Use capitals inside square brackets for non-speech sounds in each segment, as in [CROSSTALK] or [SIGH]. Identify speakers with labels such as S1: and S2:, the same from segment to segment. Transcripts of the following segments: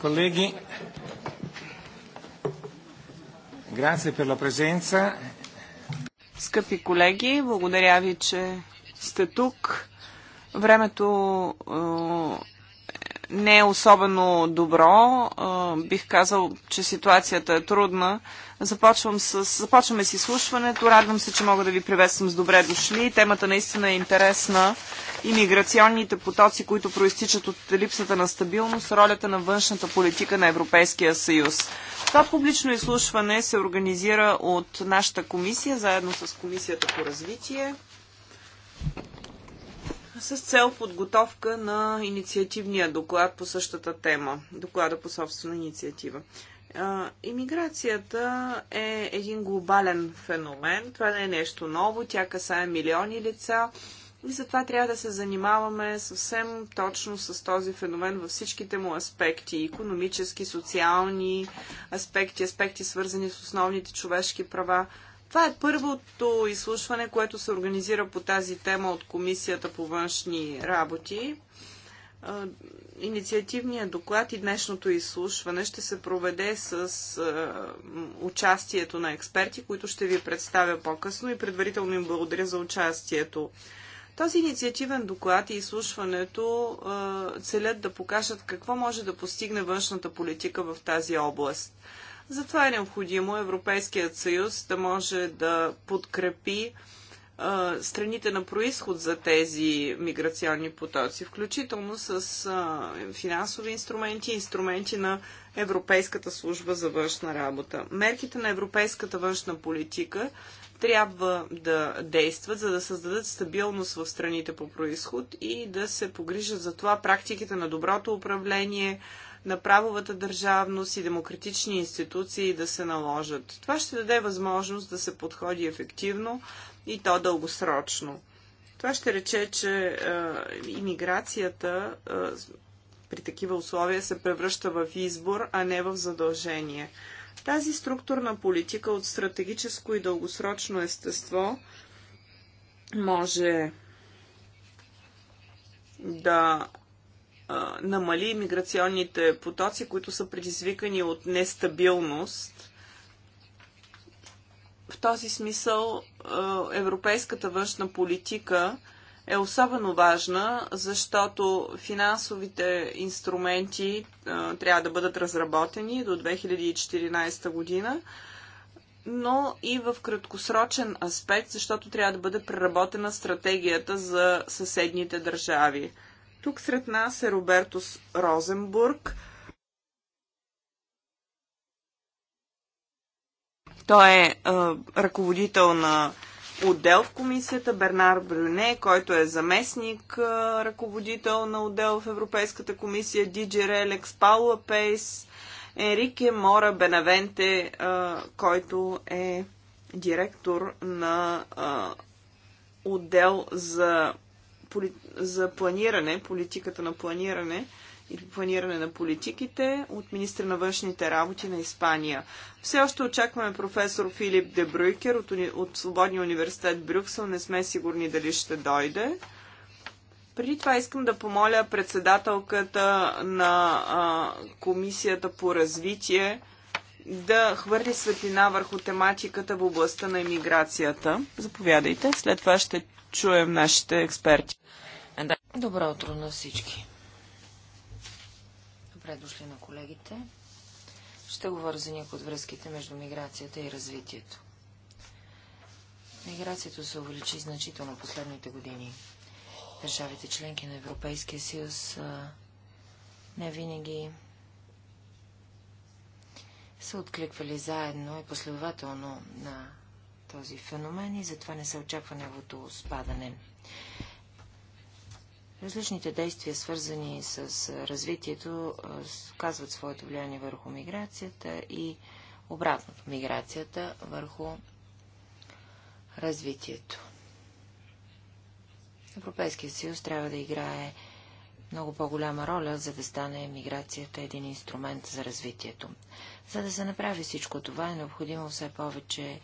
S1: Colleghi, grazie per la presenza.
S2: Скъпи колеги, благодаря ви, че сте тук. Времето е, не е особено добро. Е, бих казал, че ситуацията е трудна. Започвам с, започваме с изслушването. Радвам се, че мога да ви приветствам с добре дошли. Темата наистина е интересна. Имиграционните потоци, които проистичат от липсата на стабилност, ролята на външната политика на Европейския съюз. Това публично изслушване се организира от нашата комисия, заедно с Комисията по развитие с цел подготовка на инициативния доклад по същата тема, доклада по собствена инициатива. Имиграцията е един глобален феномен. Това не е нещо ново. Тя касае милиони лица. И затова трябва да се занимаваме съвсем точно с този феномен във всичките му аспекти економически, социални аспекти, аспекти свързани с основните човешки права. Това е първото изслушване, което се организира по тази тема от Комисията по външни работи. Инициативният доклад и днешното изслушване ще се проведе с участието на експерти, които ще ви представя по-късно и предварително им благодаря за участието. Този инициативен доклад и изслушването целят да покажат какво може да постигне външната политика в тази област. Затова е необходимо Европейският съюз да може да подкрепи страните на происход за тези миграционни потоци, включително с финансови инструменти и инструменти на Европейската служба за външна работа. Мерките на Европейската външна политика трябва да действат, за да създадат стабилност в страните по происход и да се погрижат за това практиките на доброто управление, на правовата държавност и демократични институции да се наложат. Това ще даде възможност да се подходи ефективно и то дългосрочно. Това ще рече, че е, иммиграцията е, при такива условия се превръща в избор, а не в задължение. Тази структурна политика от стратегическо и дългосрочно естество може да а, намали миграционните потоци, които са предизвикани от нестабилност. В този смисъл европейската външна политика е особено важна, защото финансовите инструменти трябва да бъдат разработени до 2014 година, но и в краткосрочен аспект, защото трябва да бъде преработена стратегията за съседните държави. Тук сред нас е Робертус Розенбург. Той е а, ръководител на отдел в комисията, Бернар Брюне, който е заместник а, ръководител на отдел в Европейската комисия, Диджи Релекс, Паула Пейс, Енрике Мора Бенавенте, а, който е директор на а, отдел за за планиране, политиката на планиране или планиране на политиките от министра на външните работи на Испания. Все още очакваме професор Филип Дебрюйкер от, от Свободния университет Брюксел. Не сме сигурни дали ще дойде. Преди това искам да помоля председателката на а, Комисията по развитие да хвърли светлина върху тематиката в областта на иммиграцията. Заповядайте. След това ще чуем нашите експерти. Добро утро на всички. Добре дошли на колегите.
S3: Ще говоря за някои от връзките между миграцията и развитието. Миграцията се увеличи значително последните години. Държавите членки на Европейския съюз не винаги са откликвали заедно и последователно на този феномен и затова не се очаква неговото спадане. Различните действия, свързани с развитието, оказват своето влияние върху миграцията и обратното миграцията върху развитието. Европейския съюз трябва да играе много по-голяма роля, за да стане миграцията един инструмент за развитието. За да се направи всичко това, е необходимо все повече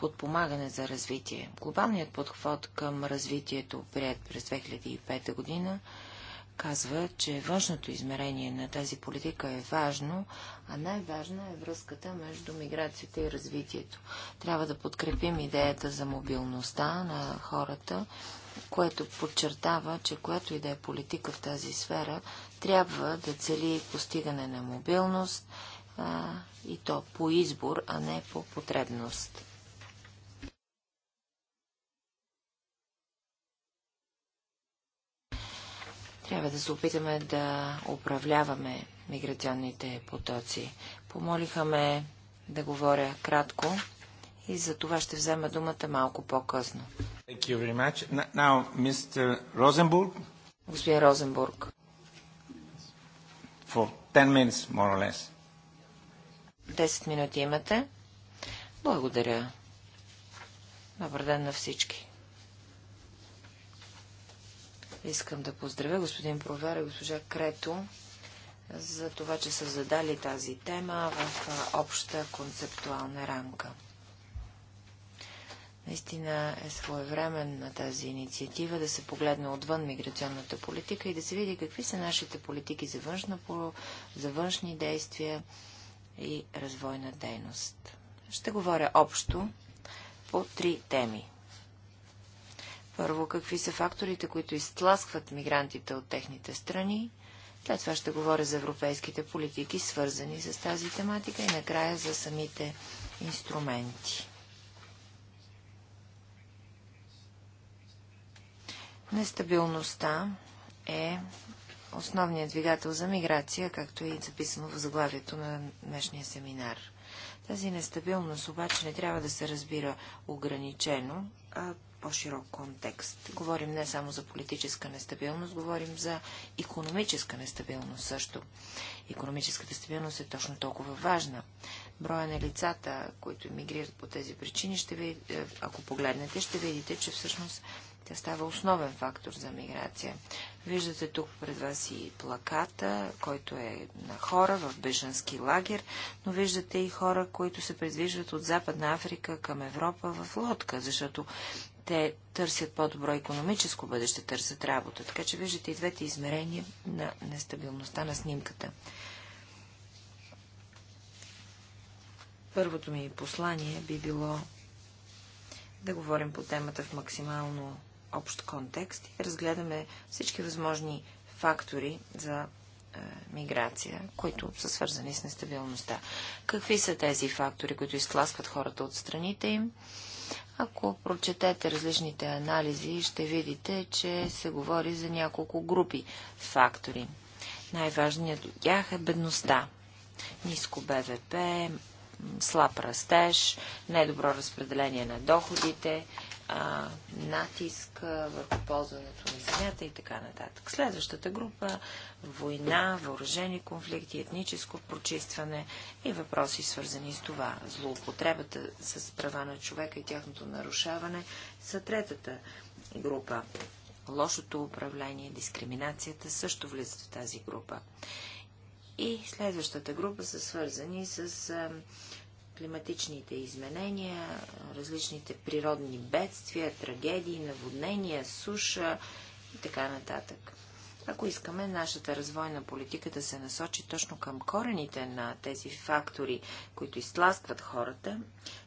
S3: подпомагане за развитие. Глобалният подход към развитието, прият през 2005 година, казва, че външното измерение на тази политика е важно, а най-важна е връзката между миграцията и развитието. Трябва да подкрепим идеята за мобилността на хората, което подчертава, че която и да е политика в тази сфера, трябва да цели постигане на мобилност а, и то по избор, а не по потребност. Трябва да се опитаме да управляваме миграционните потоци. Помолиха ме да говоря кратко и за това ще взема думата малко по-късно. Господин Розенбург.
S1: For 10 minutes, more or less.
S3: 10 минути имате. Благодаря. Добър ден на всички. Искам да поздравя господин Провер и госпожа Крето за това, че са задали тази тема в обща концептуална рамка. Наистина е своевременна тази инициатива да се погледне отвън миграционната политика и да се види какви са нашите политики за, външна, за външни действия и развойна дейност. Ще говоря общо по три теми. Първо, какви са факторите, които изтласкват мигрантите от техните страни? След това ще говоря за европейските политики, свързани с тази тематика и накрая за самите инструменти. Нестабилността е основният двигател за миграция, както е записано в заглавието на днешния семинар. Тази нестабилност обаче не трябва да се разбира ограничено, а по-широк контекст. Говорим не само за политическа нестабилност, говорим за економическа нестабилност също. Економическата стабилност е точно толкова важна. Броя на лицата, които емигрират по тези причини, ще ви, е, ако погледнете, ще видите, че всъщност тя става основен фактор за миграция. Виждате тук пред вас и плаката, който е на хора в бежански лагер, но виждате и хора, които се предвижват от Западна Африка към Европа в лодка, защото те търсят по-добро економическо бъдеще, търсят работа. Така че виждате и двете измерения на нестабилността на снимката. Първото ми послание би било да говорим по темата в максимално общ контекст и разгледаме всички възможни фактори за е, миграция, които са свързани с нестабилността. Какви са тези фактори, които изтласкват хората от страните им? Е, ако прочетете различните анализи, ще видите, че се говори за няколко групи фактори. Най-важният от тях е бедността. Ниско БВП, слаб растеж, недобро разпределение на доходите а, натиск върху ползването на земята и така нататък. Следващата група война, въоръжени конфликти, етническо прочистване и въпроси свързани с това. Злоупотребата с права на човека и тяхното нарушаване са третата група. Лошото управление, дискриминацията също влизат в тази група. И следващата група са свързани с а, климатичните изменения, различните природни бедствия, трагедии, наводнения, суша и така нататък. Ако искаме нашата развойна политика да се насочи точно към корените на тези фактори, които изтласкват хората,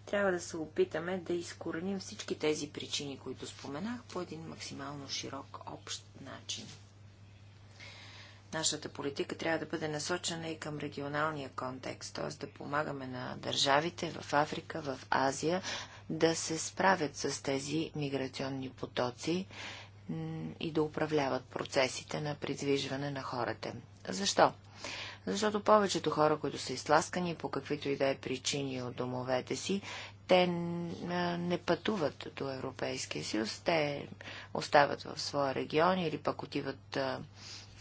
S3: трябва да се опитаме да изкореним всички тези причини, които споменах, по един максимално широк общ начин. Нашата политика трябва да бъде насочена и към регионалния контекст, т.е. да помагаме на държавите в Африка, в Азия да се справят с тези миграционни потоци и да управляват процесите на придвижване на хората. Защо? Защото повечето хора, които са изтласкани по каквито и да е причини от домовете си, те не пътуват до Европейския съюз, те остават в своя регион или пък отиват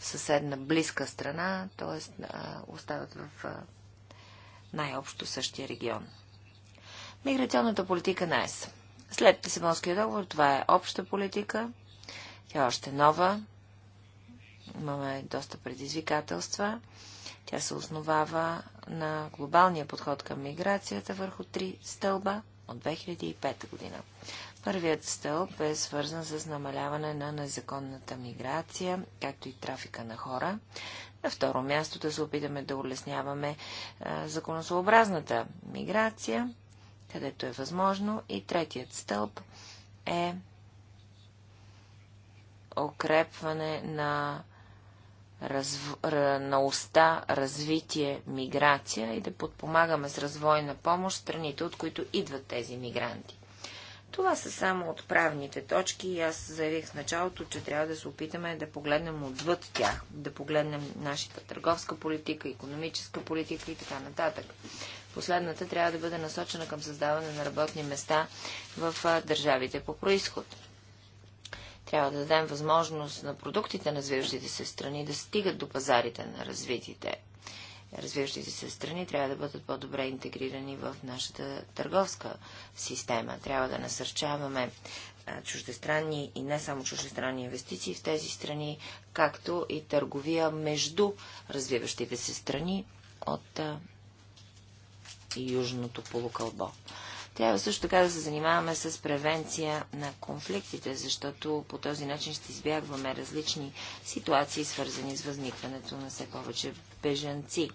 S3: съседна близка страна, т.е. остават в най-общо същия регион. Миграционната политика на ЕС. След Лисабонския договор това е обща политика. Тя е още нова. Имаме доста предизвикателства. Тя се основава на глобалния подход към миграцията върху три стълба от 2005 година. Първият стълб е свързан с намаляване на незаконната миграция, както и трафика на хора. На второ място да се опитаме да улесняваме а, законосообразната миграция, където е възможно. И третият стълб е укрепване на разв... на уста развитие миграция и да подпомагаме с развойна помощ страните, от които идват тези мигранти. Това са само отправните точки и аз заявих в началото, че трябва да се опитаме да погледнем отвъд тях, да погледнем нашата търговска политика, економическа политика и така нататък. Последната трябва да бъде насочена към създаване на работни места в държавите по происход. Трябва да дадем възможност на продуктите на развиващите се страни да стигат до пазарите на развитите развиващите се страни трябва да бъдат по-добре интегрирани в нашата търговска система. Трябва да насърчаваме чуждестранни и не само чуждестранни инвестиции в тези страни, както и търговия между развиващите се страни от Южното полукълбо. Трябва също така да се занимаваме с превенция на конфликтите, защото по този начин ще избягваме различни ситуации, свързани с възникването на все повече беженци.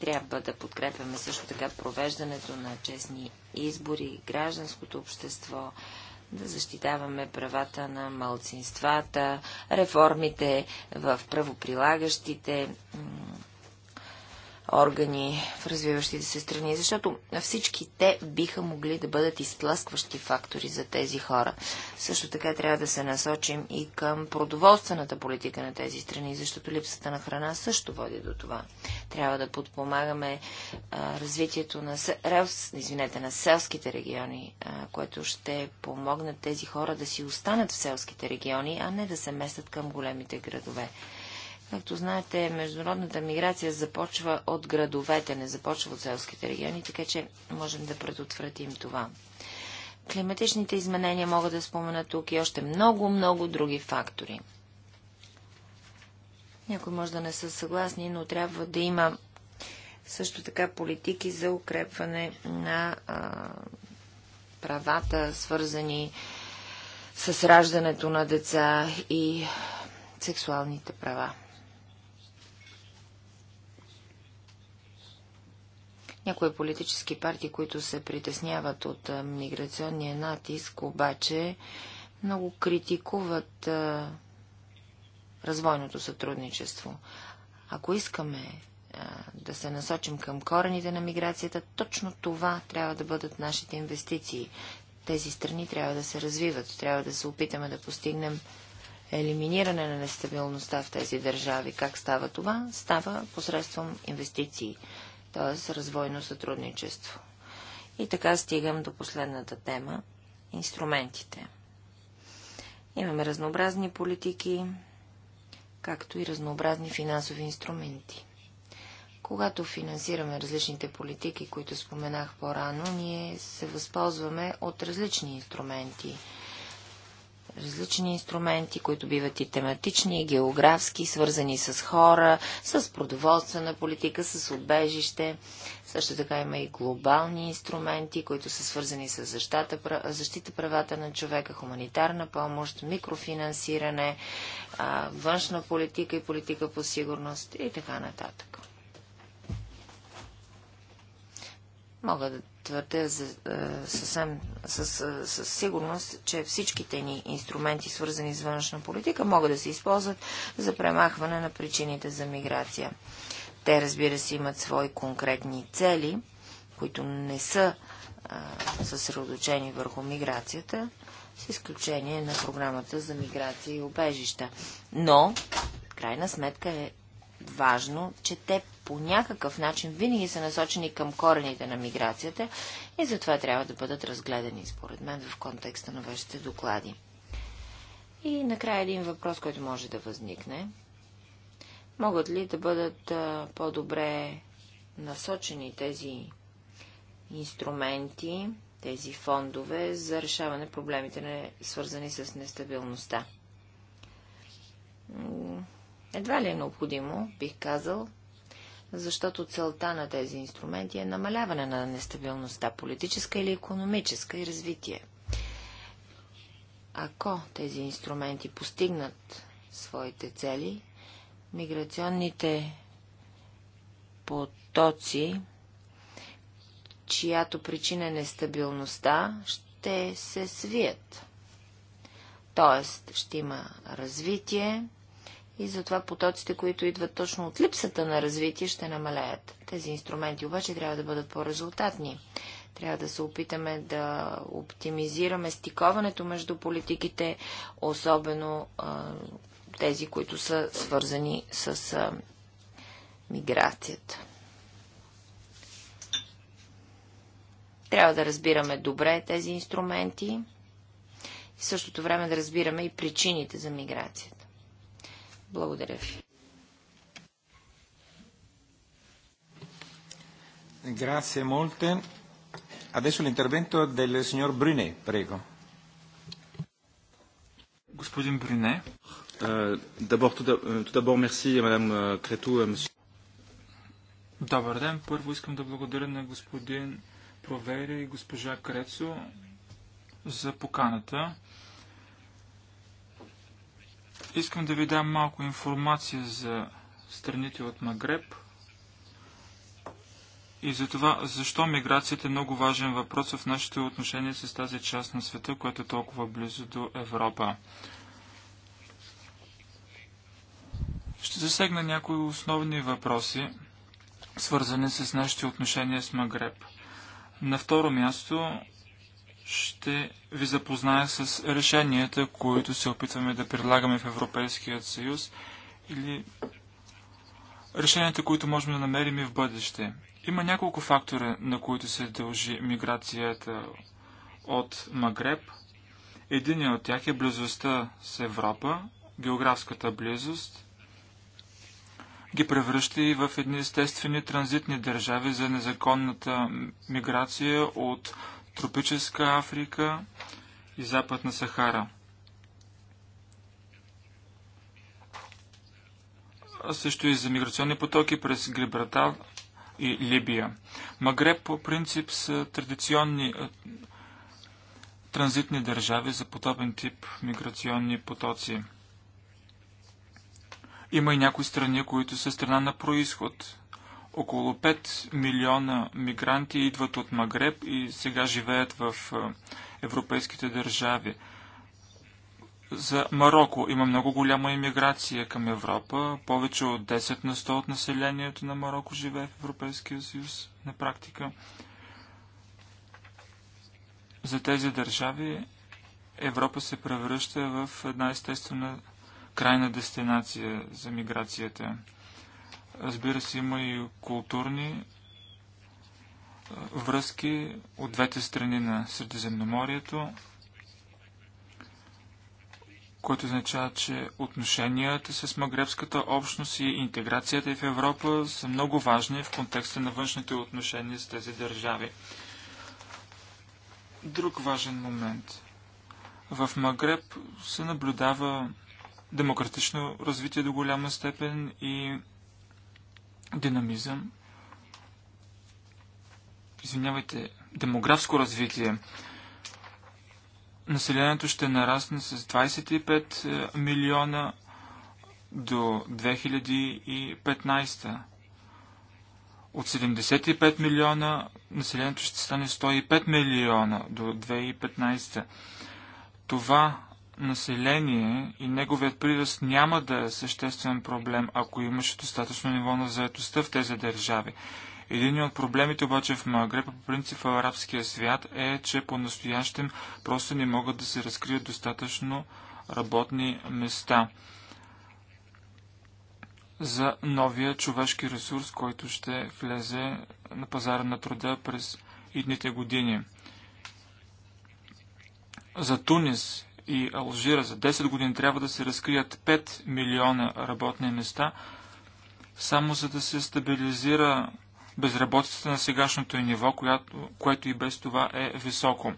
S3: Трябва да подкрепяме също така провеждането на честни избори, гражданското общество, да защитаваме правата на малцинствата, реформите в правоприлагащите органи в развиващите се страни, защото всички те биха могли да бъдат изтласкващи фактори за тези хора. Също така трябва да се насочим и към продоволствената политика на тези страни, защото липсата на храна също води до това. Трябва да подпомагаме а, развитието на, релс, извинете, на селските региони, а, което ще помогнат тези хора да си останат в селските региони, а не да се местят към големите градове. Както знаете, международната миграция започва от градовете, не започва от селските региони, така че можем да предотвратим това. Климатичните изменения могат да спомена тук и още много, много други фактори. Някои може да не са съгласни, но трябва да има също така политики за укрепване на а, правата, свързани с раждането на деца и сексуалните права. Някои политически партии, които се притесняват от миграционния натиск, обаче много критикуват а, развойното сътрудничество. Ако искаме а, да се насочим към корените на миграцията, точно това трябва да бъдат нашите инвестиции. Тези страни трябва да се развиват, трябва да се опитаме да постигнем елиминиране на нестабилността в тези държави. Как става това? Става посредством инвестиции т.е. развойно сътрудничество. И така стигам до последната тема – инструментите. Имаме разнообразни политики, както и разнообразни финансови инструменти. Когато финансираме различните политики, които споменах по-рано, ние се възползваме от различни инструменти – различни инструменти, които биват и тематични, и географски, свързани с хора, с продоволствена политика, с обежище. Също така има и глобални инструменти, които са свързани с защита, защита правата на човека, хуманитарна помощ, микрофинансиране, външна политика и политика по сигурност и така нататък. Мога да твърдя за, е, съвсем със, е, със сигурност, че всичките ни инструменти, свързани с външна политика, могат да се използват за премахване на причините за миграция. Те, разбира се, имат свои конкретни цели, които не са а, е, съсредоточени върху миграцията, с изключение на програмата за миграция и убежища. Но, крайна сметка, е важно, че те по някакъв начин винаги са насочени към корените на миграцията и затова трябва да бъдат разгледани, според мен, в контекста на вашите доклади. И накрая един въпрос, който може да възникне. Могат ли да бъдат по-добре насочени тези инструменти, тези фондове за решаване проблемите, свързани с нестабилността? Едва ли е необходимо, бих казал, защото целта на тези инструменти е намаляване на нестабилността, политическа или економическа и развитие. Ако тези инструменти постигнат своите цели, миграционните потоци, чиято причина е нестабилността, ще се свият. Тоест, ще има развитие, и затова потоците, които идват точно от липсата на развитие, ще намалеят. Тези инструменти обаче трябва да бъдат по-резултатни. Трябва да се опитаме да оптимизираме стиковането между политиките, особено а, тези, които са свързани с а, миграцията. Трябва да разбираме добре тези инструменти и в същото време да разбираме и причините за миграцията. Благодаря ви.
S1: Grazie molte. Adesso l'intervento del signor Brunet, prego.
S4: Господин Брюне. Euh, euh, euh, Добър ден. Първо искам да благодаря на господин Провери и госпожа Крецо за поканата. Искам да ви дам малко информация за страните от Магреб и за това, защо миграцията е много важен въпрос в нашите отношения с тази част на света, която е толкова близо до Европа. Ще засегна някои основни въпроси, свързани с нашите отношения с Магреб. На второ място ще ви запозная с решенията, които се опитваме да предлагаме в Европейският съюз или решенията, които можем да намерим и в бъдеще. Има няколко фактора, на които се дължи миграцията от Магреб. Един от тях е близостта с Европа, географската близост ги превръща и в едни естествени транзитни държави за незаконната миграция от Тропическа Африка и Западна Сахара. А също и за миграционни потоки през Гибралтар и Либия. Магреб по принцип са традиционни транзитни държави за подобен тип миграционни потоци. Има и някои страни, които са страна на происход около 5 милиона мигранти идват от Магреб и сега живеят в европейските държави. За Марокко има много голяма иммиграция към Европа. Повече от 10 на 100 от населението на Марокко живее в Европейския съюз на практика. За тези държави Европа се превръща в една естествена крайна дестинация за миграцията. Разбира се, има и културни връзки от двете страни на Средиземноморието, което означава, че отношенията с магребската общност и интеграцията в Европа са много важни в контекста на външните отношения с тези държави. Друг важен момент. В Магреб се наблюдава демократично развитие до голяма степен и динамизъм, извинявайте, демографско развитие. Населението ще нарасне с 25 е, милиона до 2015. От 75 милиона населението ще стане 105 милиона до 2015. Това население и неговият прираст няма да е съществен проблем, ако имаше достатъчно ниво на заетостта в тези държави. Един от проблемите обаче в Магреб, по принцип в арабския свят, е, че по-настоящем просто не могат да се разкрият достатъчно работни места за новия човешки ресурс, който ще влезе на пазара на труда през идните години. За Тунис и Алжира за 10 години трябва да се разкрият 5 милиона работни места, само за да се стабилизира безработицата на сегашното и ниво, която, което и без това е високо.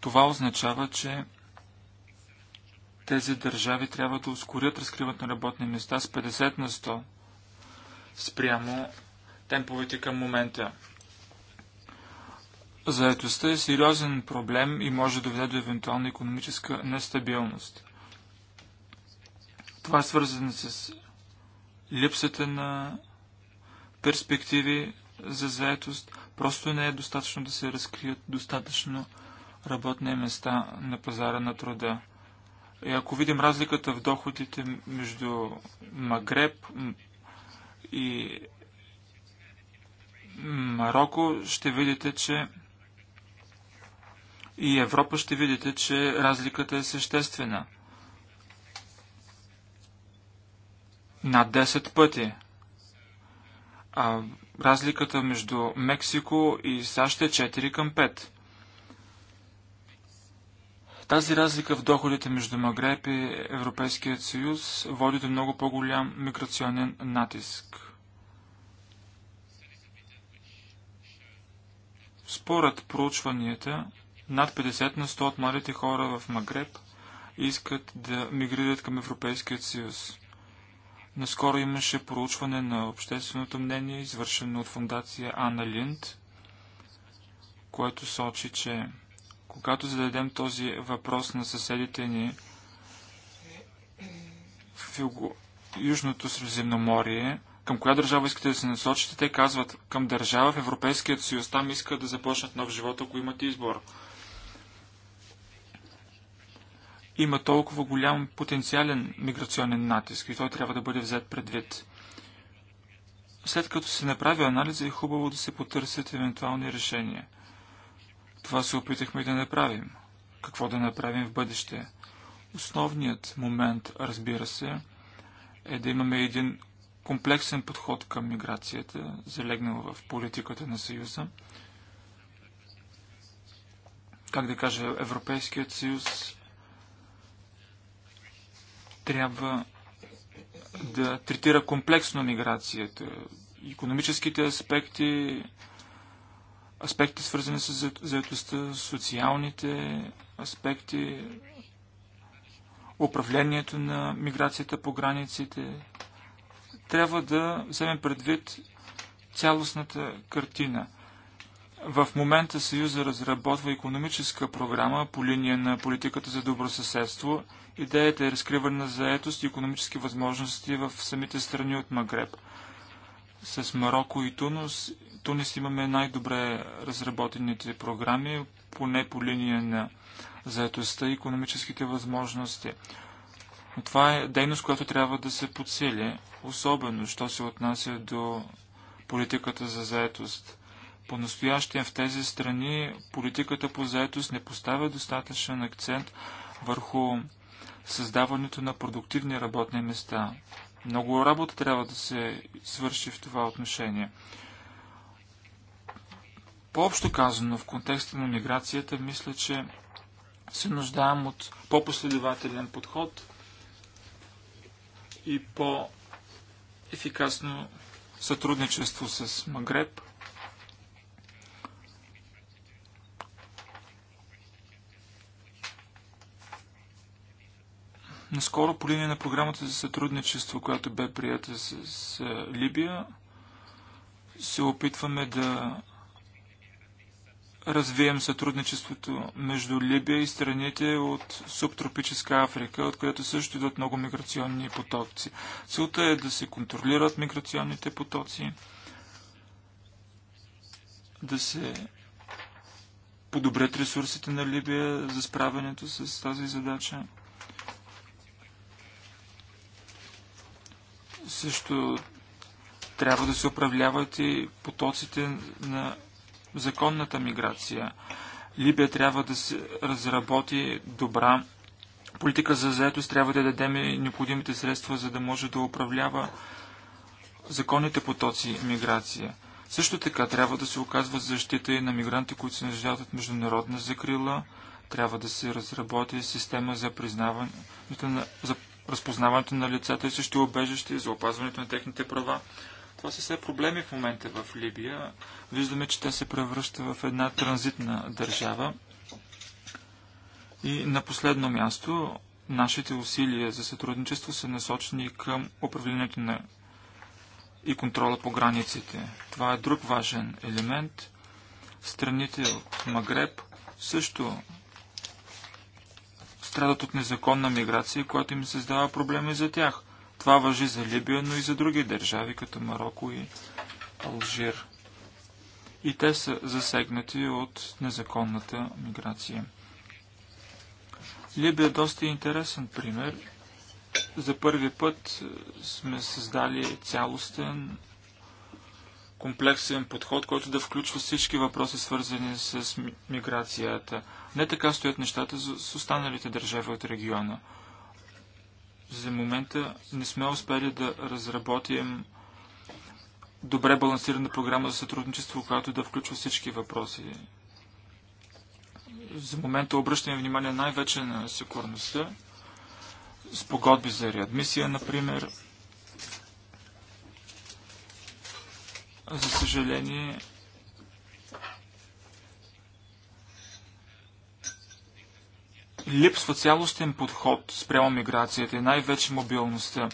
S4: Това означава, че тези държави трябва да ускорят разкриването на работни места с 50 на 100 спрямо темповете към момента. Заетостта е сериозен проблем и може да доведе до евентуална економическа нестабилност. Това е свързано с липсата на перспективи за заетост. Просто не е достатъчно да се разкрият достатъчно работни места на пазара на труда. И ако видим разликата в доходите между Магреб и Марокко, ще видите, че и Европа, ще видите, че разликата е съществена. Над 10 пъти. А разликата между Мексико и САЩ е 4 към 5. Тази разлика в доходите между Магреб и Европейският съюз води до много по-голям миграционен натиск. Според проучванията, над 50 на 100 от младите хора в Магреб искат да мигрират към Европейският съюз. Наскоро имаше проучване на общественото мнение, извършено от фундация Анна Линд, което сочи, че когато зададем този въпрос на съседите ни в юго... Южното Средиземноморие, към коя държава искате да се насочите, те казват към държава в Европейският съюз. Там искат да започнат нов живот, ако имат избор. има толкова голям потенциален миграционен натиск и той трябва да бъде взет предвид. След като се направи анализа е хубаво да се потърсят евентуални решения. Това се опитахме да направим. Какво да направим в бъдеще? Основният момент, разбира се, е да имаме един комплексен подход към миграцията, залегнал в политиката на Съюза. Как да кажа, Европейският съюз трябва да третира комплексно миграцията, економическите аспекти, аспекти свързани с заедостта, социалните аспекти, управлението на миграцията по границите. Трябва да вземем предвид цялостната картина – в момента Съюза разработва економическа програма по линия на политиката за добросъседство. Идеята е разкриване на заетост и економически възможности в самите страни от Магреб. С Марокко и Тунус, Тунис имаме най-добре разработените програми, поне по линия на заетостта и економическите възможности. Но това е дейност, която трябва да се подсили, особено, що се отнася до политиката за заетост. По-настоящем в тези страни политиката по заетост не поставя достатъчен акцент върху създаването на продуктивни работни места. Много работа трябва да се свърши в това отношение. По-общо казано, в контекста на миграцията, мисля, че се нуждаем от по-последователен подход и по-ефикасно сътрудничество с Магреб. Наскоро по линия на програмата за сътрудничество, която бе прията с, с Либия, се опитваме да развием сътрудничеството между Либия и страните от субтропическа Африка, от която също идват много миграционни потоци. Целта е да се контролират миграционните потоци, да се подобрят ресурсите на Либия за справянето с тази задача. Също трябва да се управляват и потоците на законната миграция. Либия трябва да се разработи добра политика за заетост, трябва да дадем и необходимите средства, за да може да управлява законните потоци миграция. Също така трябва да се оказва защита и на мигранти, които се нуждаят от международна закрила. Трябва да се разработи система за признаване на, за разпознаването на лицата и също обежище и за опазването на техните права. Това са все проблеми в момента в Либия. Виждаме, че тя се превръща в една транзитна държава. И на последно място, нашите усилия за сътрудничество са насочени към управлението на и контрола по границите. Това е друг важен елемент. Страните от Магреб също страдат от незаконна миграция, която им създава проблеми за тях. Това въжи за Либия, но и за други държави, като Марокко и Алжир. И те са засегнати от незаконната миграция. Либия е доста интересен пример. За първи път сме създали цялостен комплексен подход, който да включва всички въпроси, свързани с миграцията. Не така стоят нещата с останалите държави от региона. За момента не сме успели да разработим добре балансирана програма за сътрудничество, която да включва всички въпроси. За момента обръщаме внимание най-вече на сигурността, спогодби за реадмисия, например, За съжаление, липсва цялостен подход спрямо миграцията и най-вече мобилността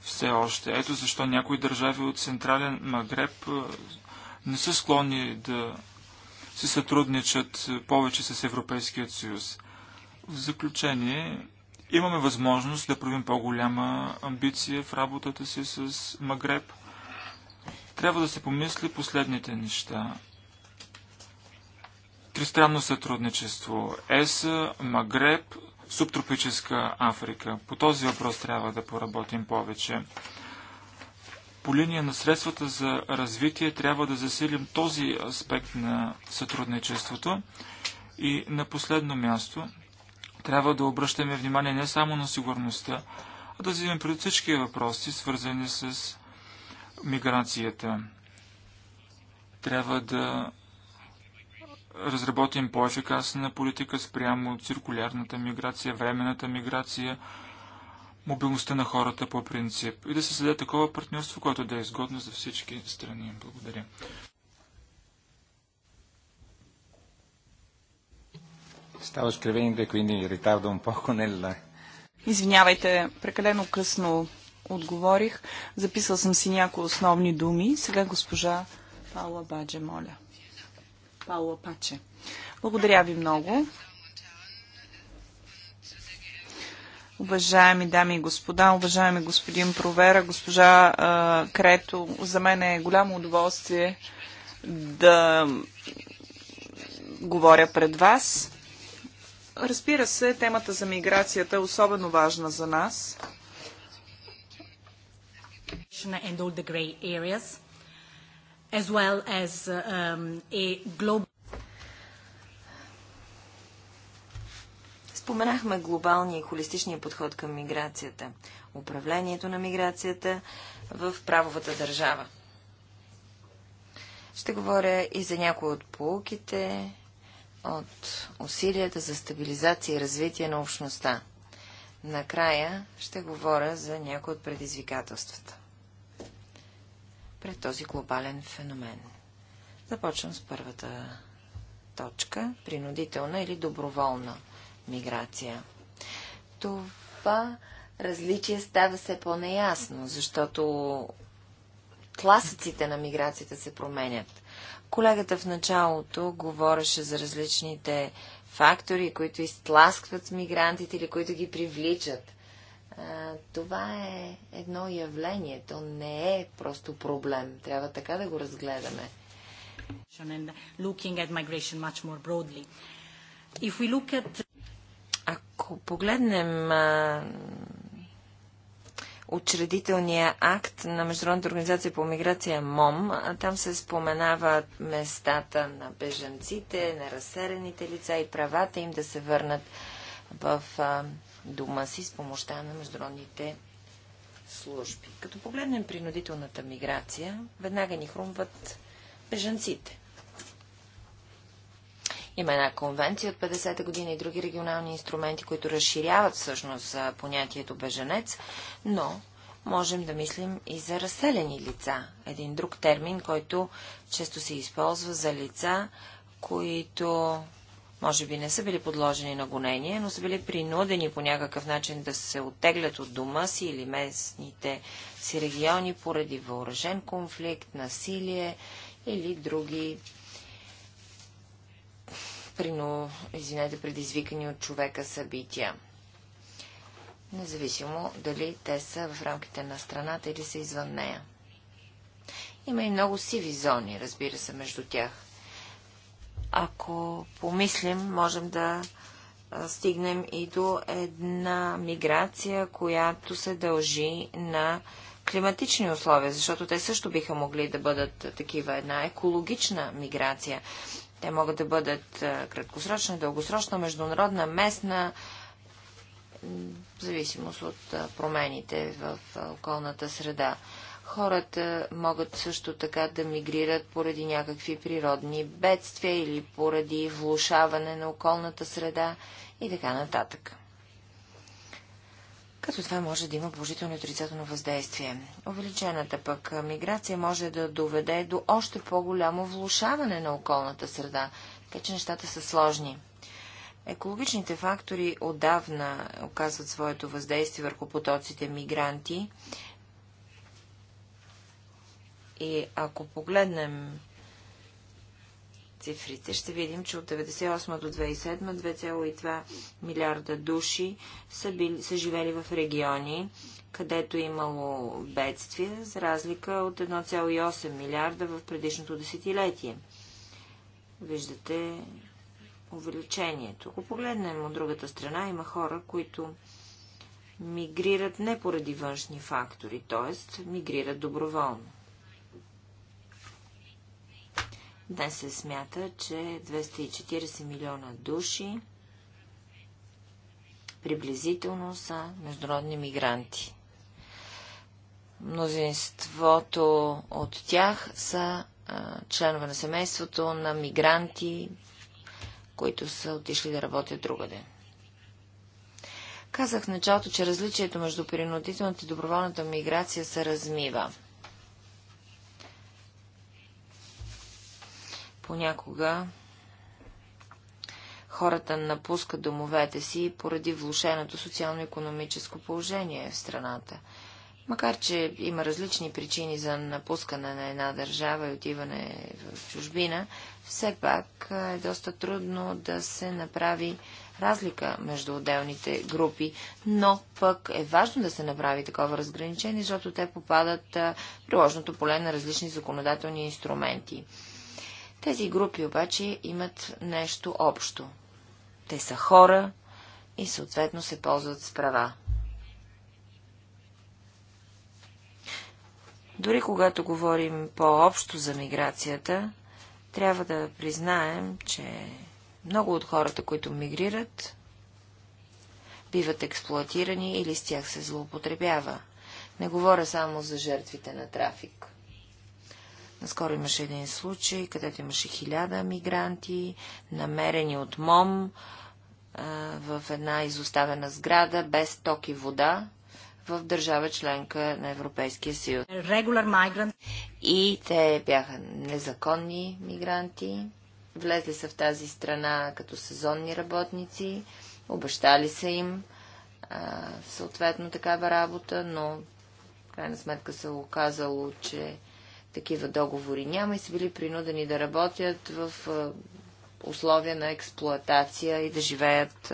S4: все още. Ето защо някои държави от Централен Магреб не са склонни да се сътрудничат повече с Европейският съюз. В заключение, имаме възможност да правим по-голяма амбиция в работата си с Магреб – трябва да се помисли последните неща. Тристранно сътрудничество. ЕС, Магреб, субтропическа Африка. По този въпрос трябва да поработим повече. По линия на средствата за развитие трябва да засилим този аспект на сътрудничеството. И на последно място трябва да обръщаме внимание не само на сигурността, а да вземем пред всички въпроси, свързани с миграцията. Трябва да разработим по-ефикасна политика спрямо циркулярната миграция, временната миграция, мобилността на хората по принцип и да се създаде такова партньорство, което да е изгодно за всички страни. Благодаря. Става [LAUGHS]
S2: Извинявайте, прекалено късно отговорих. Записал съм си някои основни думи. Сега госпожа Паула Баджа, моля. Паула Паче. Благодаря ви много. Уважаеми дами и господа, уважаеми господин Провера, госпожа а, Крето, за мен е голямо удоволствие да говоря пред вас. Разбира се, темата за миграцията е особено важна за нас –
S3: jurisdiction and all the grey areas, as well as uh, um, a global Споменахме глобалния и холистичния подход към миграцията, управлението на миграцията в правовата държава. Ще говоря и за някои от полуките от усилията за стабилизация и развитие на общността. Накрая ще говоря за някои от предизвикателствата пред този глобален феномен. Започвам с първата точка – принудителна или доброволна миграция. Това различие става все по-неясно, защото класиците на миграцията се променят. Колегата в началото говореше за различните фактори, които изтласкват мигрантите или които ги привличат това е едно явление. То не е просто проблем. Трябва така да го разгледаме. Ако погледнем учредителния акт на Международната организация по миграция МОМ, там се споменават местата на бежанците, на разсерените лица и правата им да се върнат в а, дома си с помощта на международните служби. Като погледнем принудителната миграция, веднага ни хрумват бежанците. Има една конвенция от 50-та година и други регионални инструменти, които разширяват всъщност понятието беженец, но можем да мислим и за разселени лица. Един друг термин, който често се използва за лица, които може би не са били подложени на гонение, но са били принудени по някакъв начин да се оттеглят от дома си или местните си региони поради въоръжен конфликт, насилие или други прино, извинете, предизвикани от човека събития. Независимо дали те са в рамките на страната или са извън нея. Има и много сиви зони, разбира се, между тях – ако помислим, можем да стигнем и до една миграция, която се дължи на климатични условия, защото те също биха могли да бъдат такива една екологична миграция. Те могат да бъдат краткосрочна, дългосрочна, международна, местна, в зависимост от промените в околната среда. Хората могат също така да мигрират поради някакви природни бедствия или поради влушаване на околната среда и така нататък. Като това може да има положително и отрицателно въздействие. Увеличената пък миграция може да доведе до още по-голямо влушаване на околната среда, така че нещата са сложни. Екологичните фактори отдавна оказват своето въздействие върху потоците мигранти и ако погледнем цифрите, ще видим, че от 1998 до 2007 2,2 милиарда души са, били, са живели в региони, където е имало бедствия, за разлика от 1,8 милиарда в предишното десетилетие. Виждате увеличението. Ако погледнем от другата страна, има хора, които мигрират не поради външни фактори, т.е. мигрират доброволно. Днес се смята, че 240 милиона души приблизително са международни мигранти. Мнозинството от тях са а, членове на семейството на мигранти, които са отишли да работят другаде. Казах в началото, че различието между принудителната и доброволната миграция се размива. Понякога хората напускат домовете си поради влушеното социално-економическо положение в страната. Макар, че има различни причини за напускане на една държава и отиване в чужбина, все пак е доста трудно да се направи разлика между отделните групи, но пък е важно да се направи такова разграничение, защото те попадат в приложното поле на различни законодателни инструменти. Тези групи обаче имат нещо общо. Те са хора и съответно се ползват с права. Дори когато говорим по-общо за миграцията, трябва да признаем, че много от хората, които мигрират, биват експлуатирани или с тях се злоупотребява. Не говоря само за жертвите на трафик. Наскоро имаше един случай, където имаше хиляда мигранти, намерени от МОМ в една изоставена сграда, без ток и вода, в държава членка на Европейския съюз. И те бяха незаконни мигранти, влезли са в тази страна като сезонни работници, обещали са им съответно такава работа, но в крайна сметка се оказало, че такива договори няма и са били принудени да работят в условия на експлоатация и да живеят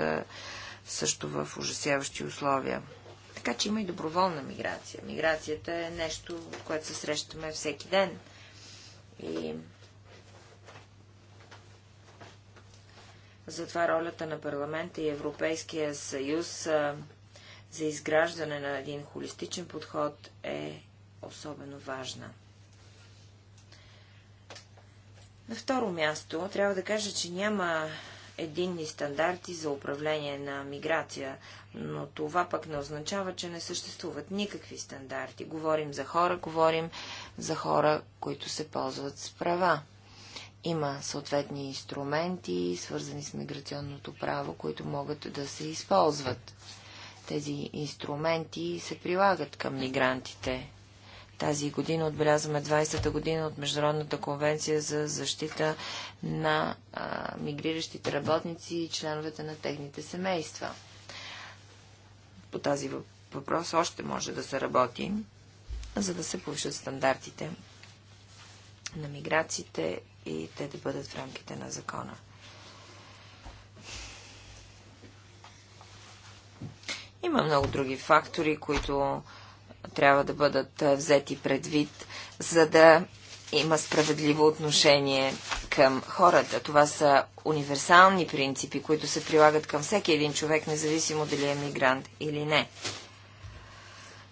S3: също в ужасяващи условия. Така че има и доброволна миграция. Миграцията е нещо, от което се срещаме всеки ден. И затова ролята на парламента и Европейския съюз за изграждане на един холистичен подход е особено важна. На второ място, трябва да кажа, че няма единни стандарти за управление на миграция, но това пък не означава, че не съществуват никакви стандарти. Говорим за хора, говорим за хора, които се ползват с права. Има съответни инструменти, свързани с миграционното право, които могат да се използват. Тези инструменти се прилагат към мигрантите. Тази година отбелязваме 20-та година от Международната конвенция за защита на а, мигриращите работници и членовете на техните семейства. По тази въпрос още може да се работи, за да се повишат стандартите на миграциите и те да бъдат в рамките на закона. Има много други фактори, които трябва да бъдат е, взети предвид, за да има справедливо отношение към хората. Това са универсални принципи, които се прилагат към всеки един човек, независимо дали е мигрант или не.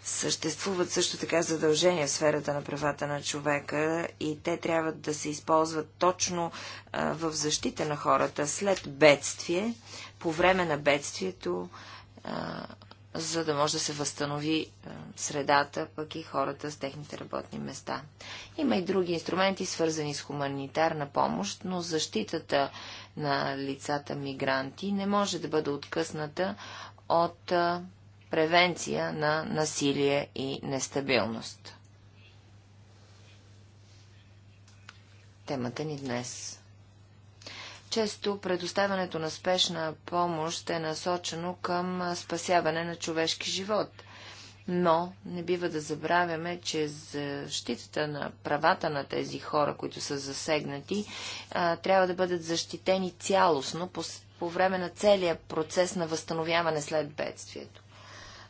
S3: Съществуват също така задължения в сферата на правата на човека и те трябва да се използват точно е, в защита на хората след бедствие, по време на бедствието, е, за да може да се възстанови е, средата, пък и хората с техните работни места. Има и други инструменти, свързани с хуманитарна помощ, но защитата на лицата мигранти не може да бъде откъсната от е, превенция на насилие и нестабилност. Темата ни днес често предоставянето на спешна помощ е насочено към спасяване на човешки живот. Но не бива да забравяме, че защитата на правата на тези хора, които са засегнати, трябва да бъдат защитени цялостно по, по време на целия процес на възстановяване след бедствието.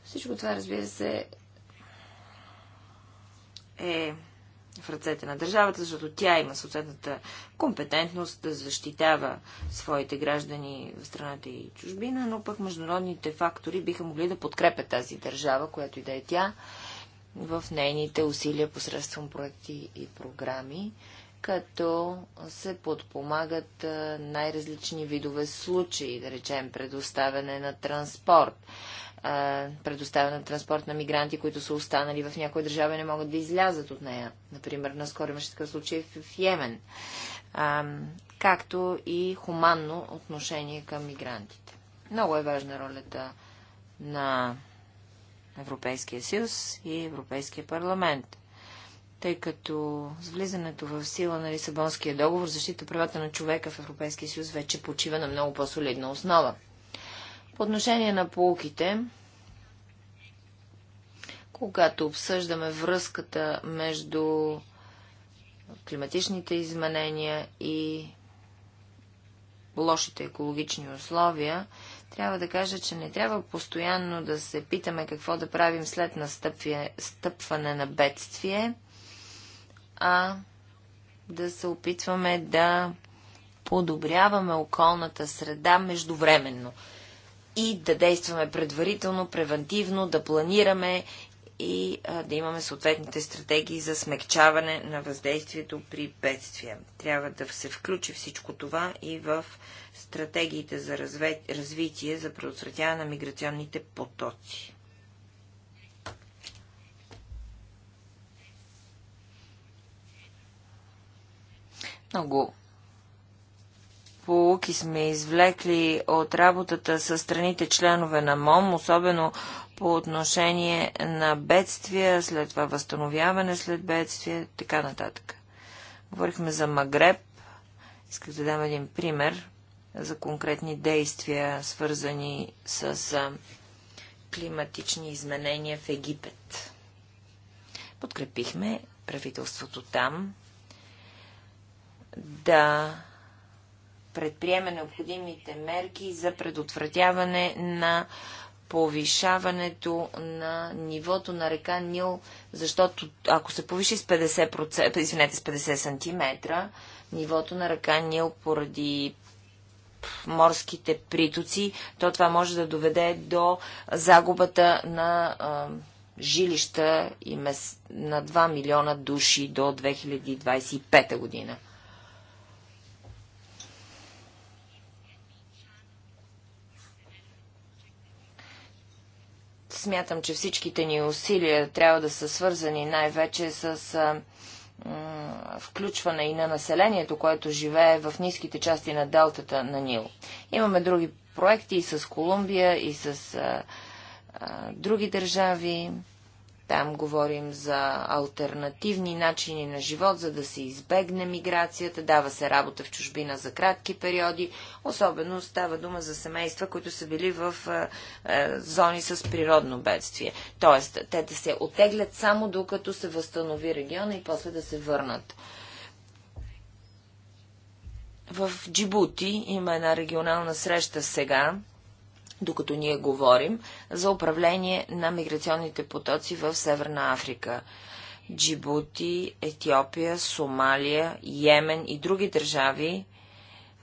S3: Всичко това, разбира се, е в ръцете на държавата, защото тя има съответната компетентност да защитава своите граждани в страната и чужбина, но пък международните фактори биха могли да подкрепят тази държава, която и да е тя, в нейните усилия посредством проекти и програми, като се подпомагат най-различни видове случаи, да речем предоставяне на транспорт, предоставя на транспорт на мигранти, които са останали в някои държави, и не могат да излязат от нея. Например, наскоро имаше такъв случай в Йемен. А, както и хуманно отношение към мигрантите. Много е важна ролята на Европейския съюз и Европейския парламент. Тъй като с влизането в сила на Лисабонския договор защита правата на човека в Европейския съюз вече почива на много по-солидна основа. По отношение на полуките, когато обсъждаме връзката между климатичните изменения и лошите екологични условия, трябва да кажа, че не трябва постоянно да се питаме какво да правим след настъпване на бедствие, а да се опитваме да подобряваме околната среда междувременно и да действаме предварително, превентивно, да планираме и а, да имаме съответните стратегии за смягчаване на въздействието при бедствия. Трябва да се включи всичко това и в стратегиите за разве... развитие за предотвратяване на миграционните потоци. Много поуки сме извлекли от работата с страните членове на МОМ, особено по отношение на бедствия, след това възстановяване след бедствия, така нататък. Говорихме за Магреб. Исках да дам един пример за конкретни действия, свързани с климатични изменения в Египет. Подкрепихме правителството там да предприеме необходимите мерки за предотвратяване на повишаването на нивото на река Нил, защото ако се повиши с 50%, извинете, с 50 см, нивото на река Нил поради морските притоци, то това може да доведе до загубата на а, жилища и мес... на 2 милиона души до 2025 година. Смятам, че всичките ни усилия трябва да са свързани най-вече с а, включване и на населението, което живее в ниските части на делтата на Нил. Имаме други проекти и с Колумбия, и с а, а, други държави. Там говорим за альтернативни начини на живот, за да се избегне миграцията, дава се работа в чужбина за кратки периоди, особено става дума за семейства, които са били в е, е, зони с природно бедствие. Тоест, те да се отеглят само докато се възстанови региона и после да се върнат. В Джибути има една регионална среща сега, докато ние говорим за управление на миграционните потоци в Северна Африка. Джибути, Етиопия, Сомалия, Йемен и други държави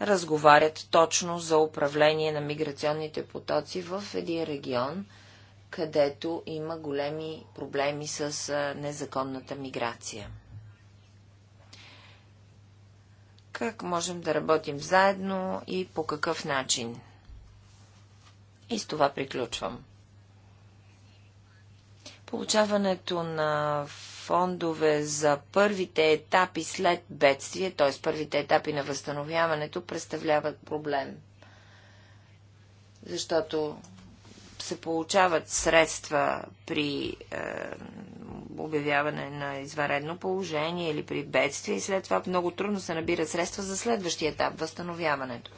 S3: разговарят точно за управление на миграционните потоци в един регион, където има големи проблеми с незаконната миграция. Как можем да работим заедно и по какъв начин? И с това приключвам. Получаването на фондове за първите етапи след бедствие, т.е. първите етапи на възстановяването, представляват проблем. Защото се получават средства при е, обявяване на извънредно положение или при бедствие и след това много трудно се набира средства за следващия етап възстановяването.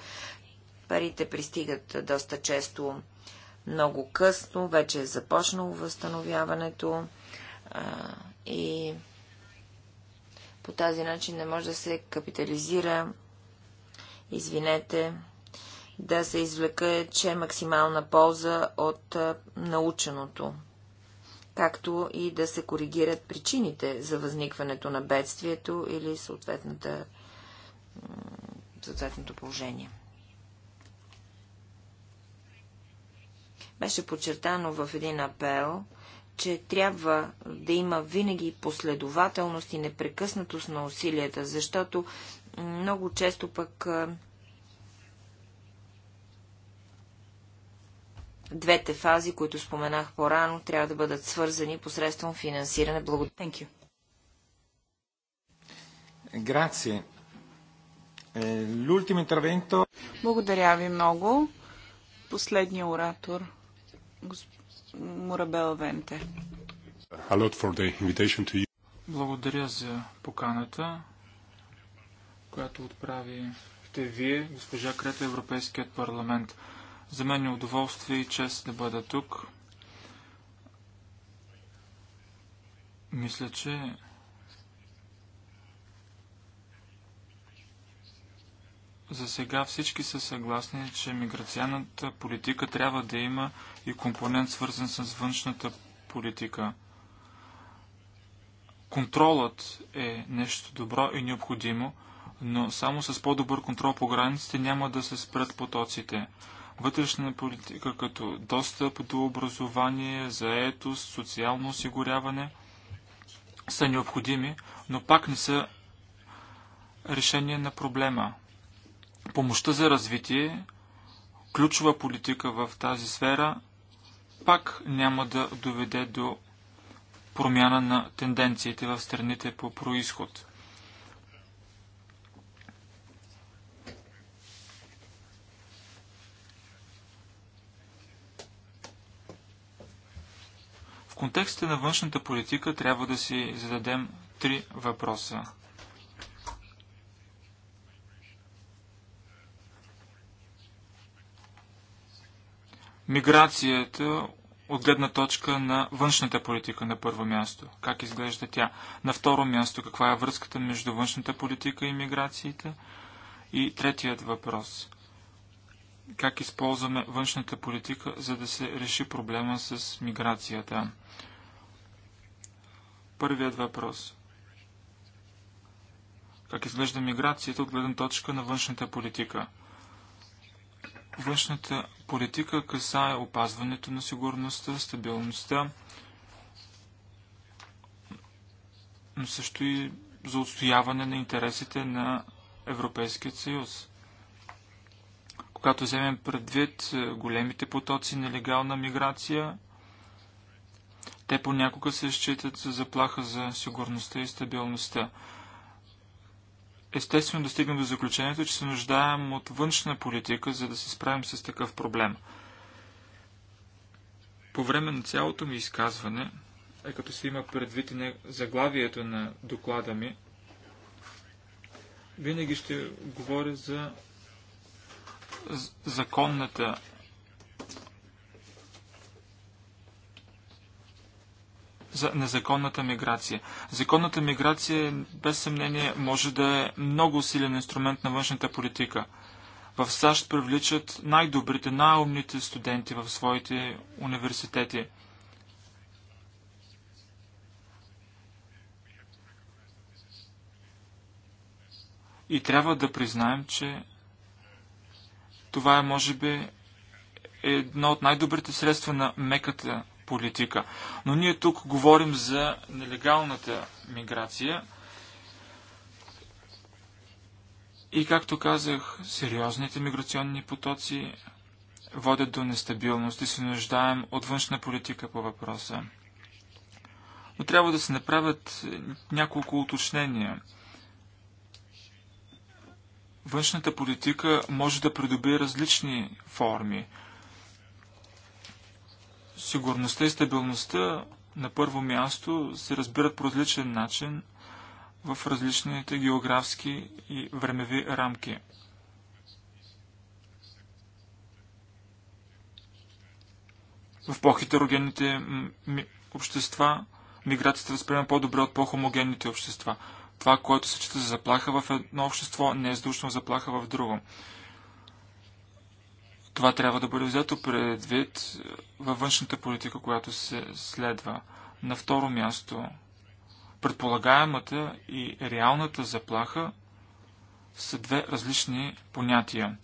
S3: Парите пристигат доста често много късно, вече е започнало възстановяването а, и по тази начин не може да се капитализира, извинете, да се извлека, че е максимална полза от наученото, както и да се коригират причините за възникването на бедствието или съответната, съответното положение. Беше подчертано в един апел, че трябва да има винаги последователност и непрекъснатост на усилията, защото много често пък двете фази, които споменах по-рано, трябва да бъдат свързани посредством финансиране. Благодаря.
S1: Grazie. Eh, l'ultimo intervento.
S2: Благодаря ви много. Последният оратор.
S4: Венте. Благодаря за поканата, която отправи вие, госпожа Крета, Европейският парламент. За мен е удоволствие и чест да бъда тук. Мисля, че За сега всички са съгласни, че миграционната политика трябва да има и компонент свързан с външната политика. Контролът е нещо добро и необходимо, но само с по-добър контрол по границите няма да се спрат потоците. Вътрешна политика като достъп до образование, заетост, социално осигуряване са необходими, но пак не са решение на проблема помощта за развитие, ключова политика в тази сфера, пак няма да доведе до промяна на тенденциите в страните по происход. В контекста на външната политика трябва да си зададем три въпроса. миграцията от гледна точка на външната политика на първо място. Как изглежда тя? На второ място, каква е връзката между външната политика и миграцията? И третият въпрос. Как използваме външната политика, за да се реши проблема с миграцията? Първият въпрос. Как изглежда миграцията от гледна точка на външната политика? Външната политика касае опазването на сигурността, стабилността, но също и за отстояване на интересите на Европейския съюз. Когато вземем предвид е, големите потоци на легална миграция, те понякога се считат за заплаха за сигурността и стабилността естествено стигнем до заключението, че се нуждаем от външна политика, за да се справим с такъв проблем. По време на цялото ми изказване, е като се има предвид и заглавието на доклада ми, винаги ще говоря за законната за незаконната миграция. Законната миграция, без съмнение, може да е много силен инструмент на външната политика. В САЩ привличат най-добрите, най-умните студенти в своите университети. И трябва да признаем, че това е, може би, едно от най-добрите средства на меката политика. Но ние тук говорим за нелегалната миграция и, както казах, сериозните миграционни потоци водят до нестабилност и се нуждаем от външна политика по въпроса. Но трябва да се направят няколко уточнения. Външната политика може да придобие различни форми – сигурността и стабилността на първо място се разбират по различен начин в различните географски и времеви рамки. В по-хетерогенните общества миграцията възприема по-добре от по-хомогенните общества. Това, което се чита за заплаха в едно общество, не е задушно заплаха в друго. Това трябва да бъде взето предвид във външната политика, която се следва. На второ място, предполагаемата и реалната заплаха са две различни понятия.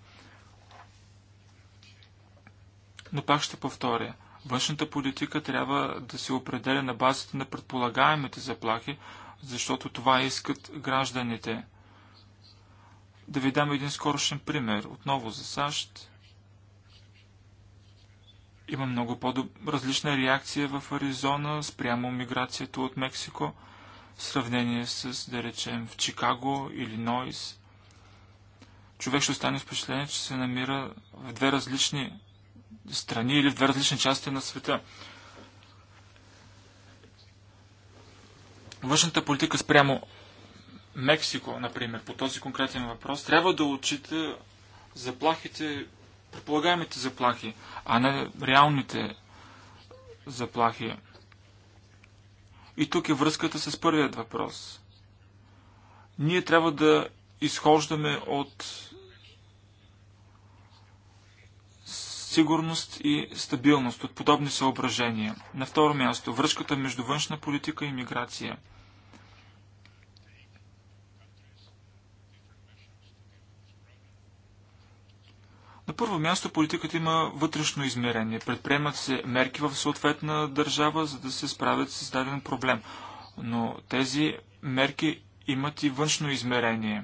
S4: Но пак ще повторя. Външната политика трябва да се определя на базата на предполагаемите заплахи, защото това искат гражданите. Да ви дам един скорошен пример, отново за САЩ. Има много по-различна реакция в Аризона спрямо миграцията от Мексико в сравнение с, да речем, в Чикаго или Нойс. Човек ще остане впечатление, че се намира в две различни страни или в две различни части на света. Външната политика спрямо Мексико, например, по този конкретен въпрос, трябва да отчита заплахите предполагаемите заплахи, а не реалните заплахи. И тук е връзката с първият въпрос. Ние трябва да изхождаме от сигурност и стабилност от подобни съображения. На второ място, връзката между външна политика и миграция – На първо място политиката има вътрешно измерение. Предприемат се мерки в съответна държава, за да се справят с даден проблем. Но тези мерки имат и външно измерение.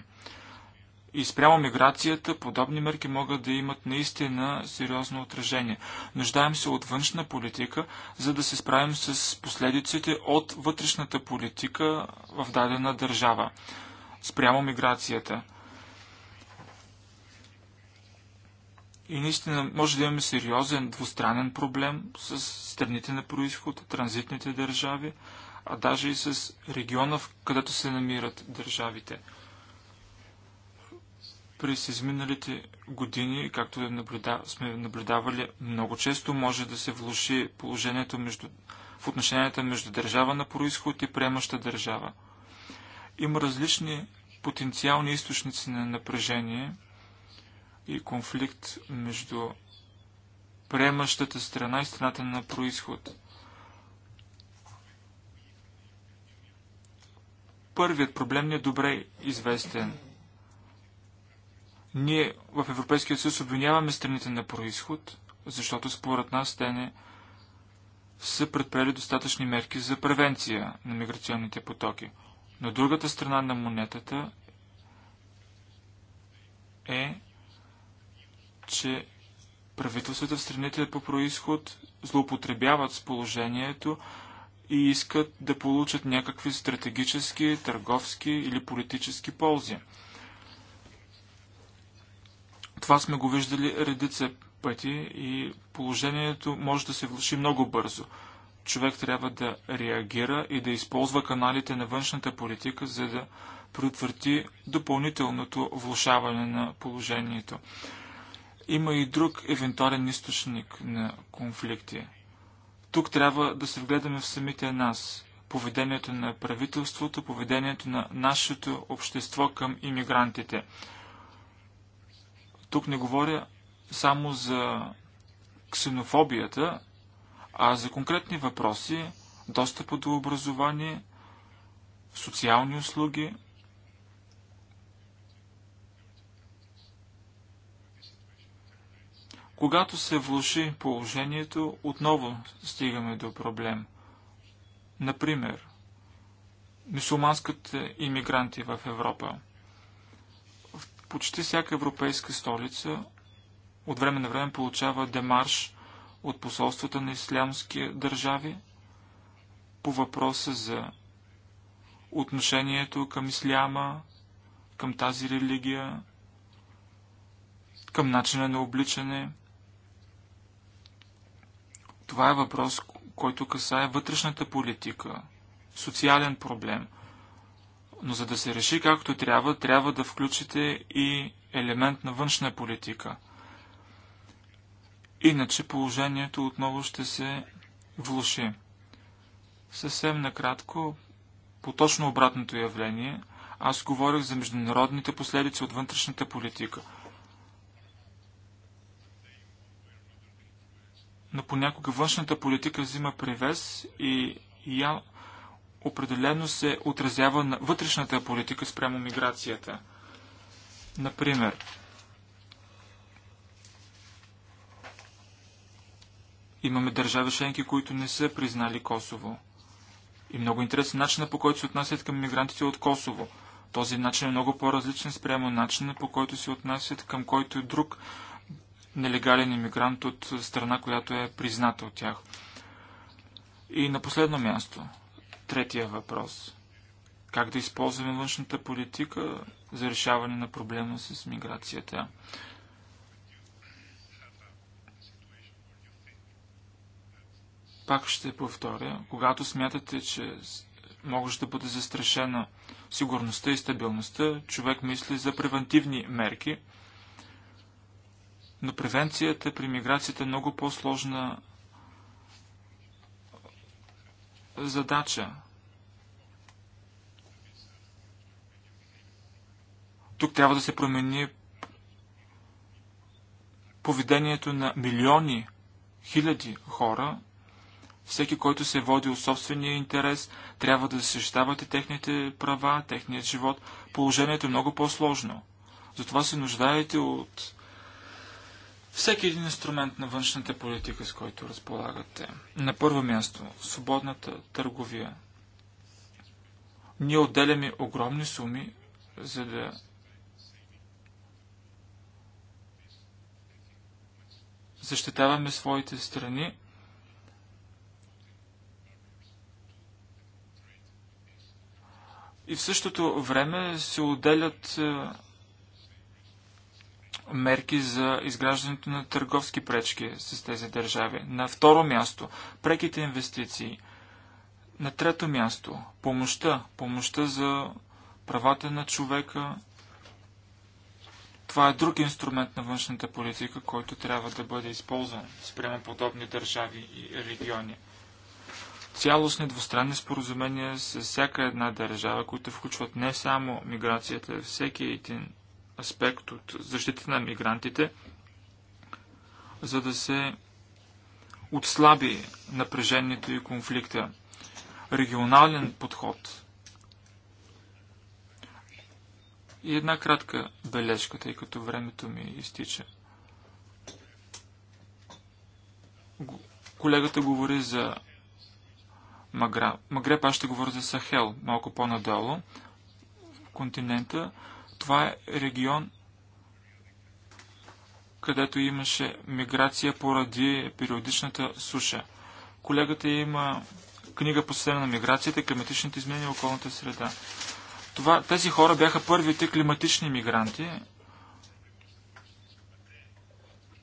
S4: И спрямо миграцията, подобни мерки могат да имат наистина сериозно отражение. Нуждаем се от външна политика, за да се справим с последиците от вътрешната политика в дадена държава. Спрямо миграцията – И наистина може да имаме сериозен двустранен проблем с страните на происход, транзитните държави, а даже и с региона, в където се намират държавите. През изминалите години, както сме наблюдавали, много често може да се влуши положението между... в отношенията между държава на происход и приемаща държава. Има различни потенциални източници на напрежение – и конфликт между приемащата страна и страната на происход. Първият проблем не е добре известен. Ние в Европейския съюз обвиняваме страните на происход, защото според нас те не са предприели достатъчни мерки за превенция на миграционните потоки. Но другата страна на монетата е, че правителствата в страните по происход злоупотребяват с положението и искат да получат някакви стратегически, търговски или политически ползи. Това сме го виждали редица пъти и положението може да се влуши много бързо. Човек трябва да реагира и да използва каналите на външната политика, за да предотврати допълнителното влушаване на положението. Има и друг евентуален източник на конфликти. Тук трябва да се вгледаме в самите нас, поведението на правителството, поведението на нашето общество към иммигрантите. Тук не говоря само за ксенофобията, а за конкретни въпроси, достъпа до образование, социални услуги, Когато се влуши положението, отново стигаме до проблем. Например, мусулманските иммигранти в Европа. В почти всяка европейска столица от време на време получава демарш от посолствата на ислямски държави по въпроса за отношението към исляма, към тази религия, към начина на обличане – това е въпрос, който касае вътрешната политика, социален проблем. Но за да се реши както трябва, трябва да включите и елемент на външна политика. Иначе положението отново ще се влуши. Съвсем накратко, по точно обратното явление, аз говорих за международните последици от вътрешната политика – но понякога външната политика взима превес и, я определено се отразява на вътрешната политика спрямо миграцията. Например, имаме държави членки, които не са признали Косово. И много интересен начинът е, по който се отнасят към мигрантите от Косово. Този начин е много по-различен спрямо начина по който се отнасят към който друг нелегален иммигрант от страна, която е призната от тях. И на последно място, третия въпрос. Как да използваме външната политика за решаване на проблема с миграцията? Пак ще повторя, когато смятате, че може да бъде застрашена сигурността и стабилността, човек мисли за превентивни мерки – но превенцията при миграцията е много по-сложна задача. Тук трябва да се промени поведението на милиони, хиляди хора. Всеки, който се води от собствения интерес, трябва да защитавате техните права, техният живот. Положението е много по-сложно. Затова се нуждаете от всеки един инструмент на външната политика, с който разполагате. На първо място, свободната търговия. Ние отделяме огромни суми, за да защитаваме своите страни и в същото време се отделят мерки за изграждането на търговски пречки с тези държави. На второ място преките инвестиции. На трето място помощта. Помощта за правата на човека. Това е друг инструмент на външната политика, който трябва да бъде използван спрямо подобни държави и региони. Цялостни двустранни споразумения с всяка една държава, които включват не само миграцията, всеки един аспект от защита на мигрантите, за да се отслаби напрежението и конфликта. Регионален подход. И една кратка бележка, тъй като времето ми изтича. Колегата говори за Магреб. Магреб аз ще говоря за Сахел, малко по-надолу. Континента това е регион, където имаше миграция поради периодичната суша. Колегата има книга посветена на миграцията, климатичните изменения и околната среда. Това, тези хора бяха първите климатични мигранти.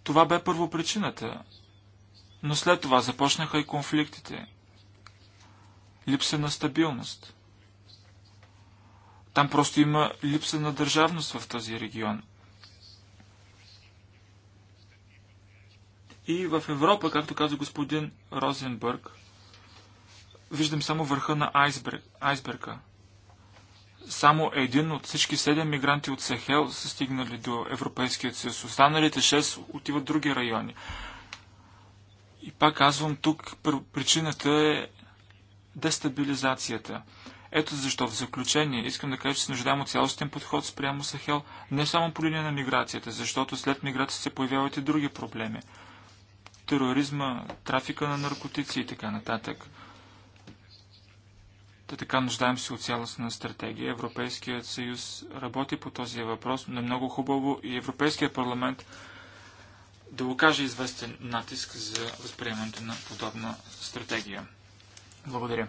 S4: Това бе първо причината. Но след това започнаха и конфликтите. Липса на стабилност. Там просто има липса на държавност в този регион. И в Европа, както каза господин Розенбърг, виждам само върха на айсберг, айсберга. Само един от всички седем мигранти от Сахел са стигнали до Европейския съюз. Останалите шест отиват в други райони. И пак казвам, тук причината е дестабилизацията. Ето защо в заключение искам да кажа, че се нуждаем от цялостен подход спрямо Сахел, не само по линия на миграцията, защото след миграцията се появяват и други проблеми. Тероризма, трафика на наркотици и така нататък. Та така нуждаем се от цялостна стратегия. Европейският съюз работи по този въпрос, но е много хубаво и Европейския парламент да окаже известен натиск за възприемането на подобна стратегия. Благодаря.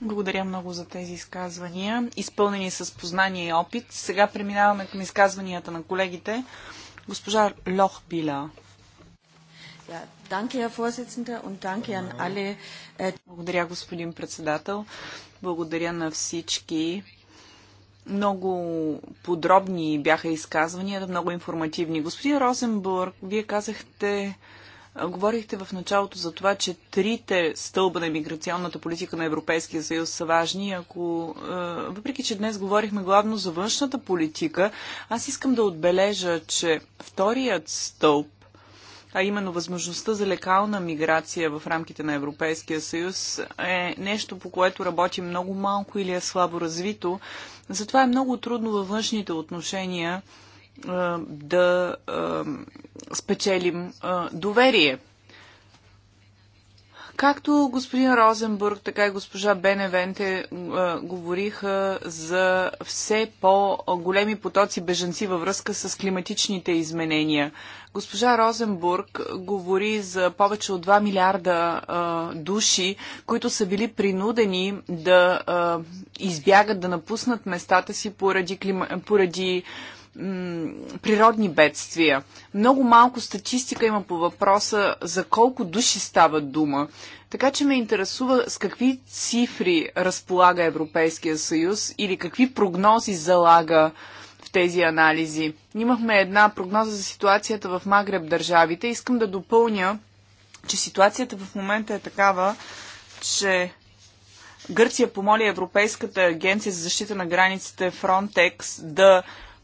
S2: Благодаря много за тези изказвания, изпълнени с познание и опит. Сега преминаваме към изказванията на колегите. Госпожа Била. Äh, Благодаря, господин председател. Благодаря на всички. Много подробни бяха изказванията, много информативни. Господин Розенбург, вие казахте Говорихте в началото за това, че трите стълба на миграционната политика на Европейския съюз са важни. Ако, е, въпреки, че днес говорихме главно за външната политика, аз искам да отбележа, че вторият стълб а именно възможността за лекална миграция в рамките на Европейския съюз е нещо, по което работи много малко или е слабо развито. Затова е много трудно във външните отношения да спечелим доверие. Както господин Розенбург, така и госпожа Беневенте говориха за все по-големи потоци бежанци във връзка с климатичните изменения. Госпожа Розенбург говори за повече от 2 милиарда души, които са били принудени да избягат, да напуснат местата си поради, клима, поради природни бедствия. Много малко статистика има по въпроса за колко души става дума. Така че ме интересува с какви цифри разполага Европейския съюз или какви прогнози залага в тези анализи. Имахме една прогноза за ситуацията в Магреб държавите. Искам да допълня, че ситуацията в момента е такава, че Гърция помоли Европейската агенция за защита на границите Frontex да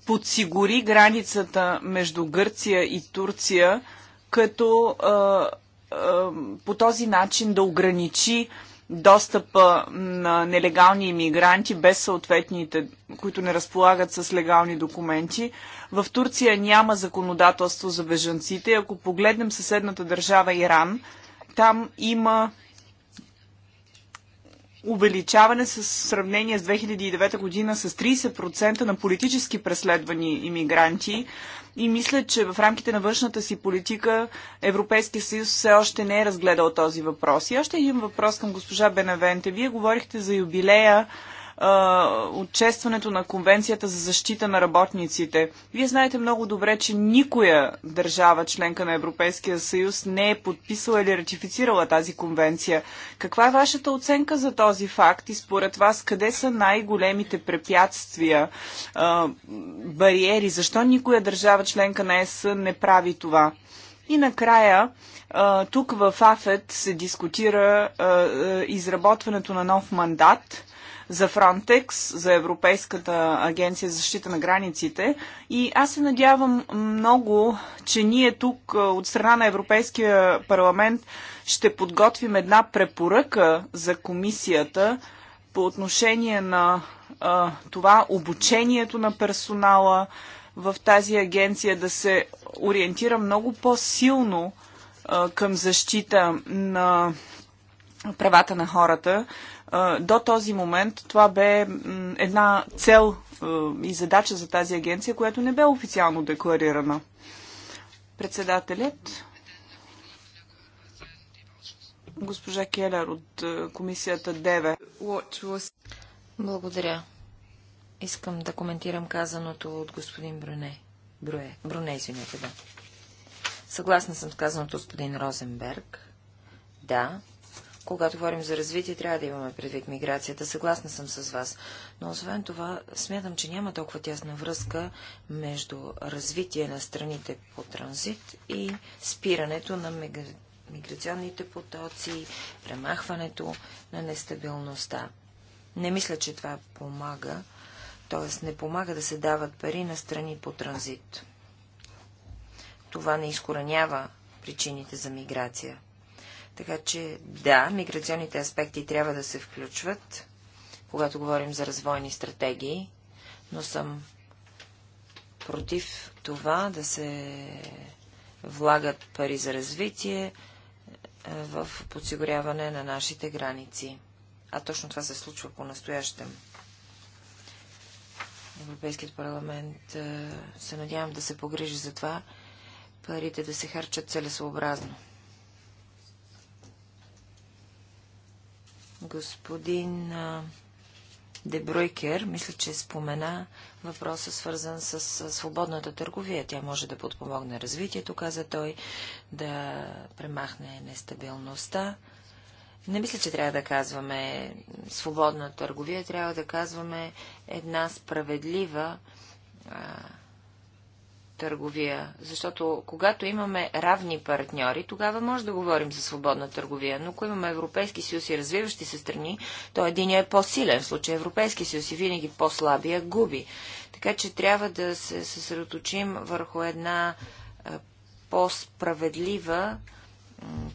S2: подсигури границата между Гърция и Турция, като а, а, по този начин да ограничи достъпа на нелегални иммигранти без съответните, които не разполагат с легални документи. В Турция няма законодателство за бежанците. Ако погледнем съседната държава Иран, там има увеличаване с сравнение с 2009 година с 30% на политически преследвани иммигранти. И мисля, че в рамките на външната си политика Европейския съюз все още не е разгледал този въпрос. И още един въпрос към госпожа Бенавенте. Вие говорихте за юбилея отчестването на Конвенцията за защита на работниците. Вие знаете много добре, че никоя държава, членка на Европейския съюз, не е подписала или ратифицирала тази конвенция. Каква е вашата оценка за този факт и според вас къде са най-големите препятствия, а, бариери? Защо никоя държава, членка на ЕС, не прави това? И накрая, тук в АФЕТ се дискутира изработването на нов мандат за Frontex, за Европейската агенция за защита на границите. И аз се надявам много, че ние тук от страна на Европейския парламент ще подготвим една препоръка за комисията по отношение на а, това обучението на персонала в тази агенция да се ориентира много по-силно към защита на правата на хората, до този момент това бе една цел и задача за тази агенция, която не бе официално декларирана. Председателят госпожа Келер от комисията ДЕВЕ.
S3: Благодаря. Искам да коментирам казаното от господин Бруне. Бруе. Бруне, извинете, да. Съгласна съм с казаното от господин Розенберг. Да, когато говорим за развитие, трябва да имаме предвид миграцията. Съгласна съм с вас. Но освен това, смятам, че няма толкова тясна връзка между развитие на страните по транзит и спирането на миграционните потоци, премахването на нестабилността. Не мисля, че това помага, т.е. не помага да се дават пари на страни по транзит. Това не изкоренява причините за миграция. Така че да, миграционните аспекти трябва да се включват, когато говорим за развойни стратегии, но съм против това да се влагат пари за развитие е, в подсигуряване на нашите граници. А точно това се случва по-настоящем. Европейският парламент е, се надявам да се погрижи за това парите да се харчат целесообразно. Господин Дебройкер, мисля, че спомена въпроса, свързан с свободната търговия. Тя може да подпомогне развитието, каза той, да премахне нестабилността. Не мисля, че трябва да казваме свободна търговия, трябва да казваме една справедлива а, търговия. Защото когато имаме равни партньори, тогава може да говорим за свободна търговия. Но ако имаме Европейски съюз и развиващи се страни, то един е по-силен. В случай Европейски съюз и винаги по-слабия губи. Така че трябва да се съсредоточим върху една по-справедлива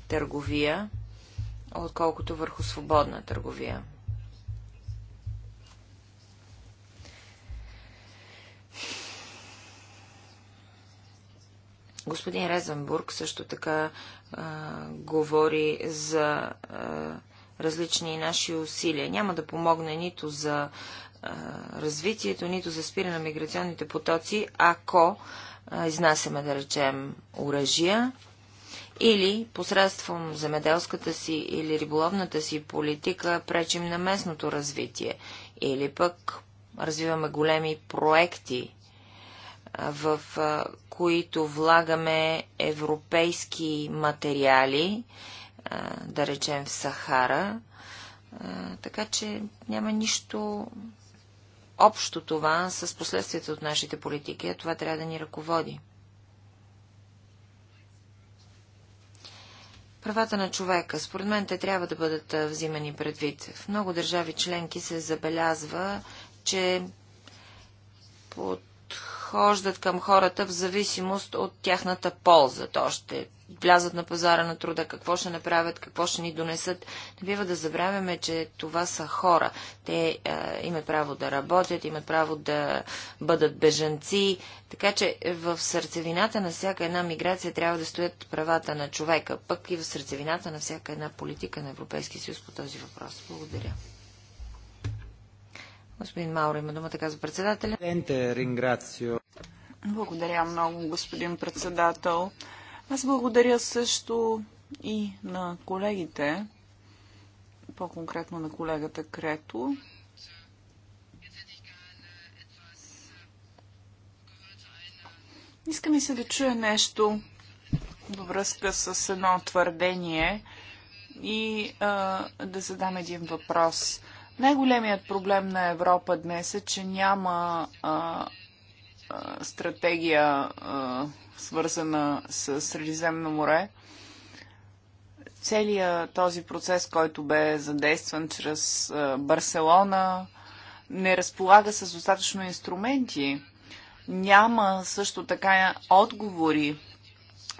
S3: търговия, отколкото върху свободна търговия. Господин Резенбург също така а, говори за а, различни наши усилия. Няма да помогне нито за а, развитието, нито за спиране на миграционните потоци, ако а, изнасяме, да речем, оръжия или посредством земеделската си или риболовната си политика пречим на местното развитие, или пък развиваме големи проекти в които влагаме европейски материали, да речем в Сахара. Така че няма нищо общо това с последствията от нашите политики, а това трябва да ни ръководи. Правата на човека. Според мен те трябва да бъдат взимани предвид. В много държави членки се забелязва, че под подхождат към хората в зависимост от тяхната полза. То ще влязат на пазара на труда, какво ще направят, какво ще ни донесат. Не бива да забравяме, че това са хора. Те а, е, имат право да работят, имат право да бъдат бежанци. Така че в сърцевината на всяка една миграция трябва да стоят правата на човека, пък и в сърцевината на всяка една политика на Европейския съюз по този въпрос. Благодаря. Господин Мауро има думата, казва председателя.
S2: Благодаря много, господин председател. Аз благодаря също и на колегите, по-конкретно на колегата Крето. Иска ми се да чуя нещо във връзка с едно твърдение и а, да задам един въпрос. Най-големият проблем на Европа днес е, че няма а, а, стратегия, а, свързана с Средиземно море. Целият този процес, който бе задействан чрез а, Барселона, не разполага с достатъчно инструменти. Няма също така отговори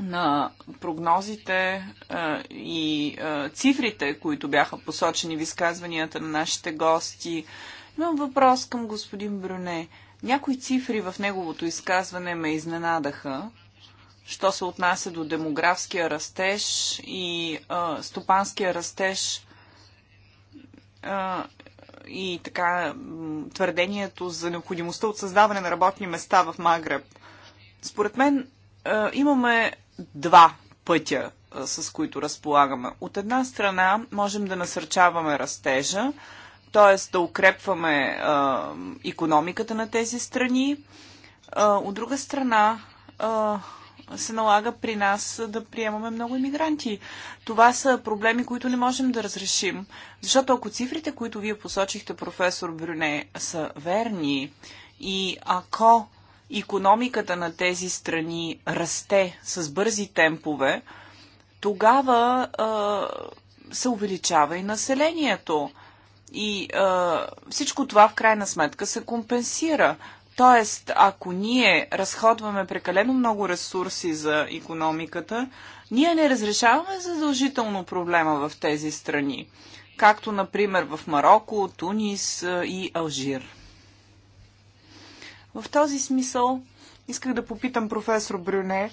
S2: на прогнозите а, и а, цифрите, които бяха посочени в изказванията на нашите гости. Имам въпрос към господин Брюне. Някои цифри в неговото изказване ме изненадаха, що се отнася до демографския растеж и а, стопанския растеж а, и така твърдението за необходимостта от създаване на работни места в Магреб. Според мен имаме два пътя, с които разполагаме. От една страна можем да насърчаваме растежа, т.е. да укрепваме а, економиката на тези страни. А, от друга страна а, се налага при нас да приемаме много иммигранти. Това са проблеми, които не можем да разрешим. Защото ако цифрите, които вие посочихте, професор Брюне, са верни и ако економиката на тези страни расте с бързи темпове, тогава а, се увеличава и населението. И а, всичко това в крайна сметка се компенсира. Тоест, ако ние разходваме прекалено много ресурси за економиката, ние не разрешаваме задължително проблема в тези страни, както, например, в Марокко, Тунис и Алжир. В този смисъл исках да попитам професор Брюне.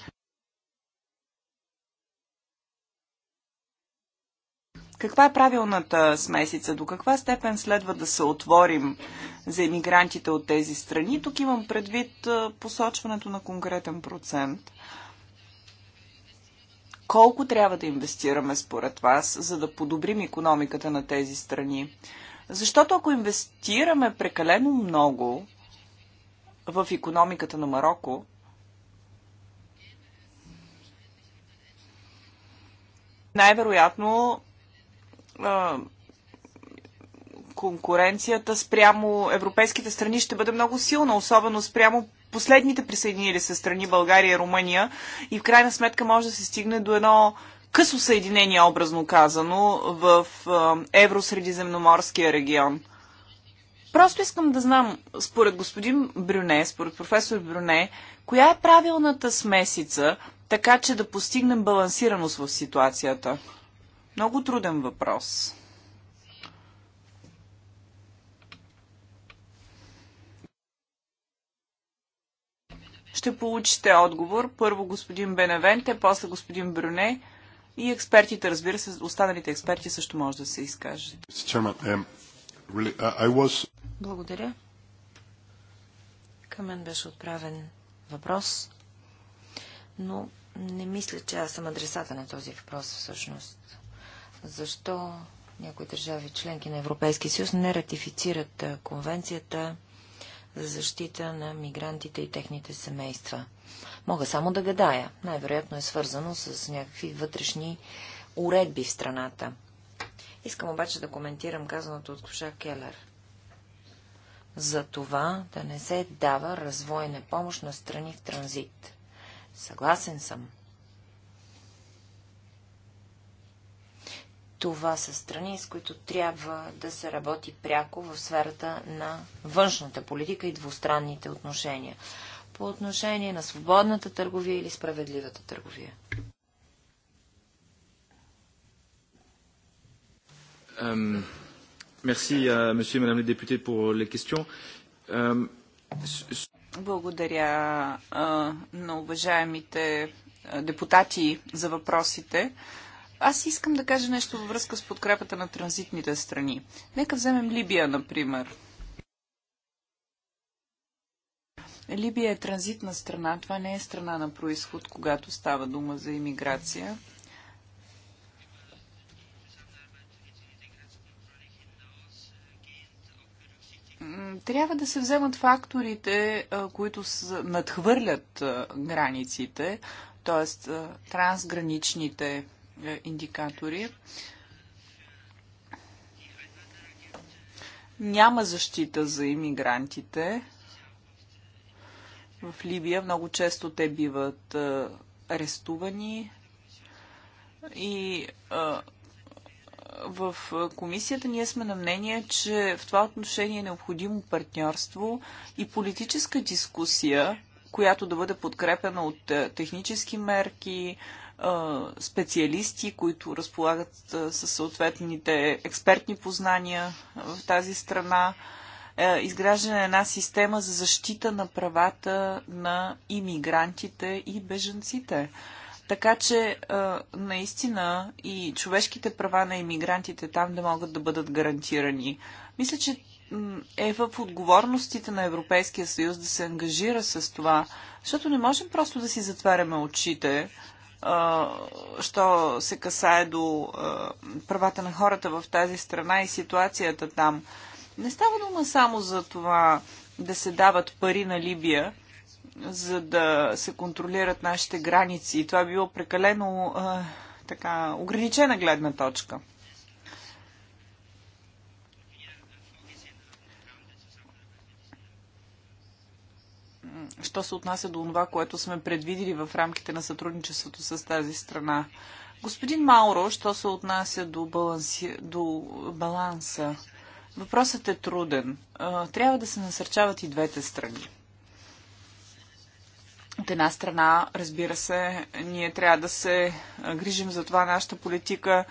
S2: Каква е правилната смесица? До каква степен следва да се отворим за емигрантите от тези страни? Тук имам предвид посочването на конкретен процент. Колко трябва да инвестираме според вас, за да подобрим економиката на тези страни? Защото ако инвестираме прекалено много, в економиката на Марокко, най-вероятно конкуренцията спрямо европейските страни ще бъде много силна, особено спрямо последните присъединили се страни България и Румъния. И в крайна сметка може да се стигне до едно късо съединение, образно казано, в евросредиземноморския регион. Просто искам да знам, според господин Брюне, според професор Брюне, коя е правилната смесица, така че да постигнем балансираност в ситуацията? Много труден въпрос. Ще получите отговор. Първо господин Беневенте, после господин Брюне и експертите, разбира се, останалите експерти също може да се изкажат. Благодаря.
S3: Към мен беше отправен въпрос, но не мисля, че аз съм адресата на този въпрос всъщност. Защо някои държави, членки на Европейския съюз, не ратифицират конвенцията за защита на мигрантите и техните семейства? Мога само да гадая. Най-вероятно е свързано с някакви вътрешни уредби в страната. Искам обаче да коментирам казаното от Коша Келер за това да не се дава развойна помощ на страни в транзит. Съгласен съм. Това са страни, с които трябва да се работи пряко в сферата на външната политика и двустранните отношения. По отношение на свободната търговия или справедливата търговия.
S4: Um... Merci à euh, monsieur et madame les députés pour euh, les questions. Euh,
S2: Благодаря на уважаемите депутати за въпросите. Аз искам да кажа нещо във връзка с подкрепата на транзитните страни. Нека вземем Либия, например. Либия е транзитна страна. Това не е страна на происход, когато става дума за иммиграция. Трябва да се вземат факторите, които надхвърлят границите, т.е. трансграничните е, индикатори. Няма защита за иммигрантите. В Либия много често те биват арестувани и в комисията ние сме на мнение, че в това отношение е необходимо партньорство и политическа дискусия, която да бъде подкрепена от технически мерки, специалисти, които разполагат със съответните експертни познания в тази страна, изграждане на една система за защита на правата на иммигрантите и бежанците така че а, наистина и човешките права на иммигрантите там да могат да бъдат гарантирани. Мисля, че е в отговорностите на Европейския съюз да се ангажира с това, защото не можем просто да си затваряме очите, а, що се касае до а, правата на хората в тази страна и ситуацията там. Не става дума само за това да се дават пари на Либия, за да се контролират нашите граници. И това е било прекалено а, така ограничена гледна точка. Що се отнася до това, което сме предвидили в рамките на сътрудничеството с тази страна? Господин Мауро, що се отнася до, баланси... до баланса? Въпросът е труден. Трябва да се насърчават и двете страни. От една страна, разбира се, ние трябва да се грижим за това нашата политика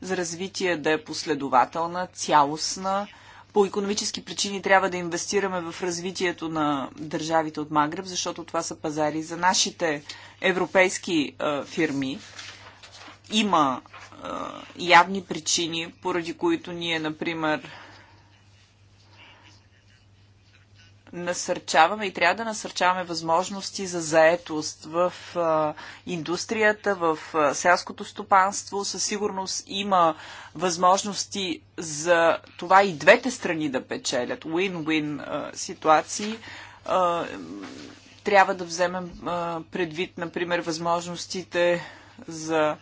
S2: за развитие да е последователна, цялостна. По економически причини трябва да инвестираме в развитието на държавите от Магреб, защото това са пазари за нашите европейски е, фирми. Има е, явни причини, поради които ние, например, насърчаваме и трябва да насърчаваме възможности за заетост в а, индустрията, в а, селското стопанство. Със сигурност има възможности за това и двете страни да печелят. Win-win ситуации. А, трябва да вземем предвид, например, възможностите за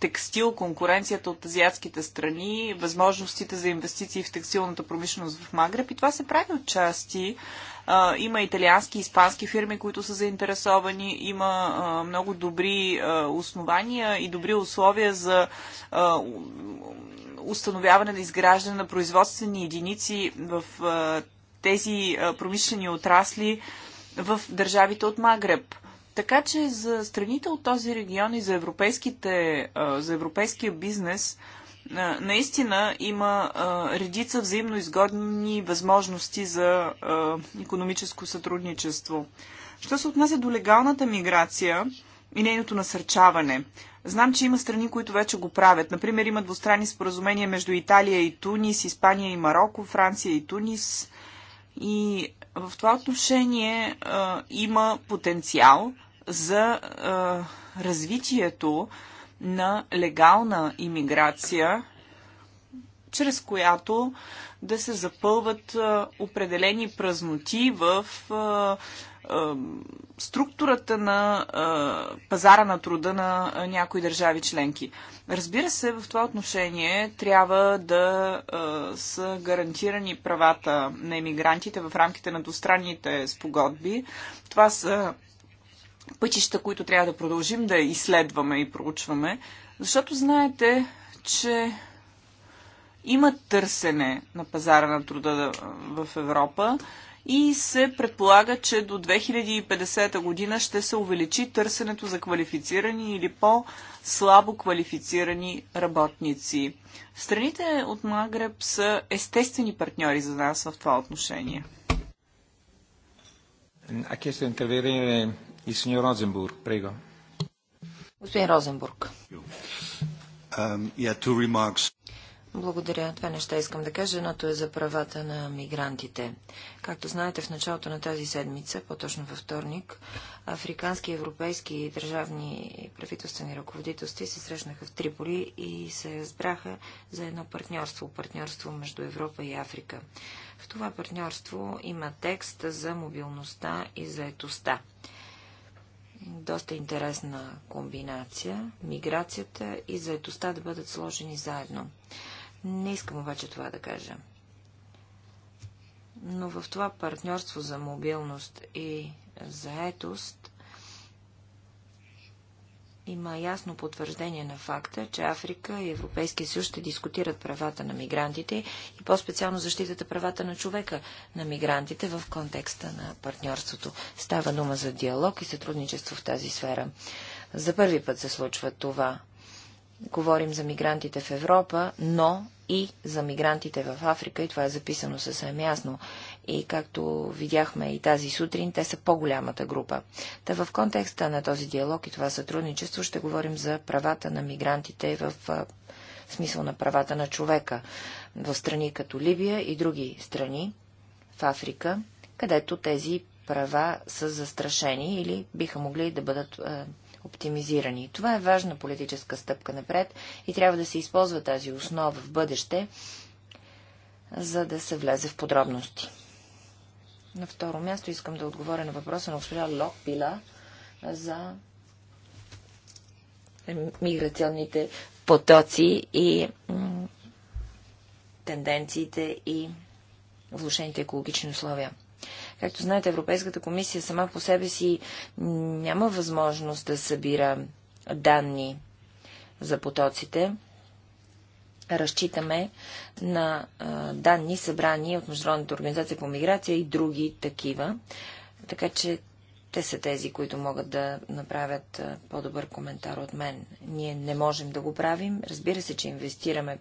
S2: текстил, конкуренцията от азиатските страни, възможностите за инвестиции в текстилната промишленост в Магреб и това се прави от части. Има италиански и испански фирми, които са заинтересовани, има много добри основания и добри условия за установяване на изграждане на производствени единици в тези промишлени отрасли в държавите от Магреб така че за страните от този регион и за, европейските, за европейския бизнес наистина има редица взаимно изгодни възможности за економическо сътрудничество. Що се отнася до легалната миграция и нейното насърчаване, знам, че има страни, които вече го правят. Например, има двустранни споразумения между Италия и Тунис, Испания и Марокко, Франция и Тунис. И в това отношение а, има потенциал за а, развитието на легална иммиграция, чрез която да се запълват а, определени празноти в а, структурата на пазара на труда на някои държави членки. Разбира се, в това отношение трябва да а, са гарантирани правата на емигрантите в рамките на двустранните спогодби. Това са пътища, които трябва да продължим да изследваме и проучваме, защото знаете, че има търсене на пазара на труда в Европа и се предполага, че до 2050 година ще се увеличи търсенето за квалифицирани или по-слабо квалифицирани работници. Страните от Магреб са естествени партньори за нас в това отношение.
S1: И сеньор Розенбург,
S3: Господин Розенбург. Um, Благодаря. Две неща искам да кажа. Едното е за правата на мигрантите. Както знаете, в началото на тази седмица, по-точно във вторник, африкански, европейски и държавни правителствени ръководителства се срещнаха в Триполи и се разбраха за едно партньорство, партньорство между Европа и Африка. В това партньорство има текст за мобилността и заетостта доста интересна комбинация миграцията и заедостта да бъдат сложени заедно. Не искам обаче това да кажа. Но в това партньорство за мобилност и заедост има ясно потвърждение на факта, че Африка и Европейския съюз ще дискутират правата на мигрантите и по-специално защитата правата на човека на мигрантите в контекста на партньорството. Става дума за диалог и сътрудничество в тази сфера. За първи път се случва това. Говорим за мигрантите в Европа, но и за мигрантите в Африка, и това е записано съвсем ясно и както видяхме и тази сутрин, те са по-голямата група. Та в контекста на този диалог и това сътрудничество ще говорим за правата на мигрантите в смисъл на правата на човека в страни като Либия и други страни в Африка, където тези права са застрашени или биха могли да бъдат е, оптимизирани. Това е важна политическа стъпка напред и трябва да се използва тази основа в бъдеще, за да се влезе в подробности. На второ място искам да отговоря на въпроса на госпожа Локпила за миграционните потоци и тенденциите и влушените екологични условия. Както знаете, Европейската комисия сама по себе си няма възможност да събира данни за потоците разчитаме на данни събрани от Международната организация по миграция и други такива. Така че те са тези, които могат да направят по-добър коментар от мен. Ние не можем да го правим. Разбира се, че инвестираме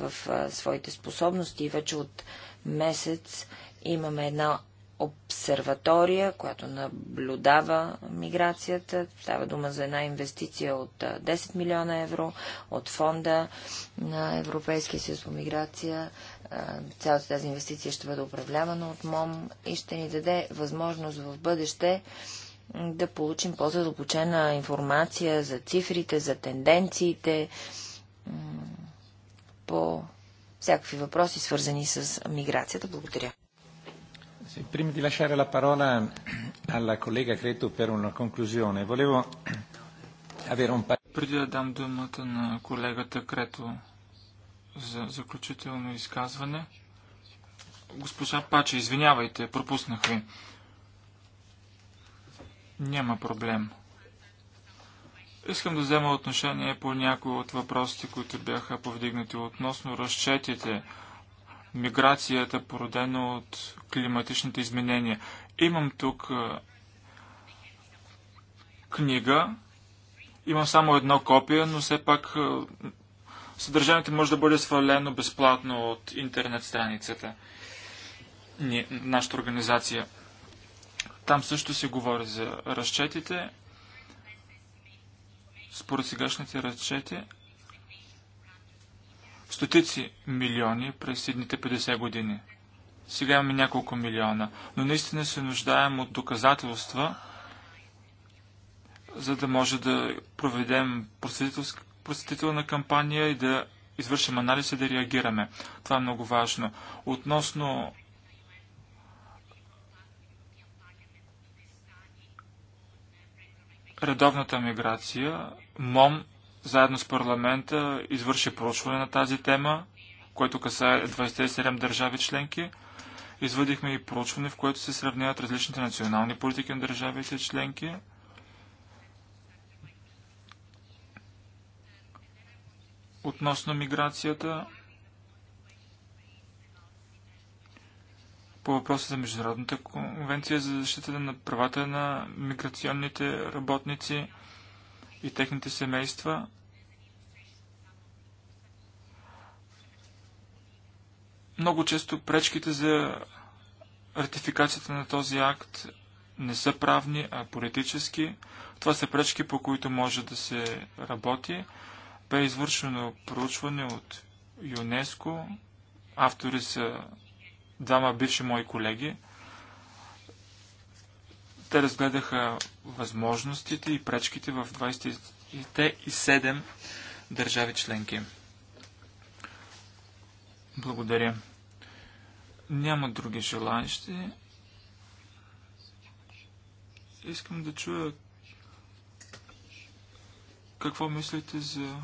S3: в своите способности. Вече от месец имаме една обсерватория, която наблюдава миграцията. Става дума за една инвестиция от 10 милиона евро от фонда на Европейския съюз по миграция. Цялата тази инвестиция ще бъде управлявана от МОМ и ще ни даде възможност в бъдеще да получим по-задълбочена информация за цифрите, за тенденциите по всякакви въпроси, свързани с миграцията. Благодаря.
S1: Sì, prima di lasciare la parola alla collega Creto per una conclusione, volevo
S4: avere un paio... Преди да дам думата на колегата Крето за заключително изказване. Госпожа Паче, извинявайте, пропуснах ви. Няма проблем. Искам да взема отношение по някои от въпросите, които бяха повдигнати относно разчетите, миграцията, породена от климатичните изменения. Имам тук книга, имам само едно копие, но все пак съдържанието може да бъде свалено безплатно от интернет страницата на нашата организация. Там също се говори за разчетите. Според сегашните разчети, стотици милиони през едните 50 години. Сега имаме няколко милиона. Но наистина се нуждаем от доказателства, за да може да проведем просветителна кампания и да извършим анализ и да реагираме. Това е много важно. Относно редовната миграция, МОМ заедно с парламента извърши проучване на тази тема, което касае 27 държави членки – Извадихме и проучване, в което се сравняват различните национални политики на държавите членки. Относно миграцията, по въпроса за Международната конвенция за защита на правата на миграционните работници и техните семейства. Много често пречките за ратификацията на този акт не са правни, а политически. Това са пречки, по които може да се работи. Бе извършено проучване от ЮНЕСКО. Автори са двама бивши мои колеги. Те разгледаха възможностите и пречките в 27 държави членки. Благодаря. Няма други желаящи. Искам да чуя какво мислите за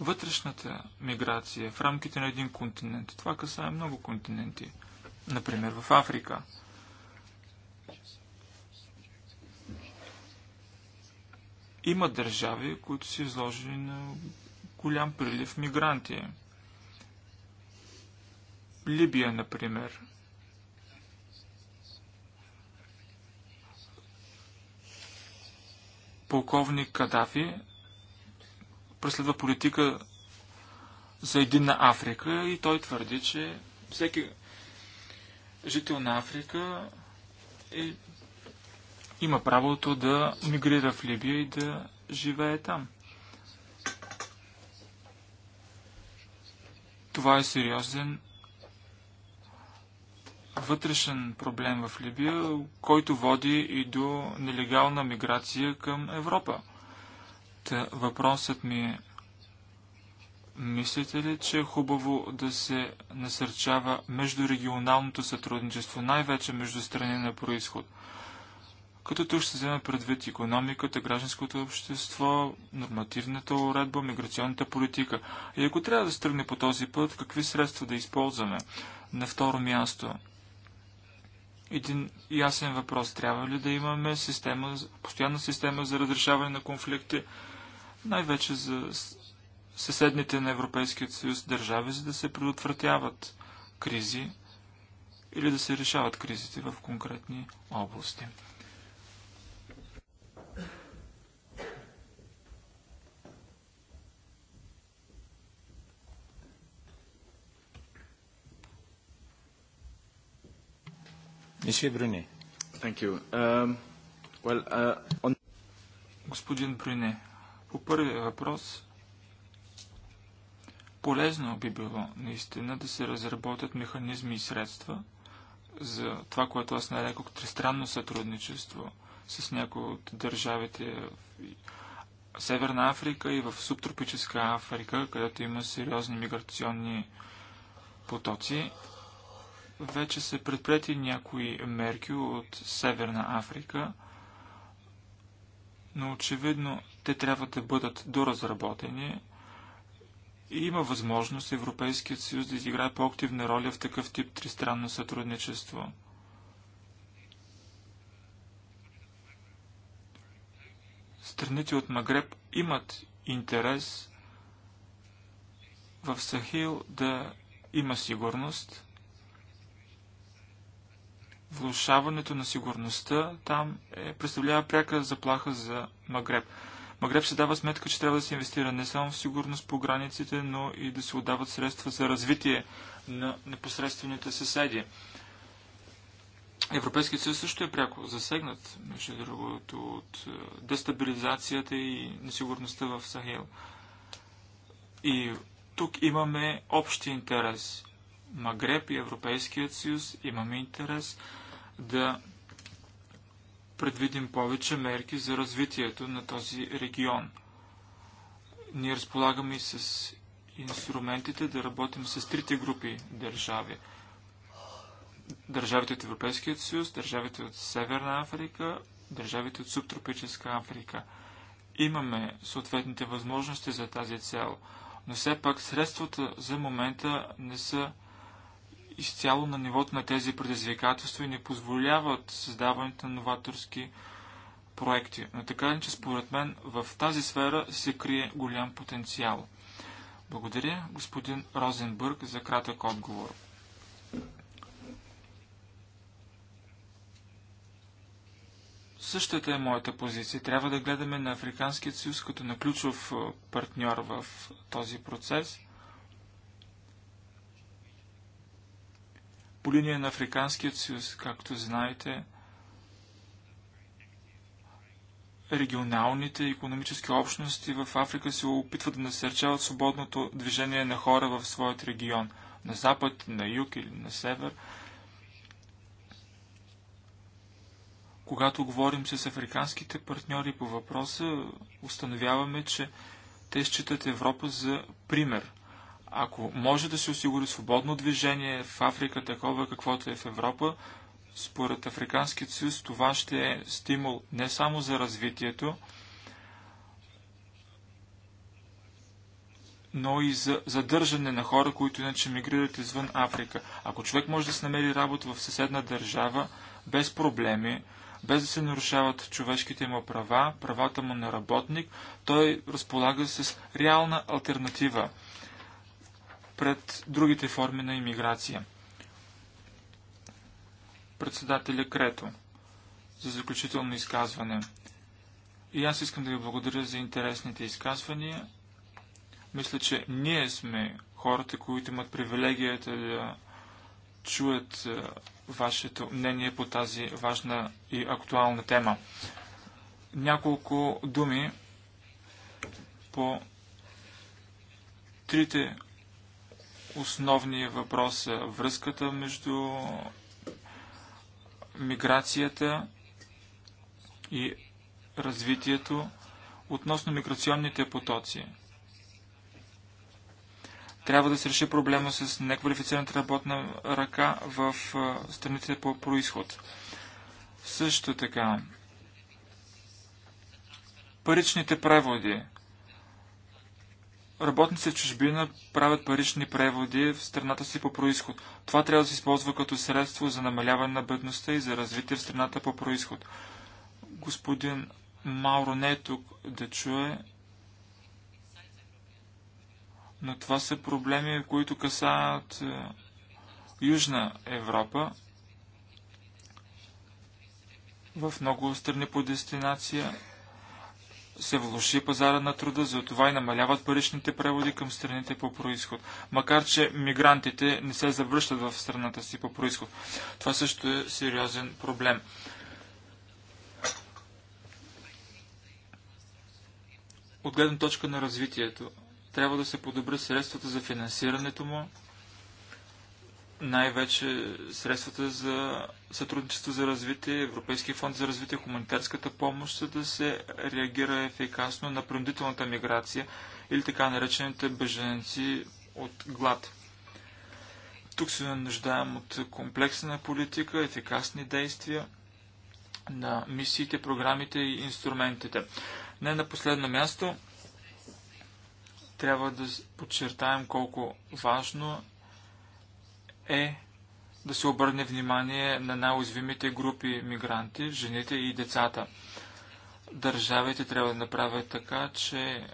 S4: вътрешната миграция в рамките на един континент. Това касае много континенти. Например, в Африка. Има държави, които са изложени на голям прилив мигранти. Либия, например. Полковник Кадафи преследва политика за единна Африка и той твърди, че всеки жител на Африка е, има правото да мигрира в Либия и да живее там. Това е сериозен вътрешен проблем в Либия, който води и до нелегална миграция към Европа. Та въпросът ми е, мислите ли, че е хубаво да се насърчава междурегионалното сътрудничество, най-вече между страни на происход – като тук ще вземе предвид економиката, гражданското общество, нормативната уредба, миграционната политика. И ако трябва да стръгне тръгне по този път, какви средства да използваме? На второ място. Един ясен въпрос. Трябва ли да имаме система, постоянна система за разрешаване на конфликти, най-вече за съседните на Европейския съюз държави, за да се предотвратяват кризи или да се решават кризите в конкретни области? Um, uh, Господин Брюне, по първия въпрос полезно би било наистина да се разработят механизми и средства за това, което аз нарекох тристранно сътрудничество с някои от държавите в Северна Африка и в субтропическа Африка, където има сериозни миграционни потоци. Вече се предприяти някои мерки от Северна Африка, но очевидно те трябва да бъдат доразработени и има възможност Европейският съюз да изиграе по-активна роля в такъв тип тристранно сътрудничество. Страните от Магреб имат интерес в Сахил да има сигурност влушаването на сигурността там е, представлява пряка заплаха за Магреб. Магреб се дава сметка, че трябва да се инвестира не само в сигурност по границите, но и да се отдават средства за развитие на непосредствените съседи. Европейският съюз също е пряко засегнат, между другото, от е, дестабилизацията и несигурността в Сахил. И тук имаме общи интерес. Магреб и Европейският съюз имаме интерес да предвидим повече мерки за развитието на този регион. Ние разполагаме и с инструментите да работим с трите групи държави. Държавите от Европейския съюз, държавите от Северна Африка, държавите от Субтропическа Африка. Имаме съответните възможности за тази цел, но все пак средствата за момента не са изцяло на нивото на тези предизвикателства и не позволяват създаването на новаторски проекти. Но така че според мен в тази сфера се крие голям потенциал. Благодаря, господин Розенбърг, за кратък отговор. Същата е моята позиция. Трябва да гледаме на Африканският съюз като на ключов партньор в този процес. по линия на Африканският съюз, както знаете, регионалните економически общности в Африка се опитват да насърчават свободното движение на хора в своят регион, на запад, на юг или на север. Когато говорим с африканските партньори по въпроса, установяваме, че те считат Европа за пример – ако може да се осигури свободно движение в Африка, такова каквото е в Европа, според Африканският съюз това ще е стимул не само за развитието, но и за задържане на хора, които иначе мигрират извън Африка. Ако човек може да се намери работа в съседна държава, без проблеми, без да се нарушават човешките му права, правата му на работник, той разполага с реална альтернатива пред другите форми на иммиграция. Председателя Крето за заключително изказване. И аз искам да ви благодаря за интересните изказвания. Мисля, че ние сме хората, които имат привилегията да чуят е, вашето мнение по тази важна и актуална тема. Няколко думи по трите основни въпроса. Е връзката между миграцията и развитието относно миграционните потоци. Трябва да се реши проблема с неквалифицираната работна ръка в страните по происход. Също така, паричните преводи – Работници в чужбина правят парични преводи в страната си по происход. Това трябва да се използва като средство за намаляване на бедността и за развитие в страната по происход. Господин Мауро не е тук да чуе, но това са проблеми, които касаят е, Южна Европа. В много страни по дестинация се влуши пазара на труда, затова и намаляват паричните преводи към страните по происход. Макар, че мигрантите не се завръщат в страната си по происход. Това също е сериозен проблем. От гледна точка на развитието, трябва да се подобри средствата за финансирането му, най-вече средствата за сътрудничество за развитие, Европейския фонд за развитие, хуманитарската помощ, за да се реагира ефикасно на принудителната миграция или така наречените беженци от глад. Тук се нуждаем от комплексна политика, ефикасни действия на мисиите, програмите и инструментите. Не на последно място трябва да подчертаем колко важно е да се обърне внимание на най-уязвимите групи мигранти, жените и децата. Държавите трябва да направят така, че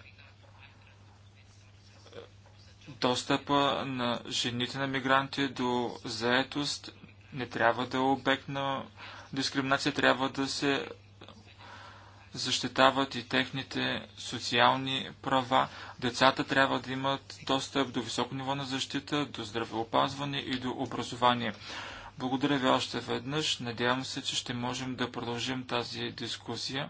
S4: достъпа на жените на мигранти до заетост не трябва да е обект на дискриминация, трябва да се защитават и техните социални права. Децата трябва да имат достъп до високо ниво на защита, до здравеопазване и до образование. Благодаря ви още веднъж. Надявам се, че ще можем да продължим тази дискусия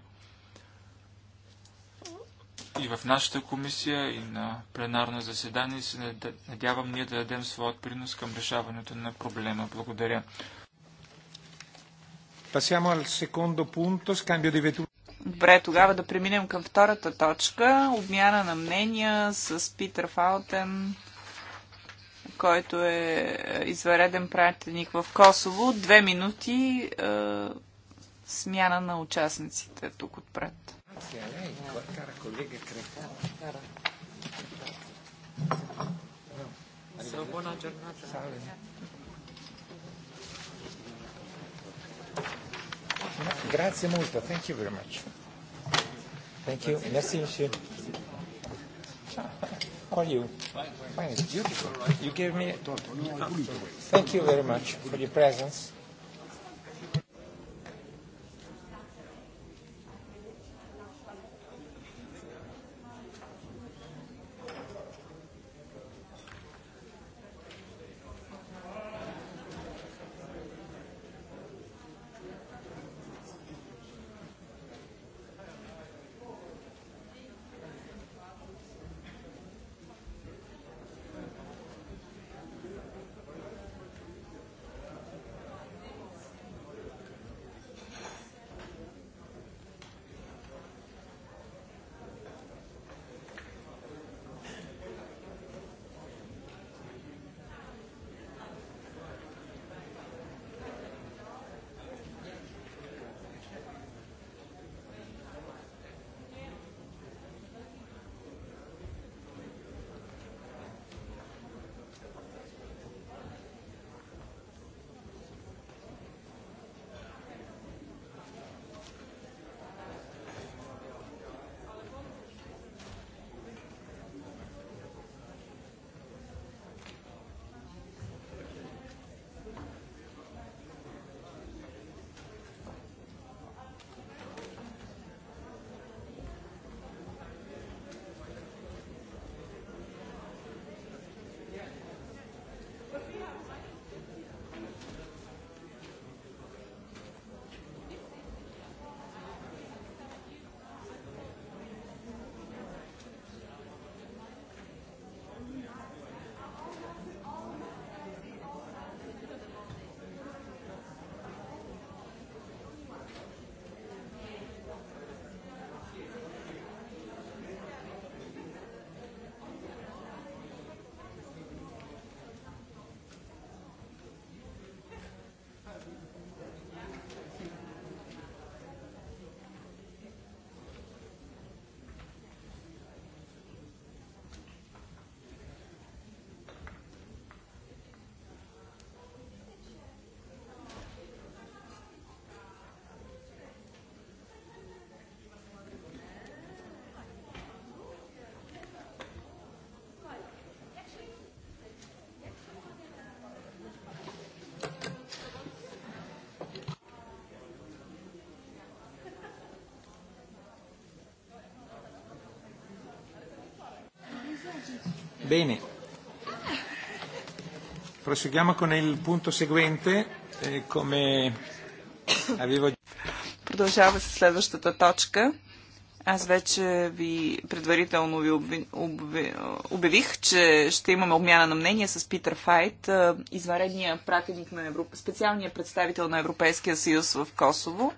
S4: и в нашата комисия, и на пленарно заседание. Се надявам ние да дадем своят принос към решаването на проблема. Благодаря.
S1: Passiamo al secondo punto, scambio di vetture.
S2: Добре, тогава да преминем към втората точка. Обмяна на мнения с Питър Фаутен, който е извареден пратеник в Косово. Две минути е, смяна на участниците тук отпред.
S1: Buona Grazie molto, thank you very much. Thank you, merci monsieur. Ciao. How are you? Fine, it's beautiful.
S4: right? You gave me. Thank you very much for your
S1: presence. Bene. Proseguiamo con il punto seguente. Eh, come avevo... Продължава с следващата точка.
S2: Аз вече ви предварително ви обявих, че ще имаме обмяна на мнение с Питър Файт, е, изваредния пратеник на Европа, специалния представител на Европейския съюз в Косово.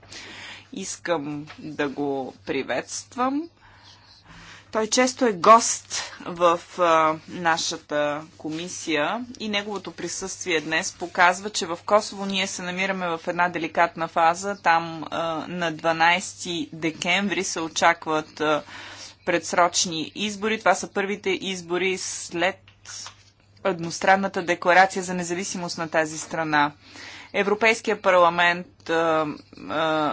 S2: Искам да го приветствам. Той често е гост в а, нашата комисия и неговото присъствие днес показва, че в Косово ние се намираме в една деликатна фаза. Там а, на 12 декември се очакват а, предсрочни избори. Това са първите избори след едностранната декларация за независимост на тази страна. Европейския парламент а, а,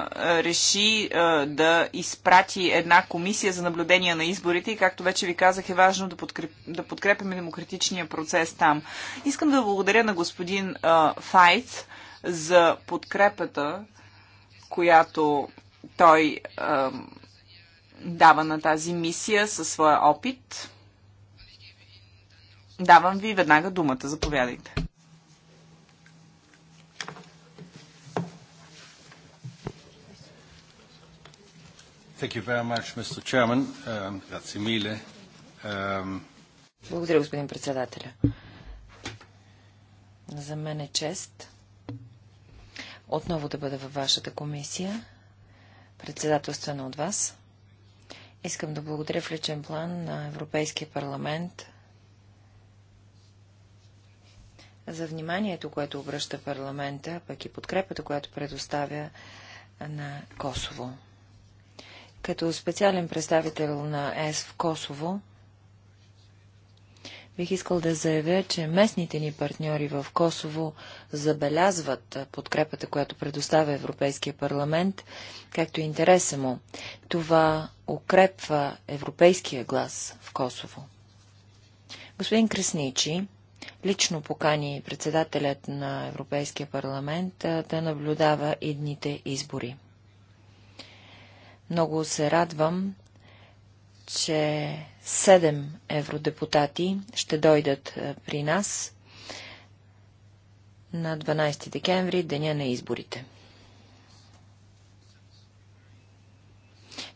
S2: реши а, да изпрати една комисия за наблюдение на изборите и, както вече ви казах, е важно да, подкреп, да подкрепяме демократичния процес там. Искам да благодаря на господин а, Файц за подкрепата, която той а, дава на тази мисия със своя опит. Давам ви веднага думата. Заповядайте.
S1: Thank you very much, Mr. Chairman. Um, um, благодаря,
S3: господин председателя. За мен е чест отново да бъда във вашата комисия, председателствена от вас. Искам да благодаря в личен план на Европейския парламент за вниманието, което обръща парламента, пък и подкрепата, която предоставя на Косово. Като специален представител на ЕС в Косово, бих искал да заявя, че местните ни партньори в Косово забелязват подкрепата, която предоставя Европейския парламент, както и интереса му. Това укрепва европейския глас в Косово. Господин Кресничи лично покани председателят на Европейския парламент да наблюдава идните избори. Много се радвам, че 7 евродепутати ще дойдат е, при нас на 12 декември, деня на изборите.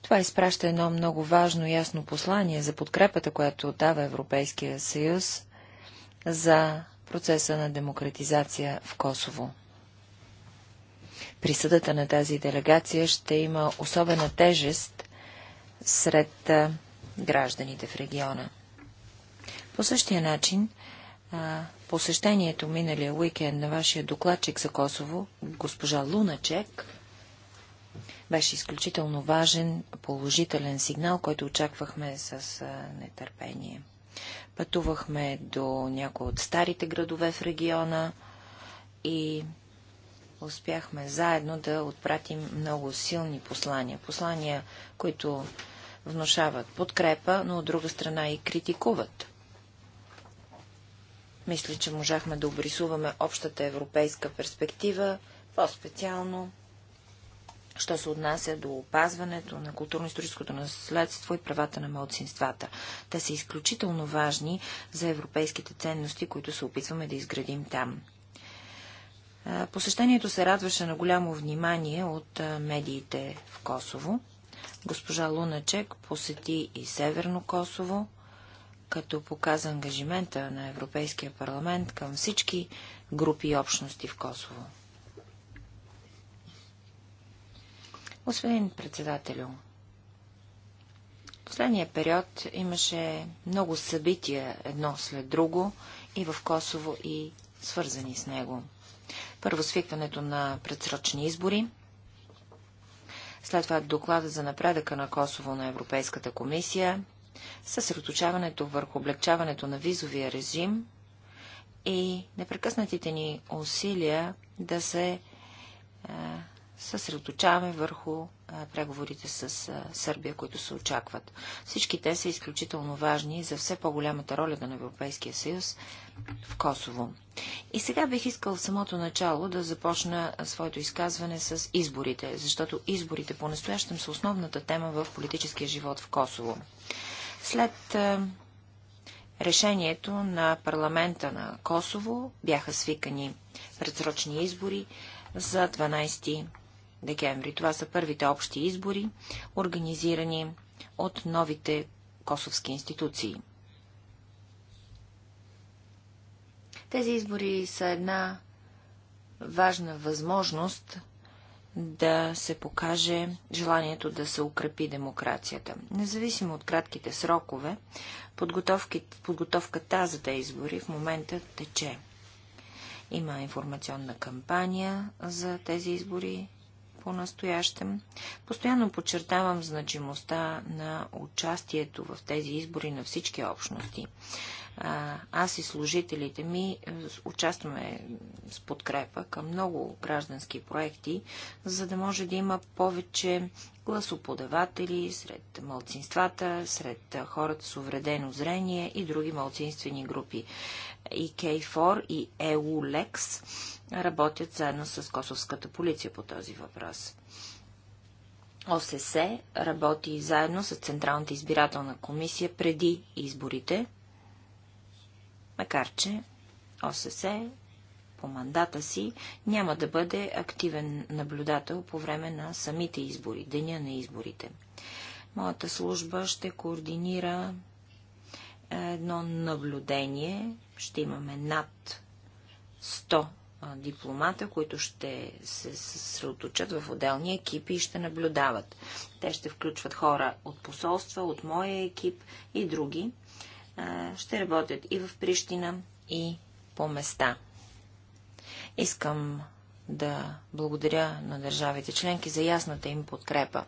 S3: Това изпраща едно много важно и ясно послание за подкрепата, която дава Европейския съюз за процеса на демократизация в Косово присъдата на тази делегация ще има особена тежест сред гражданите в региона. По същия начин, посещението миналия уикенд на вашия докладчик за Косово, госпожа Луначек, беше изключително важен, положителен сигнал, който очаквахме с нетърпение. Пътувахме до някои от старите градове в региона и успяхме заедно да отпратим много силни послания. Послания, които внушават подкрепа, но от друга страна и критикуват. Мисля, че можахме да обрисуваме общата европейска перспектива, по-специално, що се отнася до опазването на културно-историческото наследство и правата на малцинствата. Те са изключително важни за европейските ценности, които се опитваме да изградим там. Посещението се радваше на голямо внимание от медиите в Косово. Госпожа Луначек посети и Северно Косово, като показа ангажимента на Европейския парламент към всички групи и общности в Косово. Господин председателю, последния период имаше много събития едно след друго и в Косово и свързани с него. Първо свикването на предсрочни избори, след това доклада за напредъка на Косово на Европейската комисия, съсредоточаването върху облегчаването на визовия режим и непрекъснатите ни усилия да се съсредоточаваме върху преговорите с Сърбия, които се очакват. Всички те са изключително важни за все по-голямата роля на Европейския съюз в Косово. И сега бих искал в самото начало да започна своето изказване с изборите, защото изборите по-настоящем са основната тема в политическия живот в Косово. След решението на парламента на Косово бяха свикани предсрочни избори за 12 декември. Това са първите общи избори, организирани от новите косовски институции. Тези избори са една важна възможност да се покаже желанието да се укрепи демокрацията. Независимо от кратките срокове, подготовката за тези избори в момента тече. Има информационна кампания за тези избори, по-настоящем. Постоянно подчертавам значимостта на участието в тези избори на всички общности. Аз и служителите ми е, участваме с подкрепа към много граждански проекти, за да може да има повече гласоподаватели сред малцинствата, сред хората с увредено зрение и други малцинствени групи. И K4 и EULEX е работят заедно с косовската полиция по този въпрос. ОСС работи заедно с Централната избирателна комисия преди изборите, макар че ОСС по мандата си няма да бъде активен наблюдател по време на самите избори, деня на изборите. Моята служба ще координира едно наблюдение. Ще имаме над 100 дипломата, които ще се съсредоточат в отделни екипи и ще наблюдават. Те ще включват хора от посолства, от моя екип и други. Ще работят и в Прищина, и по места. Искам да благодаря на държавите членки за ясната им подкрепа.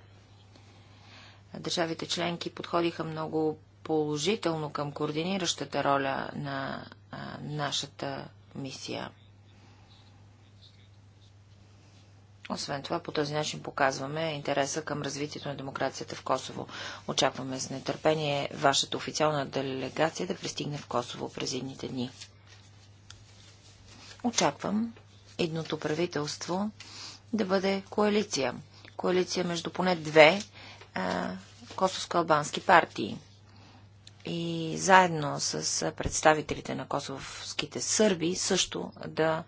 S3: Държавите членки подходиха много положително към координиращата роля на а, нашата мисия. Освен това, по този начин показваме интереса към развитието на демокрацията в Косово. Очакваме с нетърпение вашата официална делегация да пристигне в Косово през едните дни. Очаквам едното правителство да бъде коалиция. Коалиция между поне две а, косовско-албански партии. И заедно с представителите на косовските сърби също да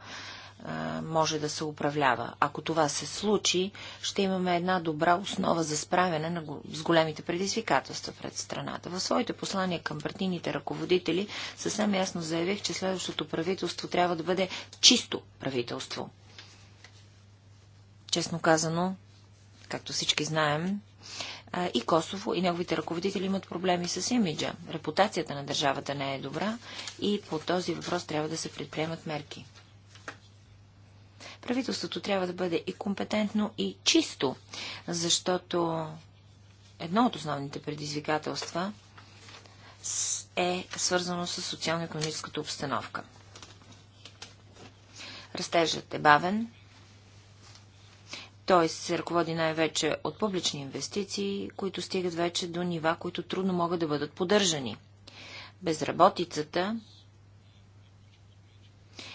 S3: може да се управлява. Ако това се случи, ще имаме една добра основа за справяне на, с големите предизвикателства пред страната. В своите послания към партийните ръководители съвсем ясно заявих, че следващото правителство трябва да бъде чисто правителство. Честно казано, както всички знаем, и Косово, и неговите ръководители имат проблеми с имиджа. Репутацията на държавата не е добра и по този въпрос трябва да се предприемат мерки. Правителството трябва да бъде и компетентно, и чисто, защото едно от основните предизвикателства е свързано с социално-економическата обстановка. Растежът е бавен, той се ръководи най-вече от публични инвестиции, които стигат вече до нива, които трудно могат да бъдат поддържани. Безработицата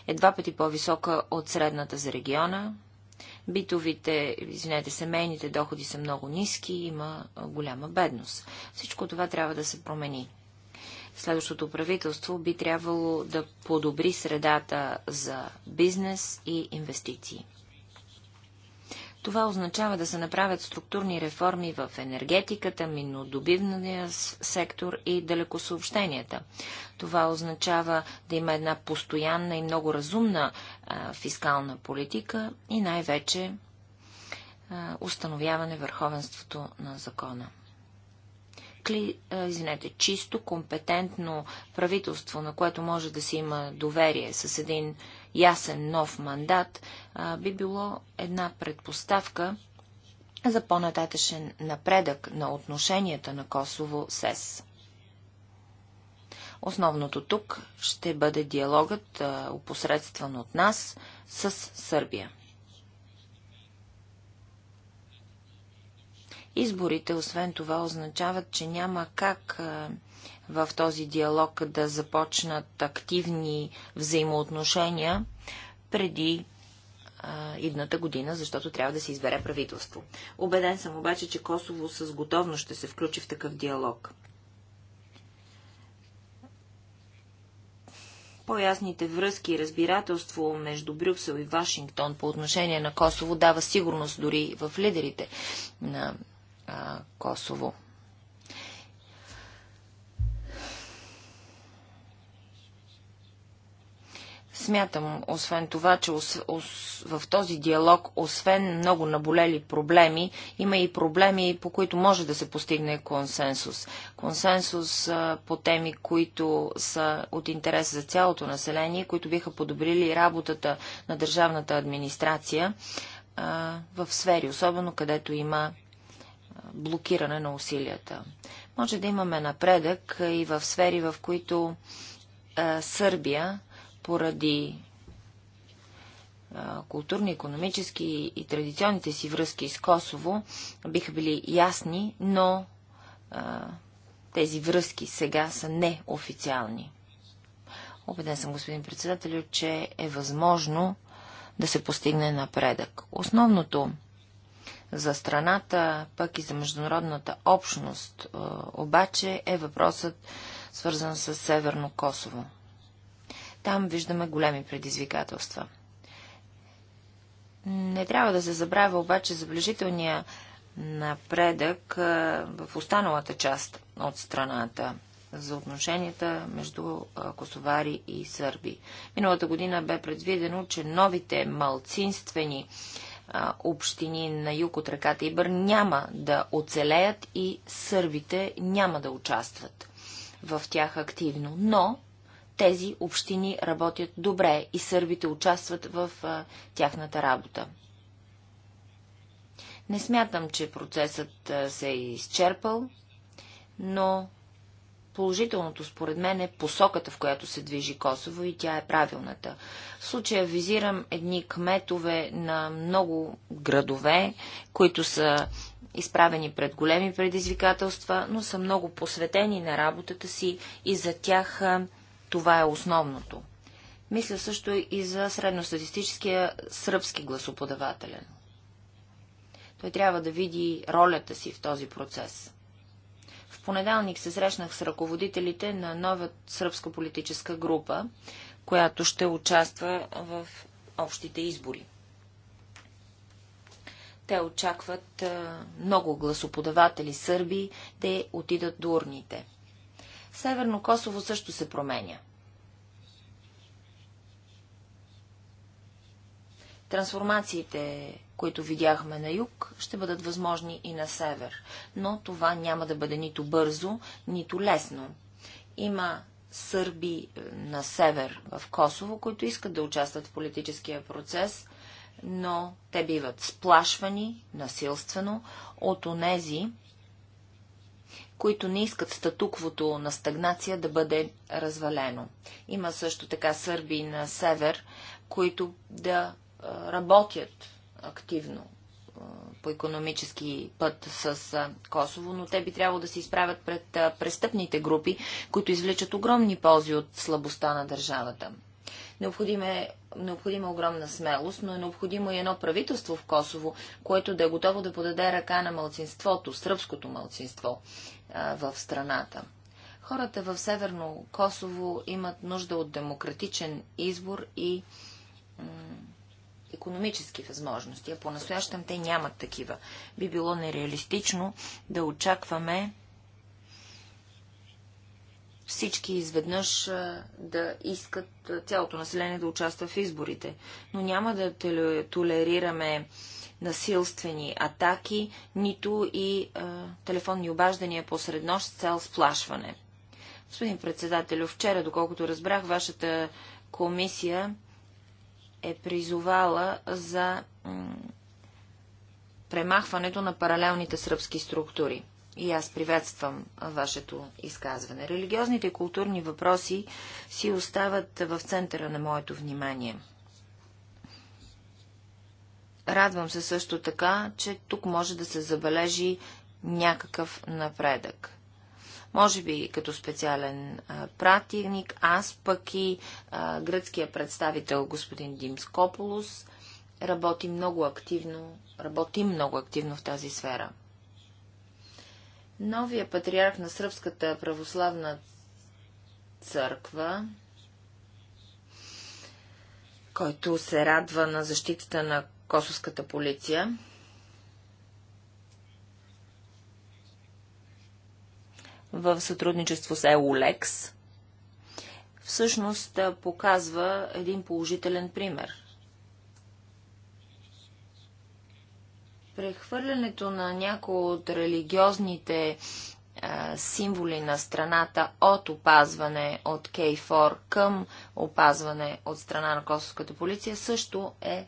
S3: е два пъти по-висока от средната за региона. Битовите, извинете, семейните доходи са много ниски, има голяма бедност. Всичко това трябва да се промени. Следващото правителство би трябвало да подобри средата за бизнес и инвестиции. Това означава да се направят структурни реформи в енергетиката, миннодобивния сектор и далекосъобщенията. Това означава да има една постоянна и много разумна а, фискална политика и най-вече установяване върховенството на закона. Кли, извинете, чисто, компетентно правителство, на което може да се има доверие с един ясен нов мандат, би било една предпоставка за по-нататъчен напредък на отношенията на Косово с ЕС. Основното тук ще бъде диалогът, опосредстван от нас, с Сърбия. Изборите, освен това, означават, че няма как в този диалог да започнат активни взаимоотношения преди идната година, защото трябва да се избере правителство. Обеден съм обаче, че Косово с готовност ще се включи в такъв диалог. По-ясните връзки и разбирателство между Брюксел и Вашингтон по отношение на Косово дава сигурност дори в лидерите на а, Косово. Смятам, освен това, че ос, ос, в този диалог, освен много наболели проблеми, има и проблеми, по които може да се постигне консенсус. Консенсус а, по теми, които са от интерес за цялото население, които биха подобрили работата на държавната администрация а, в сфери, особено където има блокиране на усилията. Може да имаме напредък и в сфери, в които а, Сърбия поради културни, економически и традиционните си връзки с Косово биха били ясни, но тези връзки сега са неофициални. Обеден съм, господин председател, че е възможно да се постигне напредък. Основното за страната, пък и за международната общност, обаче е въпросът свързан с Северно Косово. Там виждаме големи предизвикателства. Не трябва да се забравя обаче заближителния напредък в останалата част от страната за отношенията между косовари и сърби. Миналата година бе предвидено, че новите малцинствени общини на юг от реката Ибър няма да оцелеят и сърбите няма да участват в тях активно. Но тези общини работят добре и сърбите участват в тяхната работа. Не смятам, че процесът се е изчерпал, но положителното според мен е посоката, в която се движи Косово и тя е правилната. В случая визирам едни кметове на много градове, които са изправени пред големи предизвикателства, но са много посветени на работата си и за тях това е основното. Мисля също и за средностатистическия сръбски гласоподавателен. Той трябва да види ролята си в този процес. В понеделник се срещнах с ръководителите на нова сръбска политическа група, която ще участва в общите избори. Те очакват много гласоподаватели сърби да отидат до урните – Северно Косово също се променя. Трансформациите, които видяхме на юг, ще бъдат възможни и на север, но това няма да бъде нито бързо, нито лесно. Има сърби е, на север в Косово, които искат да участват в политическия процес, но те биват сплашвани насилствено от онези, които не искат статуквото на стагнация да бъде развалено. Има също така сърби на север, които да работят активно по економически път с Косово, но те би трябвало да се изправят пред престъпните групи, които извличат огромни ползи от слабостта на държавата. Необходима е, необходима огромна смелост, но е необходимо и едно правителство в Косово, което да е готово да подаде ръка на мълцинството, сръбското мълцинство в страната. Хората в Северно Косово имат нужда от демократичен избор и економически възможности, а по-настоящем те нямат такива. Би било нереалистично да очакваме всички изведнъж да искат цялото население да участва в изборите. Но няма да толерираме насилствени атаки, нито и а, телефонни обаждания посред нощ с цел сплашване. Господин председател, вчера, доколкото разбрах, вашата комисия е призовала за премахването на паралелните сръбски структури. И аз приветствам вашето изказване. Религиозните и културни въпроси си остават в центъра на моето внимание – Радвам се също така, че тук може да се забележи някакъв напредък. Може би като специален а, аз пък и а, гръцкия представител господин Димскополус работи много активно, работим много активно в тази сфера. Новия патриарх на Сръбската православна църква, който се радва на защитата на косовската полиция. в сътрудничество с Еолекс всъщност показва един положителен пример. Прехвърлянето на някои от религиозните символи на страната от опазване от Кейфор към опазване от страна на косовската полиция също е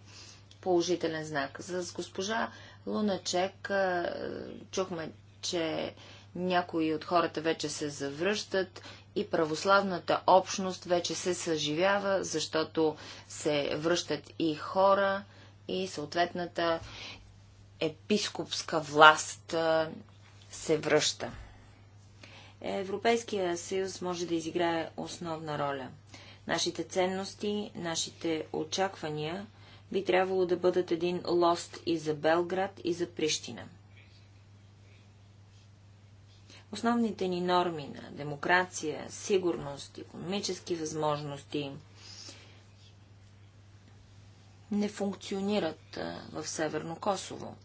S3: положителен знак. С госпожа Луначек чухме, че някои от хората вече се завръщат и православната общност вече се съживява, защото се връщат и хора, и съответната епископска власт се връща. Европейския съюз може да изиграе основна роля. Нашите ценности, нашите очаквания – би трябвало да бъдат един лост и за Белград, и за Прищина. Основните ни норми на демокрация, сигурност, економически възможности не функционират в Северно Косово.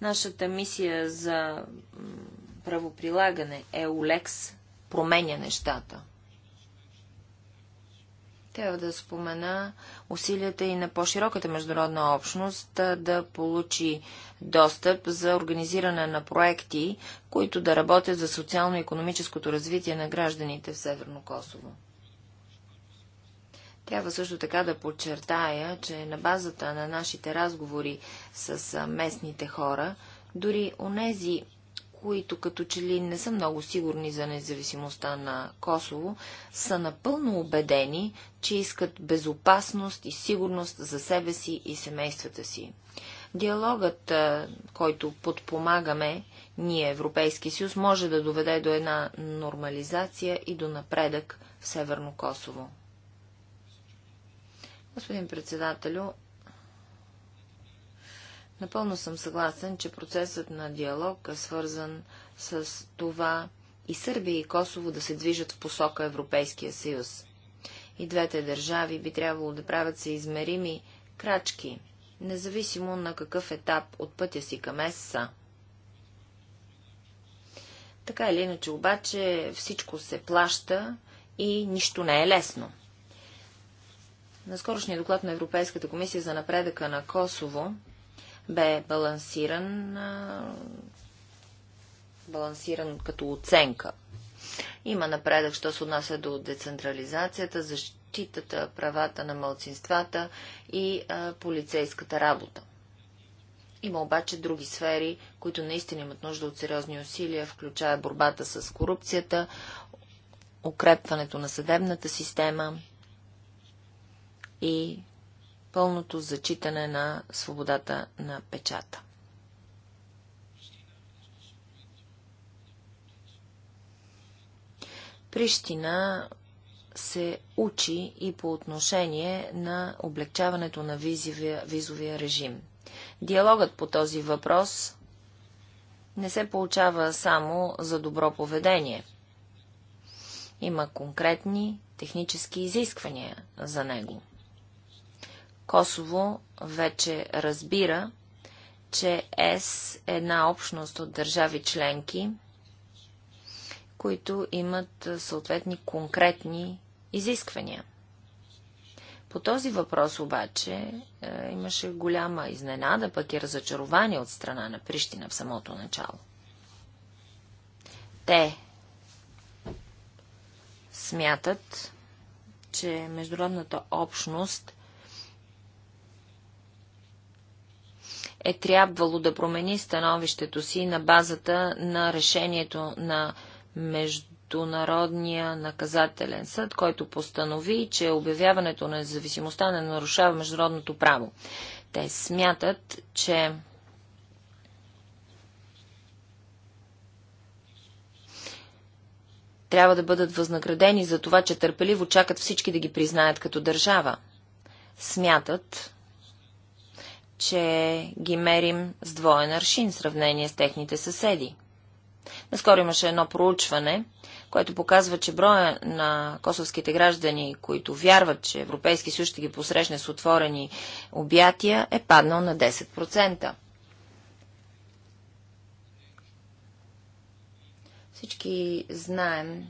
S3: Нашата мисия за правоприлагане е Олекс променя нещата. Трябва да спомена усилията и на по-широката международна общност да получи достъп за организиране на проекти, които да работят за социално-економическото развитие на гражданите в Северно Косово. Трябва също така да подчертая, че на базата на нашите разговори с местните хора, дори нези които като че ли не са много сигурни за независимостта на Косово, са напълно убедени, че искат безопасност и сигурност за себе си и семействата си. Диалогът, който подпомагаме ние, Европейски съюз, може да доведе до една нормализация и до напредък в Северно Косово. Господин председателю, Напълно съм съгласен, че процесът на диалог е свързан с това и Сърбия и Косово да се движат в посока Европейския съюз. И двете държави би трябвало да правят се измерими крачки, независимо на какъв етап от пътя си към ЕСА. Така или иначе обаче всичко се плаща и нищо не е лесно. На скорошния доклад на Европейската комисия за напредъка на Косово бе балансиран, балансиран като оценка. Има напредък, що се отнася до децентрализацията, защитата правата на малцинствата и а, полицейската работа. Има обаче други сфери, които наистина имат нужда от сериозни усилия, включая борбата с корупцията, укрепването на съдебната система и пълното зачитане на свободата на печата. Прищина се учи и по отношение на облегчаването на визовия, визовия режим. Диалогът по този въпрос не се получава само за добро поведение. Има конкретни технически изисквания за него – Косово вече разбира, че ЕС е една общност от държави членки, които имат съответни конкретни изисквания. По този въпрос обаче е, имаше голяма изненада, пък и разочарование от страна на Прищина в самото начало. Те смятат, че международната общност е трябвало да промени становището си на базата на решението на Международния наказателен съд, който постанови, че обявяването на независимостта не нарушава международното право. Те смятат, че трябва да бъдат възнаградени за това, че търпеливо чакат всички да ги признаят като държава. Смятат, че ги мерим с двоен аршин в сравнение с техните съседи. Наскоро имаше едно проучване, което показва, че броя на косовските граждани, които вярват, че Европейски съюз ще ги посрещне с отворени обятия, е паднал на 10%. Всички знаем,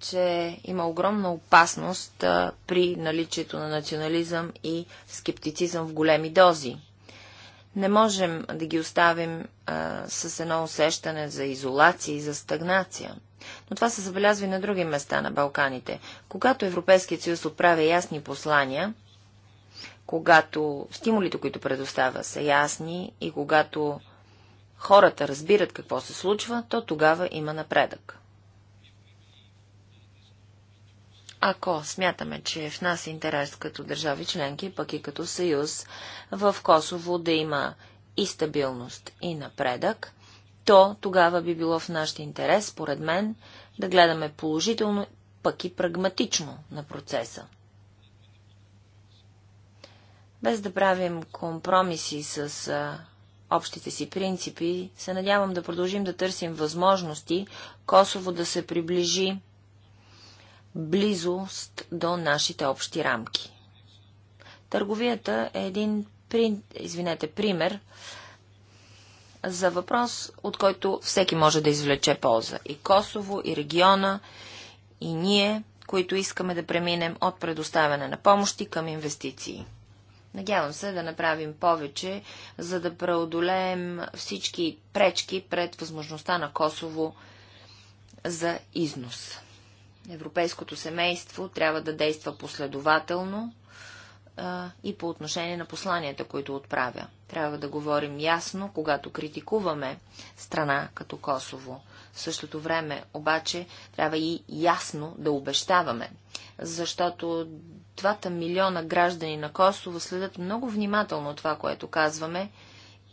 S3: че има огромна опасност а, при наличието на национализъм и скептицизъм в големи дози. Не можем да ги оставим а, с едно усещане за изолация и за стагнация. Но това се забелязва и на други места на Балканите. Когато Европейският съюз отправя ясни послания, когато стимулите, които предоставя, са ясни и когато хората разбират какво се случва, то тогава има напредък. Ако смятаме, че е в нас е интерес като държави членки, пък и като съюз, в Косово да има и стабилност, и напредък, то тогава би било в наш интерес, според мен, да гледаме положително, пък и прагматично на процеса. Без да правим компромиси с а, общите си принципи, се надявам да продължим да търсим възможности Косово да се приближи близост до нашите общи рамки. Търговията е един при... извинете, пример за въпрос, от който всеки може да извлече полза. И Косово, и региона, и ние, които искаме да преминем от предоставяне на помощи към инвестиции. Надявам се да направим повече, за да преодолеем всички пречки пред възможността на Косово за износ. Европейското семейство трябва да действа последователно а, и по отношение на посланията, които отправя. Трябва да говорим ясно, когато критикуваме страна като Косово. В същото време обаче трябва и ясно да обещаваме, защото двата милиона граждани на Косово следят много внимателно това, което казваме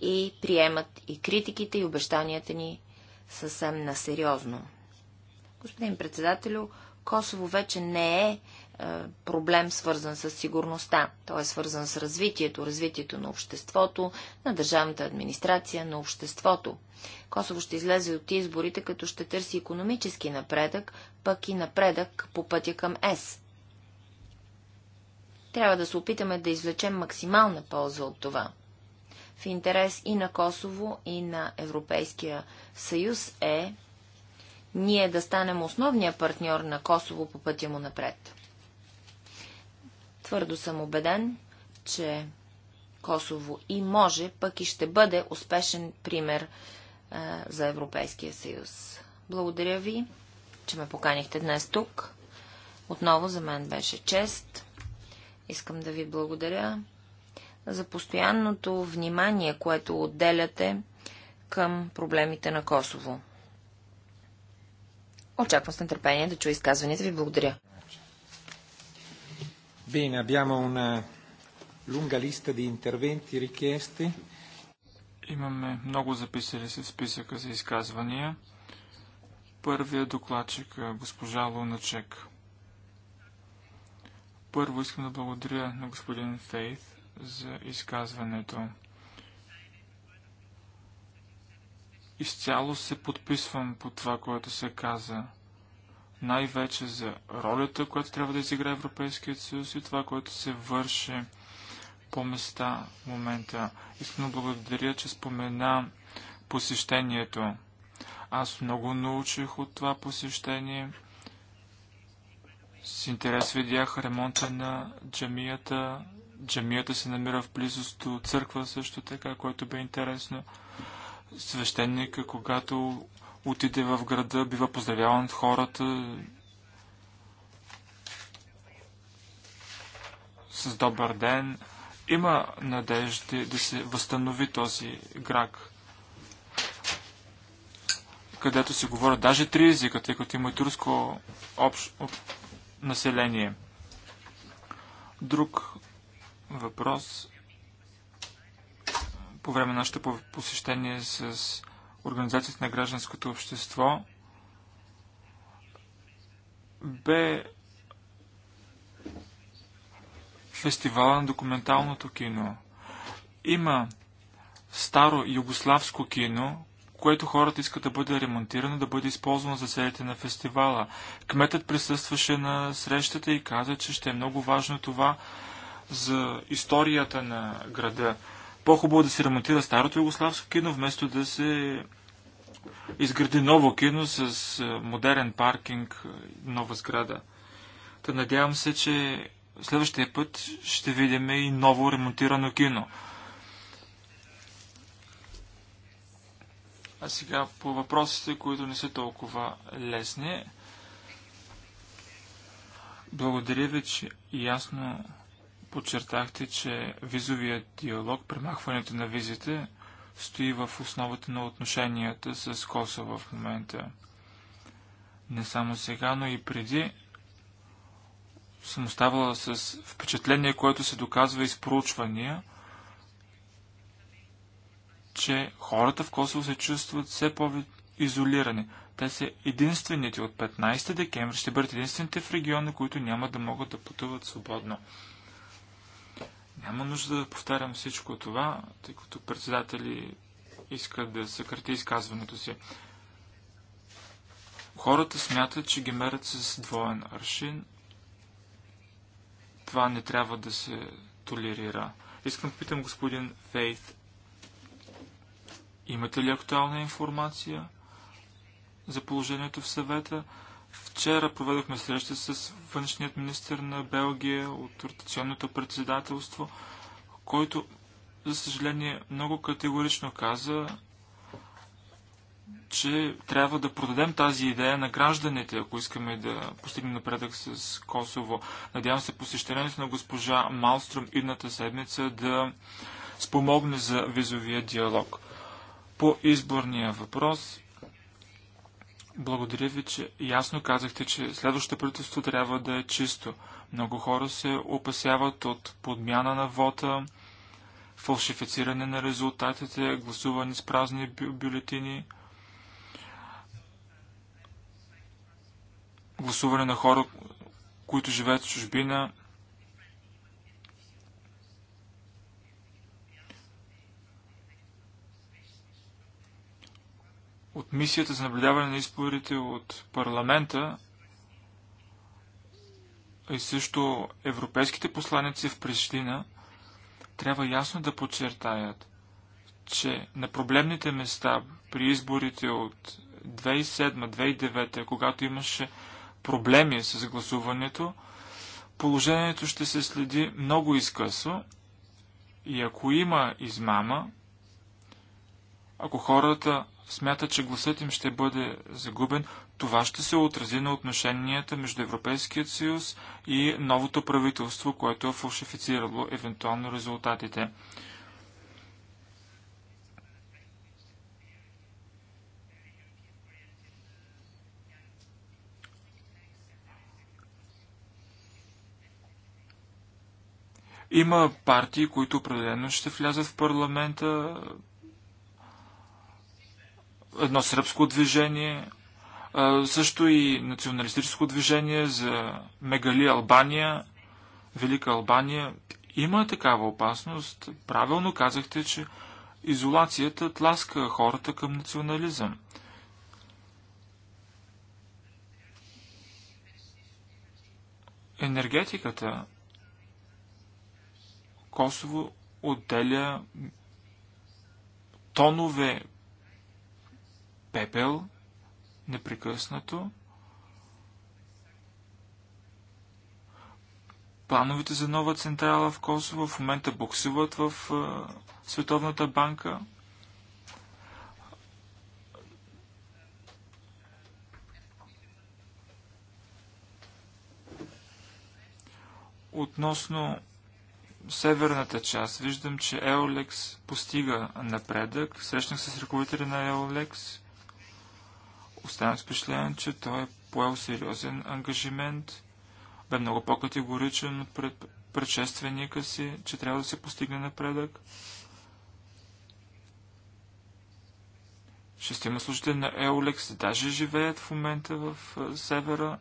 S3: и приемат и критиките и обещанията ни съвсем насериозно. Господин председателю, Косово вече не е, е проблем свързан с сигурността. Той е свързан с развитието, развитието на обществото, на държавната администрация, на обществото. Косово ще излезе от изборите, като ще търси економически напредък, пък и напредък по пътя към ЕС. Трябва да се опитаме да извлечем максимална полза от това. В интерес и на Косово, и на Европейския съюз е ние да станем основния партньор на Косово по пътя му напред. Твърдо съм убеден, че Косово и може, пък и ще бъде успешен пример а, за Европейския съюз. Благодаря ви, че ме поканихте днес тук. Отново за мен беше чест. Искам да ви благодаря за постоянното внимание, което отделяте към проблемите на Косово. Очаквам с нетърпение да чуя изказванията ви. Благодаря.
S1: Bene, abbiamo una lunga lista di
S4: interventi richiesti. Имаме много записали се в списъка за изказвания. Първия докладчик е госпожа Луначек. Първо искам да благодаря на господин Фейт за изказването. Изцяло се подписвам по това, което се каза. Най-вече за ролята, която трябва да изиграе Европейският съюз и това, което се върши по места в момента. Искрено благодаря, че спомена посещението. Аз много научих от това посещение. С интерес видях ремонта на джамията. Джамията се намира в близост до църква също така, което бе интересно свещеника, когато отиде в града, бива поздравяван от хората с добър ден. Има надежда да се възстанови този грак, където се говорят даже три езика, тъй като има и турско общ, население. Друг въпрос по време на нашето посещение с Организацията на гражданското общество бе фестивала на документалното кино. Има старо югославско кино, което хората искат да бъде ремонтирано, да бъде използвано за целите на фестивала. Кметът присъстваше на срещата и каза, че ще е много важно това за историята на града. По-хубаво да се ремонтира старото югославско кино, вместо да се изгради ново кино с модерен паркинг, нова сграда. Та надявам се, че следващия път ще видим и ново ремонтирано кино. А сега по въпросите, които не са толкова лесни. Благодаря ви, че ясно Подчертахте, че визовият диалог, премахването на визите, стои в основата на отношенията с Косово в момента. Не само сега, но и преди съм оставала с впечатление, което се доказва из проучвания, че хората в Косово се чувстват все по-изолирани. Те са единствените от 15 декември, ще бъдат единствените в региона, които няма да могат да пътуват свободно. Няма нужда да повтарям всичко това, тъй като председатели искат да съкрати изказването си. Хората смятат, че ги мерят с двоен аршин. Това не трябва да се толерира. Искам да питам господин Фейт, имате ли актуална информация за положението в съвета? Вчера проведохме среща с външният министр на Белгия от ротационното председателство, който, за съжаление, много категорично каза, че трябва да продадем тази идея на гражданите, ако искаме да постигнем напредък с Косово. Надявам се посещението на госпожа Малстром идната седмица да спомогне за визовия диалог. По изборния въпрос благодаря ви, че ясно казахте, че следващото правителство трябва да е чисто. Много хора се опасяват от подмяна на вота, фалшифициране на резултатите, гласуване с празни бю бюлетини, гласуване на хора, които живеят в чужбина. от мисията за наблюдаване на изборите от парламента и също европейските посланици в Прищина трябва ясно да подчертаят, че на проблемните места при изборите от 2007-2009, когато имаше проблеми с гласуването, положението ще се следи много изкъсо и ако има измама, ако хората смята, че гласът им ще бъде загубен, това ще се отрази на отношенията между Европейският съюз и новото правителство, което е фалшифицирало евентуално резултатите. Има партии, които определено ще влязат в парламента едно сръбско движение, също и националистическо движение за Мегали Албания, Велика Албания. Има такава опасност. Правилно казахте, че изолацията тласка хората към национализъм. енергетиката Косово отделя тонове пепел непрекъснато. Плановете за нова централа в Косово в момента буксуват в Световната банка. Относно северната част виждам, че Еолекс постига напредък. Срещнах се с ръководителя на Еолекс останах впечатлен, че той е поел сериозен ангажимент, бе много по-категоричен от пред, предшественика си, че трябва да се постигне напредък. Шестима служители на Еолекс даже живеят в момента в севера.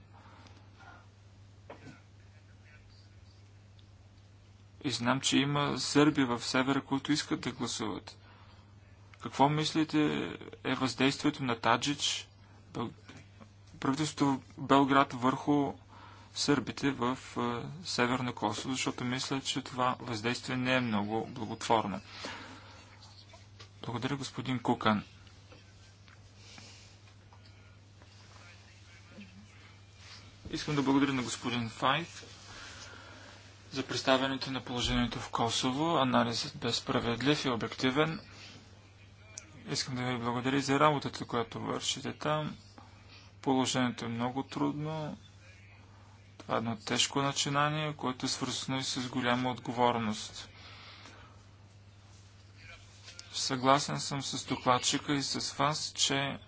S4: И знам, че има сърби в севера, които искат да гласуват. Какво мислите е въздействието на Таджич правителството Белград върху сърбите в е, Северна Косово, защото мисля, че това въздействие не е много благотворно. Благодаря, господин Кукан. Искам да благодаря на господин Файт за представянето на положението в Косово. Анализът бе справедлив и обективен. Искам да ви благодаря за работата, която вършите там. Положението е много трудно. Това е едно тежко начинание, което е свързано и с голяма отговорност. Съгласен съм с докладчика и с вас, че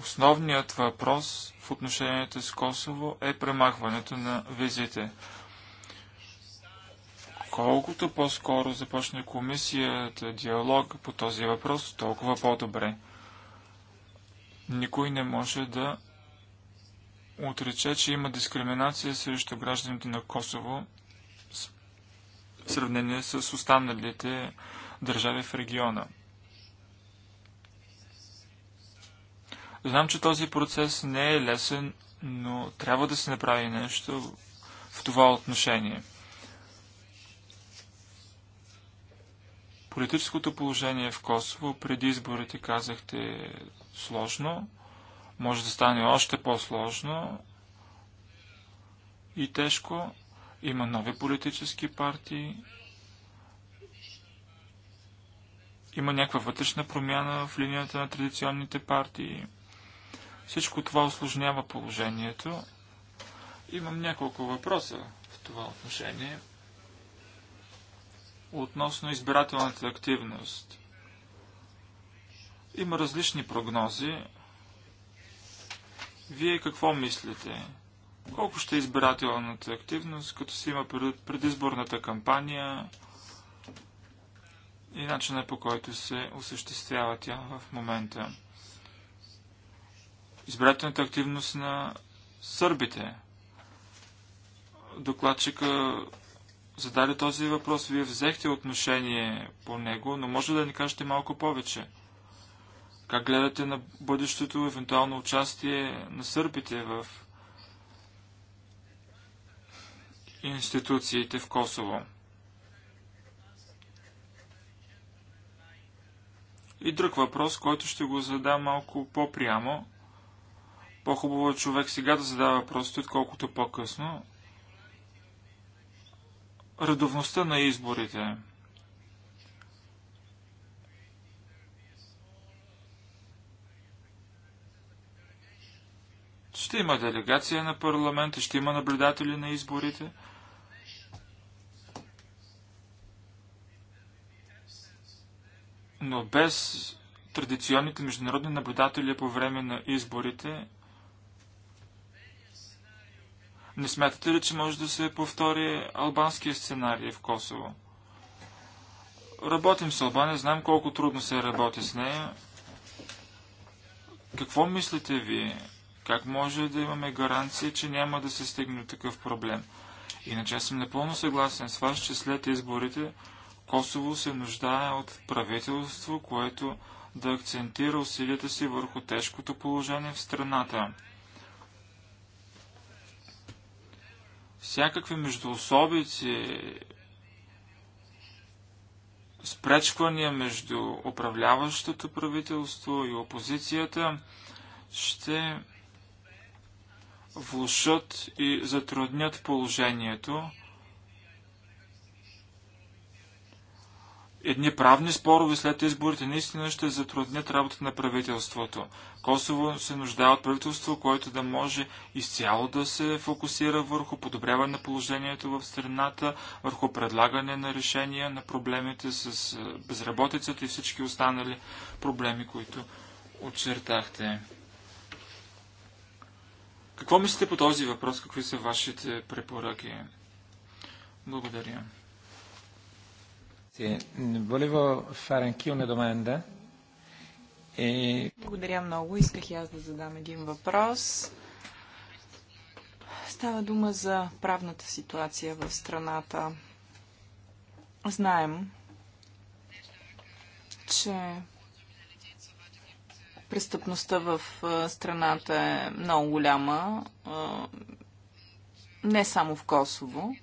S4: основният въпрос в отношенията с Косово е премахването на визите. Колкото по-скоро започне комисията диалог по този въпрос, толкова по-добре. Никой не може да отрече, че има дискриминация срещу гражданите на Косово в сравнение с останалите държави в региона. Знам, че този процес не е лесен, но трябва да се направи нещо в това отношение – Политическото положение в Косово преди изборите, казахте, сложно. Може да стане още по-сложно и тежко. Има нови политически партии. Има някаква вътрешна промяна в линията на традиционните партии. Всичко това осложнява положението. Имам няколко въпроса в това отношение относно избирателната активност. Има различни прогнози. Вие какво мислите? Колко ще е избирателната активност, като се има предизборната кампания и начина по който се осъществява тя в момента? Избирателната активност на сърбите. Докладчика задали този въпрос. Вие взехте отношение по него, но може да ни кажете малко повече. Как гледате на бъдещето, евентуално участие на сърбите в институциите в Косово? И друг въпрос, който ще го задам малко по-прямо. По-хубаво е човек сега да задава въпросите, отколкото по-късно редовността на изборите. Ще има делегация на парламента, ще има наблюдатели на изборите. Но без традиционните международни наблюдатели по време на изборите не смятате ли, че може да се повтори албанския сценарий в Косово? Работим с Албания, знам колко трудно се работи с нея. Какво мислите ви? Как може да имаме гаранция, че няма да се стигне такъв проблем? Иначе съм напълно съгласен с вас, че след изборите Косово се нуждае от правителство, което да акцентира усилията си върху тежкото положение в страната. всякакви междуособици, спречквания между управляващото правителство и опозицията ще влушат и затруднят положението. едни правни спорове след изборите наистина ще затруднят работата на правителството. Косово се нуждае от правителство, което да може изцяло да се фокусира върху подобряване на положението в страната, върху предлагане на решения на проблемите с безработицата и всички останали проблеми, които очертахте. Какво мислите по този въпрос? Какви са вашите препоръки? Благодаря.
S1: E-
S2: Благодаря много. Исках и аз да задам един въпрос. Става дума за правната ситуация в страната. Знаем, че престъпността в страната е много голяма, не само в Косово.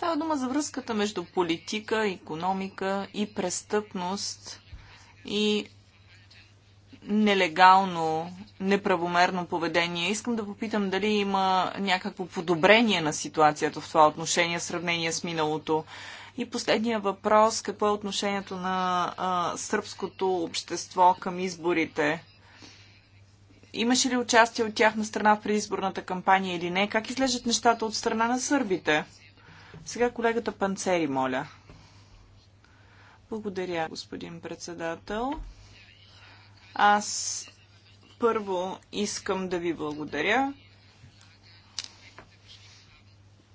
S2: Става дума за връзката между политика, економика и престъпност и нелегално, неправомерно поведение. Искам да попитам дали има някакво подобрение на ситуацията в това отношение в сравнение с миналото. И последния въпрос, какво е отношението на а, сръбското общество към изборите? Имаше ли участие от тяхна страна в предизборната кампания или не? Как излежат нещата от страна на сърбите? Сега колегата Панцери, моля. Благодаря, господин председател. Аз първо искам да ви благодаря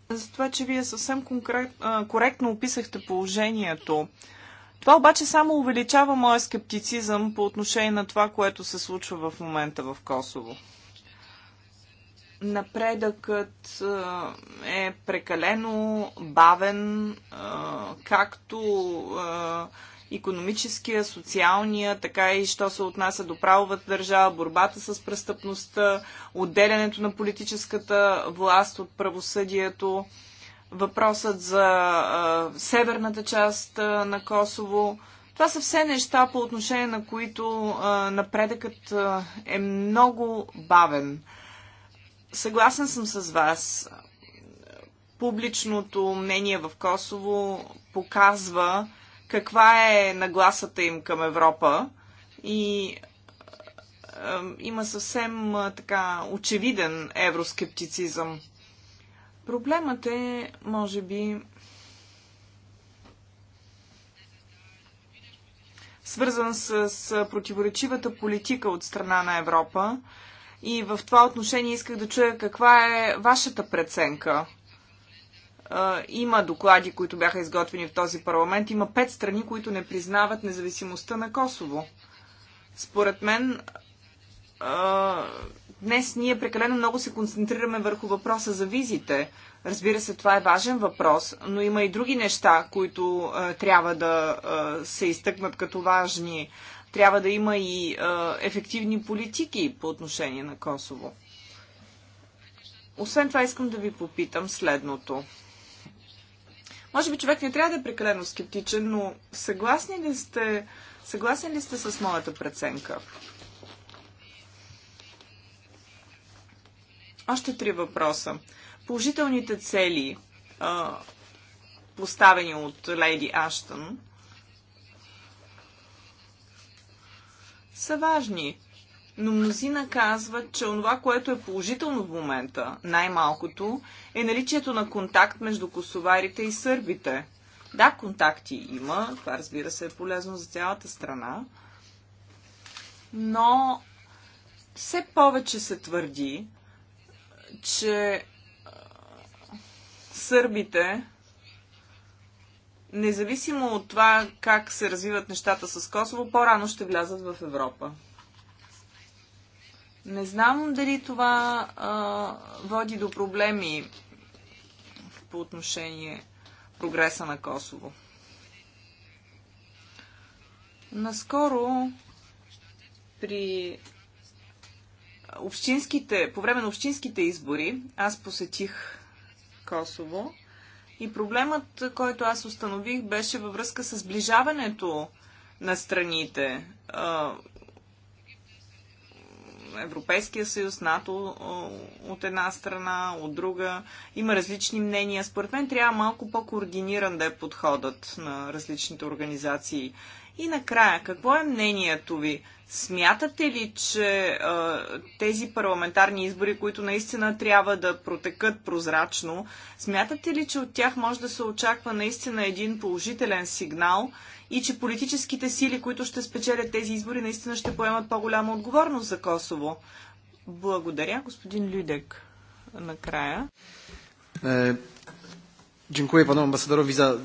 S2: за това, че вие съвсем конкрет, коректно описахте положението. Това обаче само увеличава моя скептицизъм по отношение на това, което се случва в момента в Косово напредъкът е прекалено бавен, както економическия, социалния, така и що се отнася до правовата държава, борбата с престъпността, отделянето на политическата власт от правосъдието, въпросът за северната част на Косово. Това са все неща, по отношение на които напредъкът е много бавен. Съгласен съм с вас. Публичното мнение в Косово показва каква е нагласата им към Европа и има съвсем така очевиден евроскептицизъм. Проблемът е, може би, свързан с противоречивата политика от страна на Европа, и в това отношение исках да чуя каква е вашата преценка. Има доклади, които бяха изготвени в този парламент. Има пет страни, които не признават независимостта на Косово. Според мен, днес ние прекалено много се концентрираме върху въпроса за визите. Разбира се, това е важен въпрос, но има и други неща, които трябва да се изтъкнат като важни. Трябва да има и а, ефективни политики по отношение на Косово. Освен това искам да ви попитам следното. Може би човек не трябва да е прекалено скептичен, но съгласни ли сте, съгласни ли сте с моята преценка? Още три въпроса. Положителните цели, поставени от Лейди Аштън, са важни. Но мнозина казват, че онова, което е положително в момента, най-малкото, е наличието на контакт между косоварите и сърбите. Да, контакти има, това разбира се е полезно за цялата страна, но все повече се твърди, че сърбите независимо от това как се развиват нещата с Косово, по-рано ще влязат в Европа. Не знам дали това а, води до проблеми по отношение прогреса на Косово. Наскоро при общинските, по време на общинските избори аз посетих Косово и проблемът, който аз установих, беше във връзка с сближаването на страните. Европейския съюз, НАТО от една страна, от друга. Има различни мнения. Според мен трябва малко по-координиран да е подходът на различните организации. И накрая, какво е мнението ви? Смятате ли, че а, тези парламентарни избори, които наистина трябва да протекат прозрачно, смятате ли, че от тях може да се очаква наистина един положителен сигнал и че политическите сили, които ще спечелят тези избори, наистина ще поемат по-голяма отговорност за Косово? Благодаря, господин Людек. Накрая.
S3: Е, дякую, пану амбасадорови, за...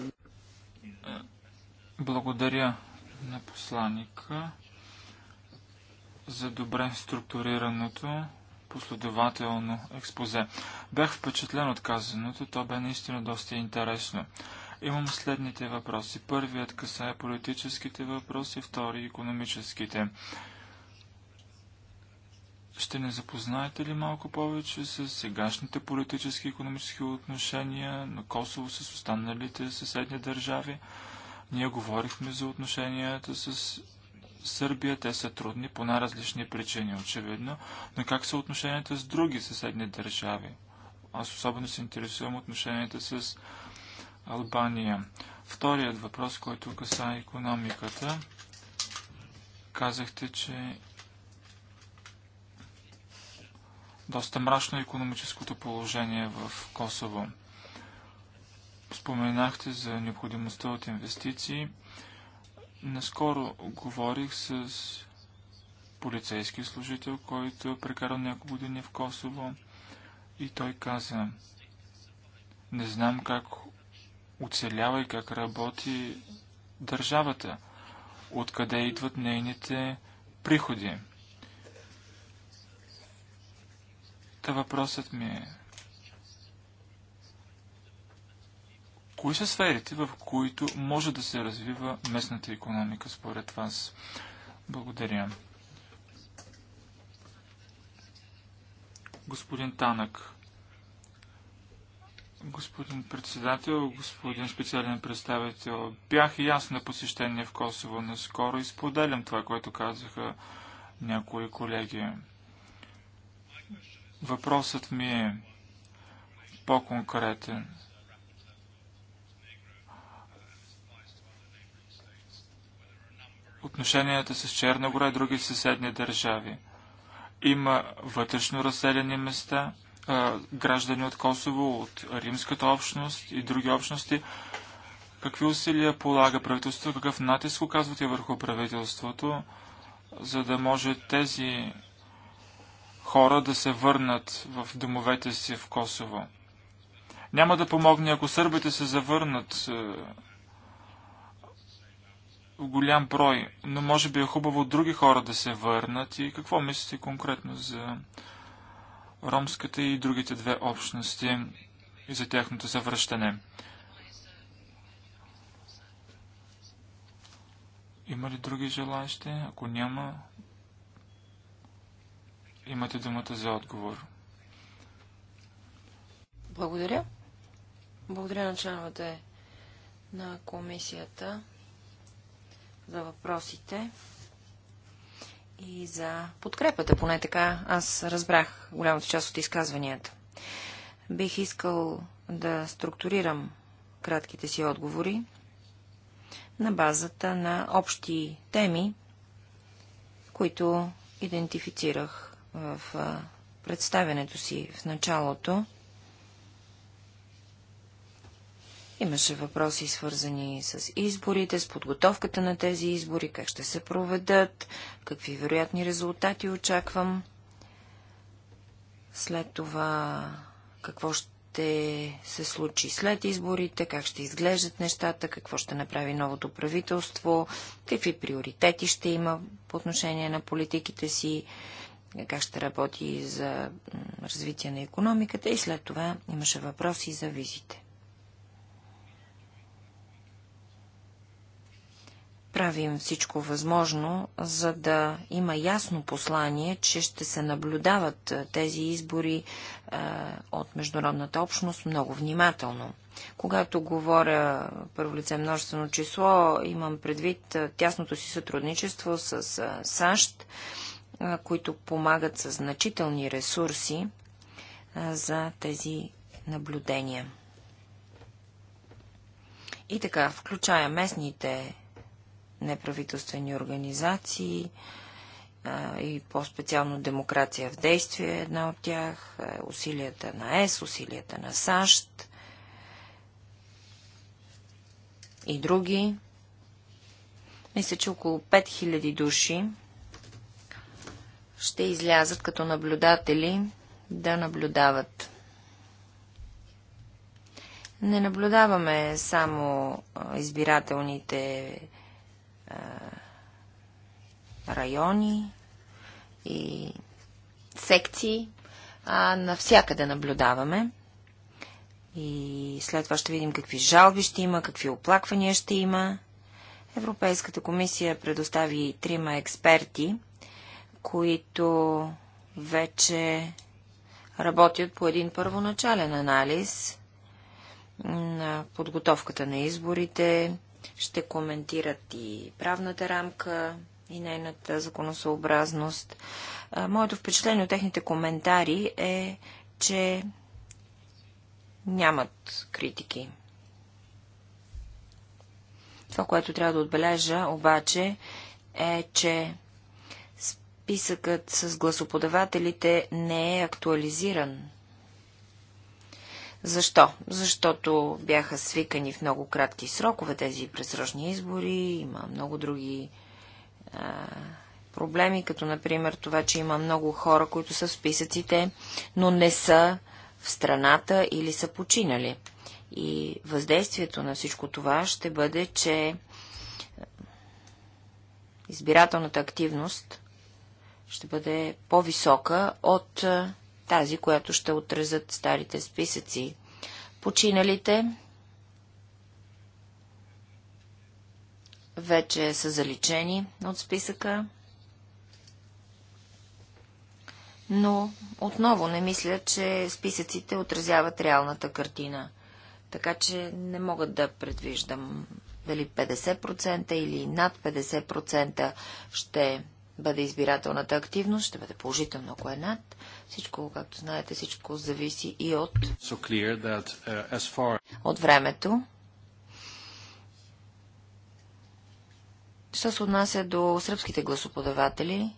S4: Благодаря на посланника за добре структурираното последователно експозе. Бях впечатлен от казаното, то бе наистина доста интересно. Имам следните въпроси. Първият касае политическите въпроси, втори економическите. Ще не запознаете ли малко повече с сегашните политически и економически отношения на Косово с останалите съседни държави? Ние говорихме за отношенията с Сърбия те са трудни по най-различни причини, очевидно, но как са отношенията с други съседни държави? Аз особено се интересувам отношенията с Албания. Вторият въпрос, който каса економиката, казахте, че доста мрачно е економическото положение в Косово. Споменахте за необходимостта от инвестиции – Наскоро говорих с полицейски служител, който е прекарал няколко години в Косово и той каза, не знам как оцелява и как работи държавата, откъде идват нейните приходи. Та въпросът ми е, Кои са сферите, в които може да се развива местната економика според вас? Благодаря. Господин Танък. Господин председател, господин специален представител, бях и аз на посещение в Косово наскоро и споделям това, което казаха някои колеги. Въпросът ми е по-конкретен. отношенията с Черна гора и други съседни държави. Има вътрешно разселени места, граждани от Косово, от римската общност и други общности. Какви усилия полага правителството, какъв натиск оказвате върху правителството, за да може тези хора да се върнат в домовете си в Косово? Няма да помогне, ако сърбите се завърнат голям брой, но може би е хубаво други хора да се върнат. И какво мислите конкретно за ромската и другите две общности и за тяхното завръщане? Има ли други желаящи? Ако няма, имате думата за отговор.
S3: Благодаря. Благодаря на членовете на комисията за въпросите и за подкрепата, поне така аз разбрах голямата част от изказванията. Бих искал да структурирам кратките си отговори на базата на общи теми, които идентифицирах в представянето си в началото. Имаше въпроси свързани с изборите, с подготовката на тези избори, как ще се проведат, какви вероятни резултати очаквам. След това какво ще се случи след изборите, как ще изглеждат нещата, какво ще направи новото правителство, какви приоритети ще има по отношение на политиките си, как ще работи за развитие на економиката и след това имаше въпроси за визите. правим всичко възможно, за да има ясно послание, че ще се наблюдават тези избори е, от международната общност много внимателно. Когато говоря първо лице множествено число, имам предвид тясното си сътрудничество с САЩ, които помагат с значителни ресурси за тези наблюдения. И така, включая местните неправителствени организации а, и по-специално демокрация в действие е една от тях, усилията на ЕС, усилията на САЩ и други. Мисля, че около 5000 души ще излязат като наблюдатели да наблюдават. Не наблюдаваме само избирателните райони и секции. А, навсякъде наблюдаваме. И след това ще видим какви жалби ще има, какви оплаквания ще има. Европейската комисия предостави трима експерти, които вече работят по един първоначален анализ на подготовката на изборите, ще коментират и правната рамка, и нейната законосъобразност. Моето впечатление от техните коментари е, че нямат критики. Това, което трябва да отбележа обаче е, че списъкът с гласоподавателите не е актуализиран. Защо? Защото бяха свикани в много кратки срокове тези пресрочни избори, има много други а, проблеми, като например това, че има много хора, които са в списъците, но не са в страната или са починали. И въздействието на всичко това ще бъде, че избирателната активност ще бъде по-висока от тази, която ще отрезат старите списъци. Починалите вече са заличени от списъка, но отново не мисля, че списъците отразяват реалната картина. Така че не мога да предвиждам дали 50% или над 50% ще бъде избирателната активност, ще бъде положително, ако е над всичко, както знаете, всичко зависи и от, so clear that, uh, as far... от времето. Що се отнася до сръбските гласоподаватели,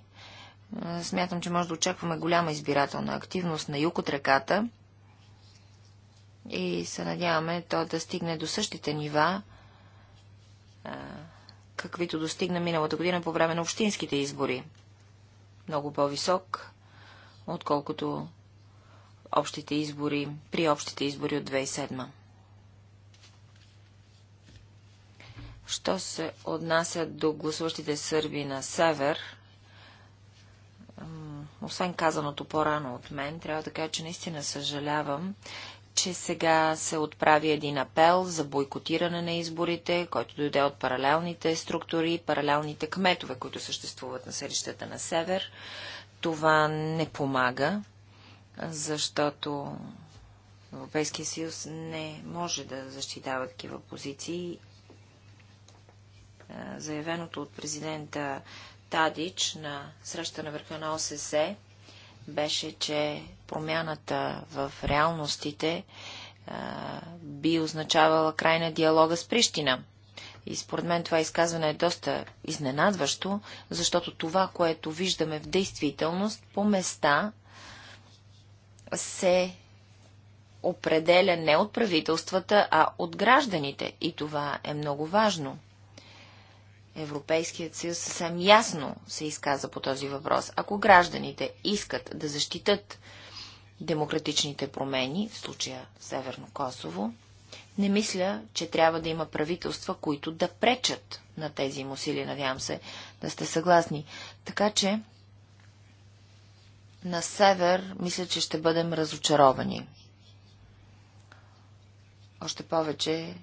S3: смятам, че може да очакваме голяма избирателна активност на юг от реката и се надяваме то да стигне до същите нива, каквито достигна миналата година по време на общинските избори. Много по-висок отколкото общите избори, при общите избори от 2007. Що се отнася до гласуващите сърби на север, освен казаното по-рано от мен, трябва да кажа, че наистина съжалявам, че сега се отправи един апел за бойкотиране на изборите, който дойде от паралелните структури, паралелните кметове, които съществуват на селищата на север. Това не помага, защото Европейския съюз не може да защитава такива позиции. Е, заявеното от президента Тадич на среща на върха на ОССЕ беше, че промяната в реалностите е, би означавала край на диалога с Прищина. И според мен това изказване е доста изненадващо, защото това, което виждаме в действителност по места, се определя не от правителствата, а от гражданите. И това е много важно. Европейският съюз съвсем ясно се изказа по този въпрос. Ако гражданите искат да защитат демократичните промени, в случая Северно Косово, не мисля, че трябва да има правителства, които да пречат на тези им усилия. Надявам се да сте съгласни. Така че на север мисля, че ще бъдем разочаровани. Още повече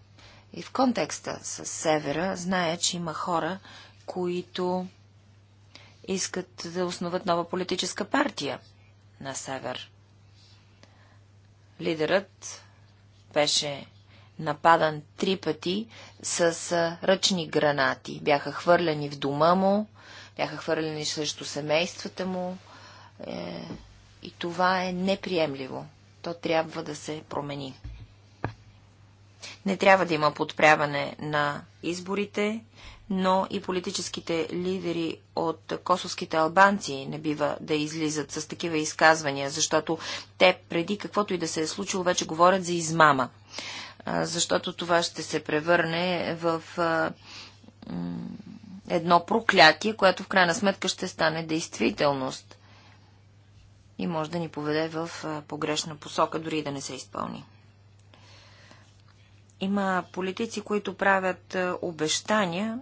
S3: и в контекста с севера зная, че има хора, които искат да основат нова политическа партия на север. Лидерът беше нападан три пъти с ръчни гранати. Бяха хвърлени в дома му, бяха хвърлени срещу семействата му. Е, и това е неприемливо. То трябва да се промени. Не трябва да има подправяне на изборите, но и политическите лидери от косовските албанци не бива да излизат с такива изказвания, защото те преди каквото и да се е случило, вече говорят за измама защото това ще се превърне в едно проклятие, което в крайна сметка ще стане действителност и може да ни поведе в погрешна посока, дори да не се изпълни. Има политици, които правят обещания,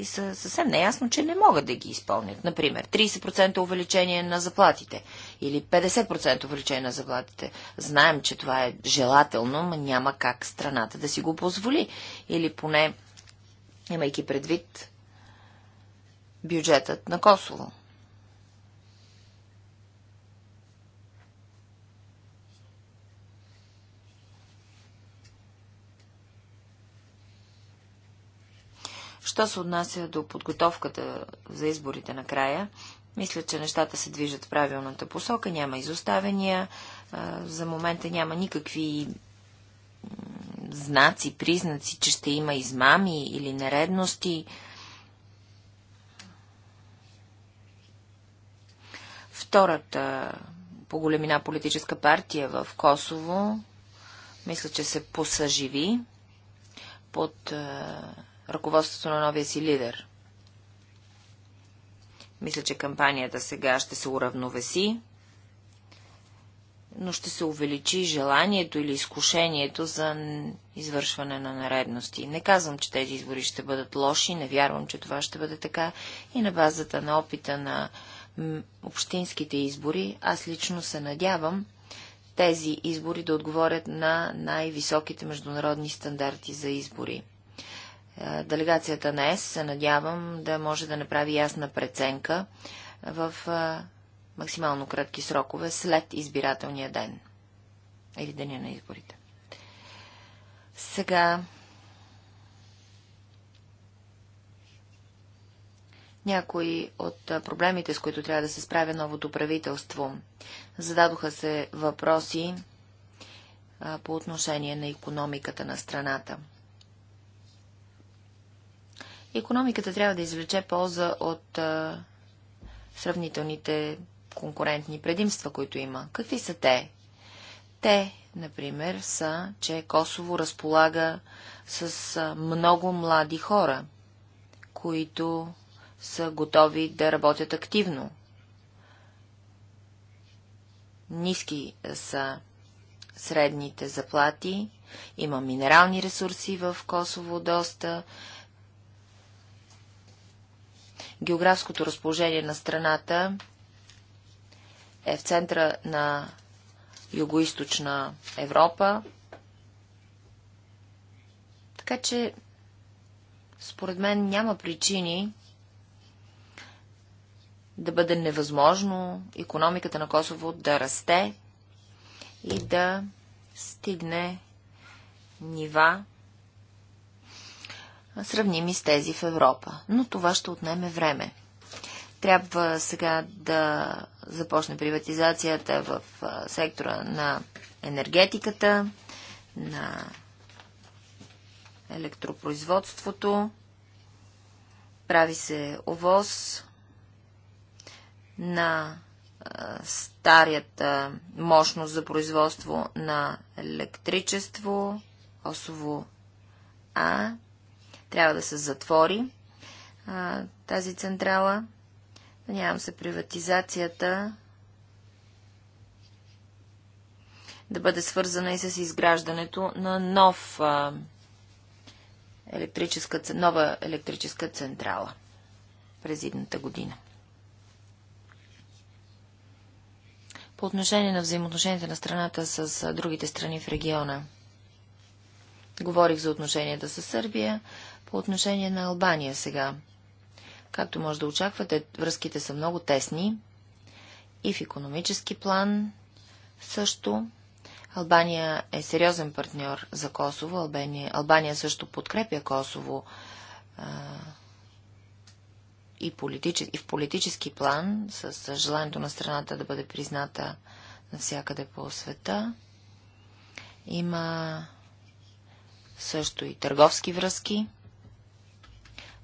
S3: и са съвсем неясно, че не могат да ги изпълнят. Например, 30% увеличение на заплатите или 50% увеличение на заплатите. Знаем, че това е желателно, но няма как страната да си го позволи. Или поне, имайки предвид бюджетът на Косово. Що се отнася до подготовката за изборите на края, мисля, че нещата се движат в правилната посока, няма изоставения, за момента няма никакви знаци, признаци, че ще има измами или нередности. Втората по големина политическа партия в Косово, мисля, че се посъживи под ръководството на новия си лидер. Мисля, че кампанията сега ще се уравновеси, но ще се увеличи желанието или изкушението за извършване на наредности. Не казвам, че тези избори ще бъдат лоши, не вярвам, че това ще бъде така и на базата на опита на общинските избори, аз лично се надявам тези избори да отговорят на най-високите международни стандарти за избори. Делегацията на ЕС се надявам да може да направи ясна преценка в максимално кратки срокове след избирателния ден или деня на изборите. Сега някои от проблемите, с които трябва да се справя новото правителство. Зададоха се въпроси по отношение на економиката на страната. Економиката трябва да извлече полза от а, сравнителните конкурентни предимства, които има. Какви са те? Те, например, са, че Косово разполага с а, много млади хора, които са готови да работят активно. Ниски са средните заплати, има минерални ресурси в Косово доста, Географското разположение на страната е в центъра на Юго-Источна Европа. Така че, според мен, няма причини да бъде невъзможно економиката на Косово да расте и да стигне нива, сравними с тези в Европа. Но това ще отнеме време. Трябва сега да започне приватизацията в сектора на енергетиката, на електропроизводството, прави се овоз на старията мощност за производство на електричество, осово А, трябва да се затвори а, тази централа. Надявам се приватизацията да бъде свързана и с изграждането на нов, а, електрическа, нова електрическа централа през едната година. По отношение на взаимоотношенията на страната с другите страни в региона – Говорих за отношенията с Сърбия, по отношение на Албания сега. Както може да очаквате, връзките са много тесни и в економически план също. Албания е сериозен партньор за Косово. Албания, Албания също подкрепя Косово а, и, политич, и в политически план, с, с желанието на страната да бъде призната навсякъде по света. Има също и търговски връзки,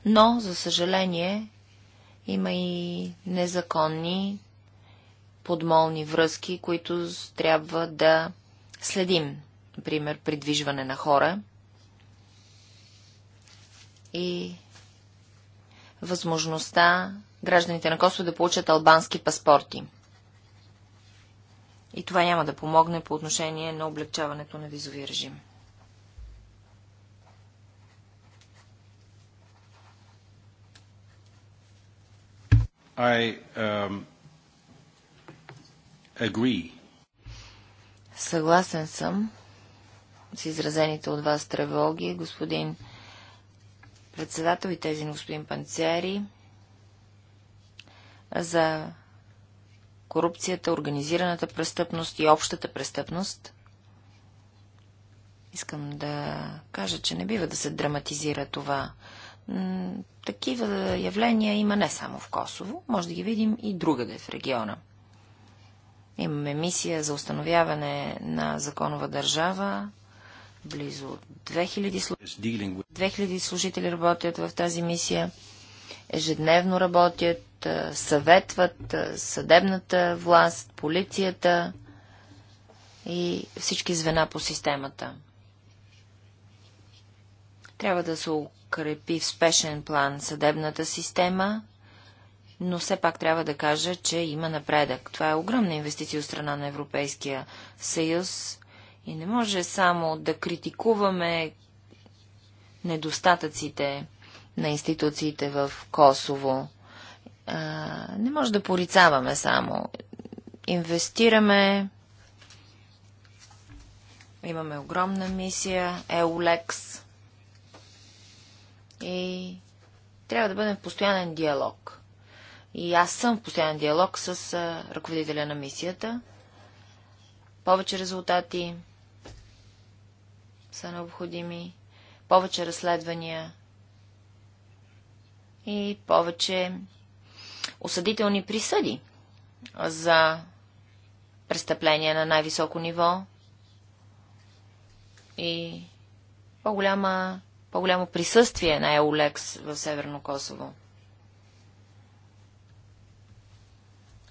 S3: но, за съжаление, има и незаконни подмолни връзки, които трябва да следим. Например, придвижване на хора и възможността гражданите на Косово да получат албански паспорти. И това няма да помогне по отношение на облегчаването на визовия режим.
S1: I um,
S5: agree.
S3: Съгласен съм с изразените от вас тревоги, господин председател и тези на господин Панцери, за корупцията, организираната престъпност и общата престъпност. Искам да кажа, че не бива да се драматизира това такива явления има не само в Косово, може да ги видим и другаде в региона. Имаме мисия за установяване на законова държава. Близо 2000, служители работят в тази мисия. Ежедневно работят, съветват съдебната власт, полицията и всички звена по системата. Трябва да се подкрепи в спешен план съдебната система, но все пак трябва да кажа, че има напредък. Това е огромна инвестиция от страна на Европейския съюз и не може само да критикуваме недостатъците на институциите в Косово. не може да порицаваме само. Инвестираме, имаме огромна мисия, Еолекс, и трябва да бъдем в постоянен диалог. И аз съм в постоянен диалог с ръководителя на мисията. Повече резултати са необходими, повече разследвания и повече осъдителни присъди за престъпления на най-високо ниво и по-голяма по-голямо присъствие на Еолекс в Северно Косово.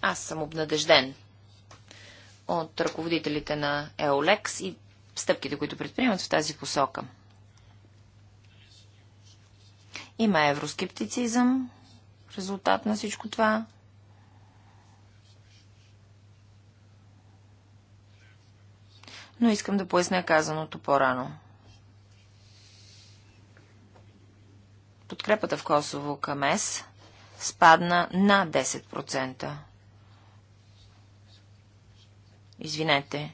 S3: Аз съм обнадежден от ръководителите на Еолекс и стъпките, които предприемат в тази посока. Има евроскептицизъм в резултат на всичко това. Но искам да поясня казаното по-рано. подкрепата в Косово към ЕС спадна на 10%. Извинете.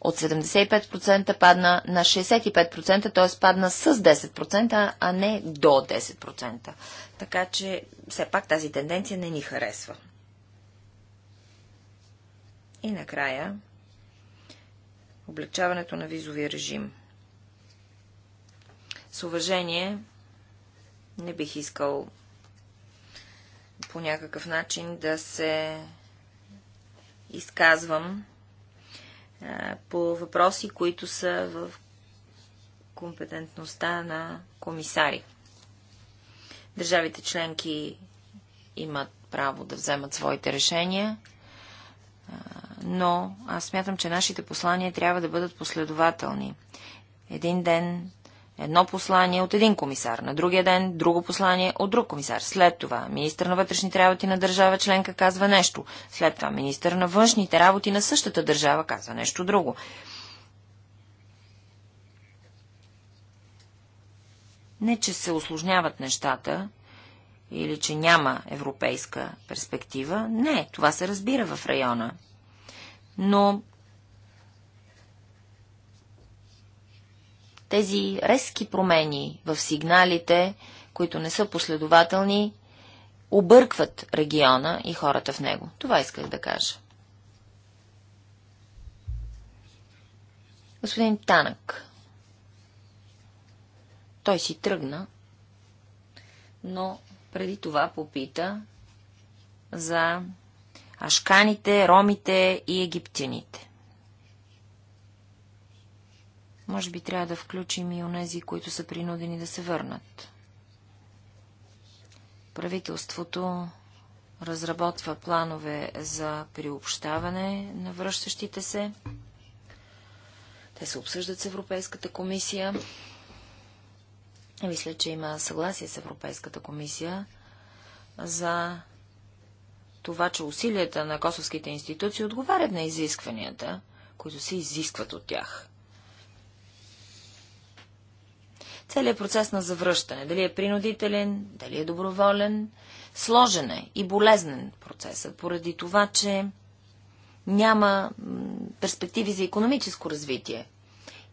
S3: От 75% падна на 65%, т.е. падна с 10%, а не до 10%. Така че все пак тази тенденция не ни харесва. И накрая, облегчаването на визовия режим – с уважение не бих искал по някакъв начин да се изказвам по въпроси, които са в компетентността на комисари. Държавите членки имат право да вземат своите решения, но аз смятам, че нашите послания трябва да бъдат последователни. Един ден едно послание от един комисар, на другия ден друго послание от друг комисар. След това министър на вътрешните работи на държава членка казва нещо. След това министър на външните работи на същата държава казва нещо друго. Не, че се осложняват нещата или че няма европейска перспектива. Не, това се разбира в района. Но Тези резки промени в сигналите, които не са последователни, объркват региона и хората в него. Това исках да кажа. Господин Танък. Той си тръгна, но преди това попита за ашканите, ромите и египтяните. Може би трябва да включим и онези, които са принудени да се върнат. Правителството разработва планове за приобщаване на връщащите се. Те се обсъждат с Европейската комисия. Мисля, че има съгласие с Европейската комисия за това, че усилията на косовските институции отговарят на изискванията, които се изискват от тях. Целият процес на завръщане, дали е принудителен, дали е доброволен, сложен е и болезнен процесът, поради това, че няма перспективи за економическо развитие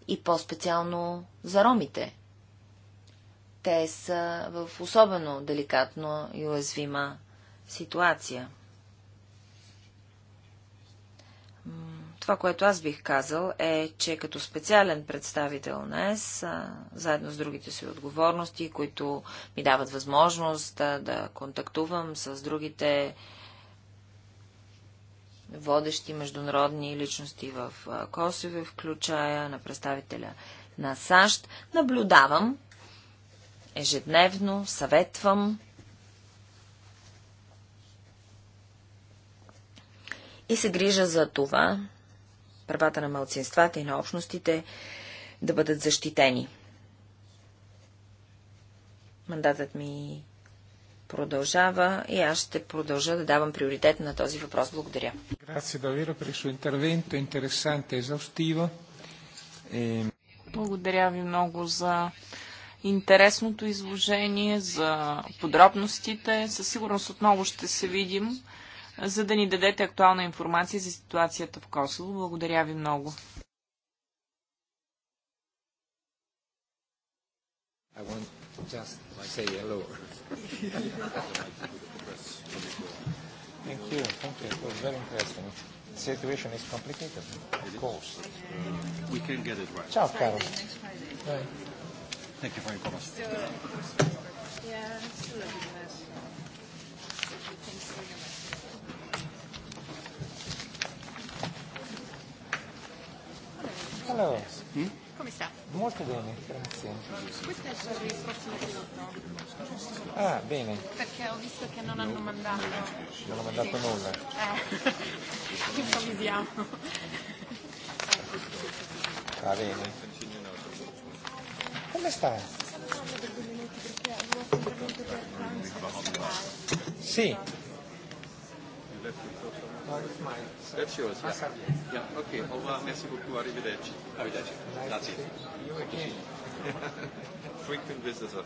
S3: и по-специално за ромите. Те са в особено деликатна и уязвима ситуация – Това, което аз бих казал е, че като специален представител на ЕС, заедно с другите си отговорности, които ми дават възможност да, да контактувам с другите водещи международни личности в Косове, включая на представителя на САЩ, наблюдавам ежедневно, съветвам и се грижа за това, правата на малцинствата и на общностите да бъдат защитени. Мандатът ми продължава и аз ще продължа да давам приоритет на този въпрос.
S1: Благодаря. E-
S2: Благодаря ви много за интересното изложение, за подробностите. Със сигурност отново ще се видим за да ни дадете актуална информация за ситуацията в Косово. Благодаря ви много.
S1: I want just to say hello. thank you, thank you. It was very interesting. The situation is complicated, of course. Uh, we can get it right. Ciao, Carol. Bye. Thank you for your comments. Yeah, Allora, mm? come sta? Molto bene, grazie.
S2: Questo è per il prossimo
S1: giorno. Ah, bene.
S2: Perché ho visto che non hanno mandato.
S1: Non hanno mandato sì. nulla. Eh, improvvisiamo. Va bene. Come sta? Sì. That's yours. Yeah. yeah. Okay. Au revoir. Merci beaucoup. Arrivederci. Arrivederci. Grazie. You again. Frequent visitor.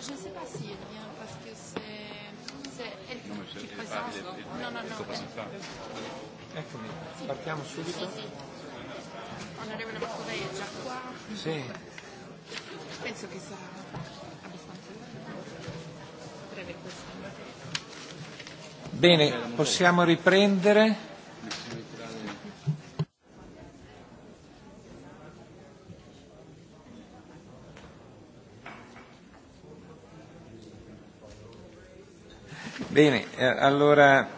S3: je ne sais pas si elle vient parce que c'est, elle
S5: non, qui présente. Non,
S1: non, non. no. Eccomi, partiamo subito. Sì, sì.
S2: Onorevole Maccovei è già qua. Sì. Penso che sarà abbastanza breve questo.
S1: Bene, possiamo riprendere. Bene, eh, allora,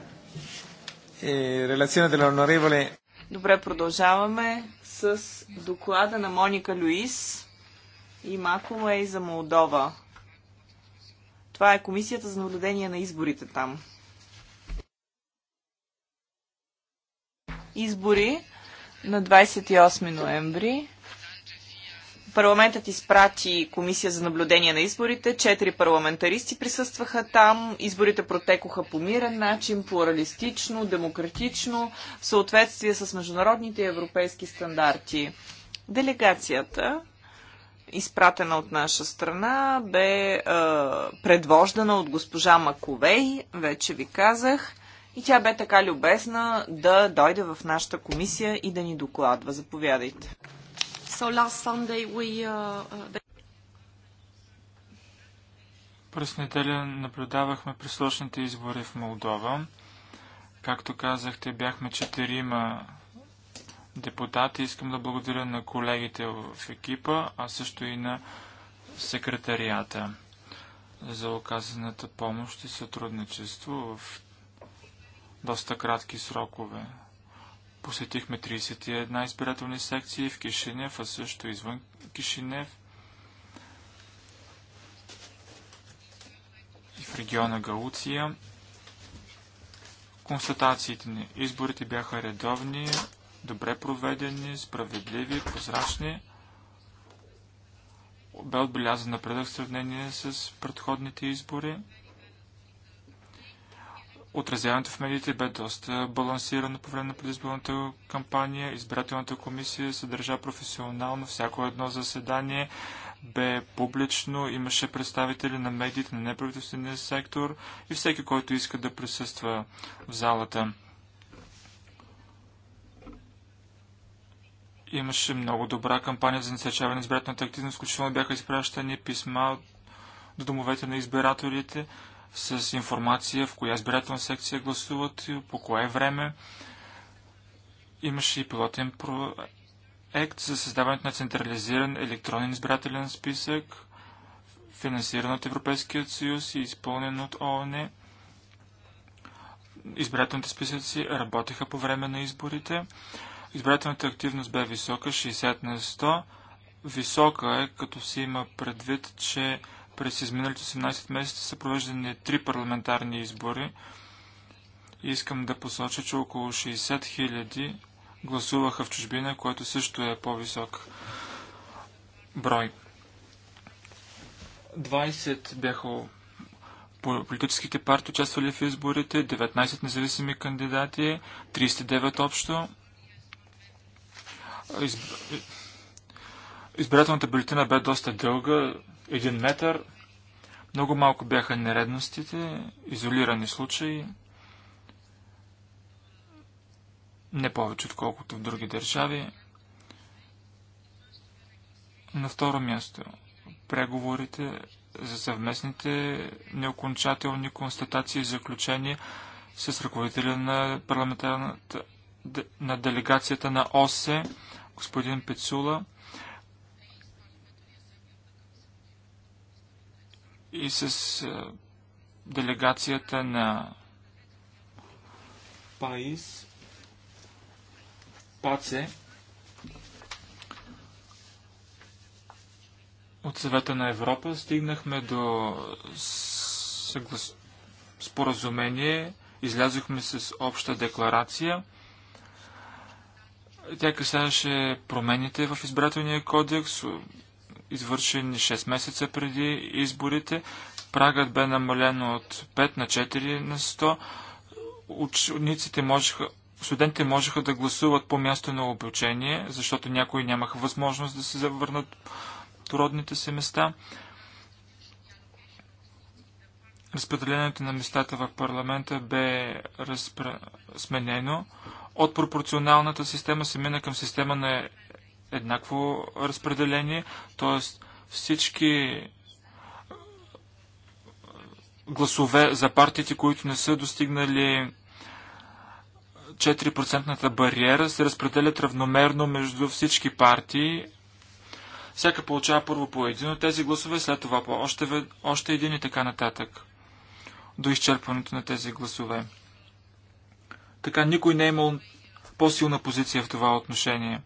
S1: eh, relazione dell'onorevole...
S2: Добре, продължаваме с доклада на Моника Луис и Макомей за Молдова. Това е Комисията за наблюдение на изборите там. Избори на 28 ноември. Парламентът изпрати комисия за наблюдение на изборите. Четири парламентаристи присъстваха там. Изборите протекоха по мирен начин, плуралистично, демократично, в съответствие с международните и европейски стандарти. Делегацията, изпратена от наша страна, бе е, предвождана от госпожа Маковей, вече ви казах. И тя бе така любезна да дойде в нашата комисия и да ни докладва. Заповядайте.
S3: So last Sunday we, uh, uh
S4: През неделя наблюдавахме пресрочните избори в Молдова. Както казахте, бяхме четирима депутати. Искам да благодаря на колегите в екипа, а също и на секретарията за оказаната помощ и сътрудничество в доста кратки срокове. Посетихме 31 избирателни секции в Кишинев, а също извън Кишинев и в региона Галуция. Констатациите ни. Изборите бяха редовни, добре проведени, справедливи, прозрачни. Бе отбелязан напредък в сравнение с предходните избори. Отразяването в медиите бе доста балансирано по време на предизборната кампания. Избирателната комисия се държа професионално. Всяко едно заседание бе публично. Имаше представители на медиите, на неправителствения сектор и всеки, който иска да присъства в залата. Имаше много добра кампания за насърчаване на избирателната активност, включително бяха изпращани писма до домовете на избирателите с информация в коя избирателна секция гласуват, по кое време. Имаше и пилотен проект за създаването на централизиран електронен избирателен списък, финансиран от Европейският съюз и изпълнен от ООН. Избирателните списъци работеха по време на изборите. Избирателната активност бе висока, 60 на 100. Висока е, като се има предвид, че през изминалите 18 месеца са провеждани три парламентарни избори. Искам да посоча, че около 60 000 гласуваха в чужбина, което също е по-висок брой. 20 бяха политическите партии участвали в изборите, 19 независими кандидати, 39 общо. Изб... Избирателната бюлетина бе доста дълга, един метър. Много малко бяха нередностите, изолирани случаи. Не повече, отколкото в други държави. На второ място, преговорите за съвместните неокончателни констатации и заключения с ръководителя на парламентарната на делегацията на ОСЕ, господин Пецула. и с делегацията на ПАИС, ПАЦЕ, от съвета на Европа стигнахме до съглас... споразумение, излязохме с обща декларация. Тя касаеше промените в избирателния кодекс, извършени 6 месеца преди изборите. Прагът бе намален от 5 на 4 на 100. Учениците можеха, студентите можеха да гласуват по място на обучение, защото някои нямаха възможност да се завърнат в родните си места. Разпределението на местата в парламента бе разпра... сменено. От пропорционалната система се мина към система на еднакво разпределение, т.е. всички гласове за партиите, които не са достигнали 4 бариера, се разпределят равномерно между всички партии. Всяка получава първо по един от тези гласове, след това по още, още един и така нататък. До изчерпването на тези гласове. Така никой не е имал по-силна позиция в това отношение.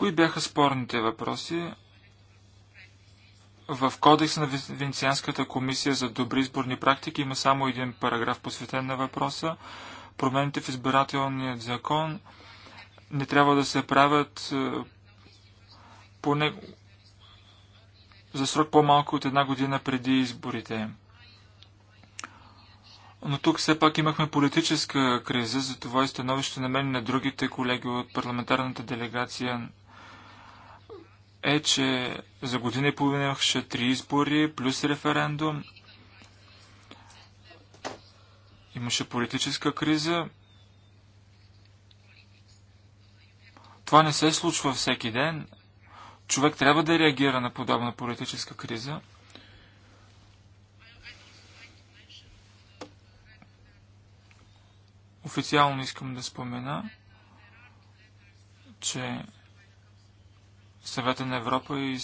S4: Кои бяха спорните въпроси в кодекса на Венецианската комисия за добри изборни практики има само един параграф посветен на въпроса. Промените в избирателния закон не трябва да се правят е, поне за срок по-малко от една година преди изборите. Но тук все пак имахме политическа криза, затова и становище на мен и на другите колеги от парламентарната делегация е, че за година и половина имаше три избори плюс референдум. Имаше политическа криза. Това не се случва всеки ден. Човек трябва да реагира на подобна политическа криза. Официално искам да спомена, че Съвета на Европа и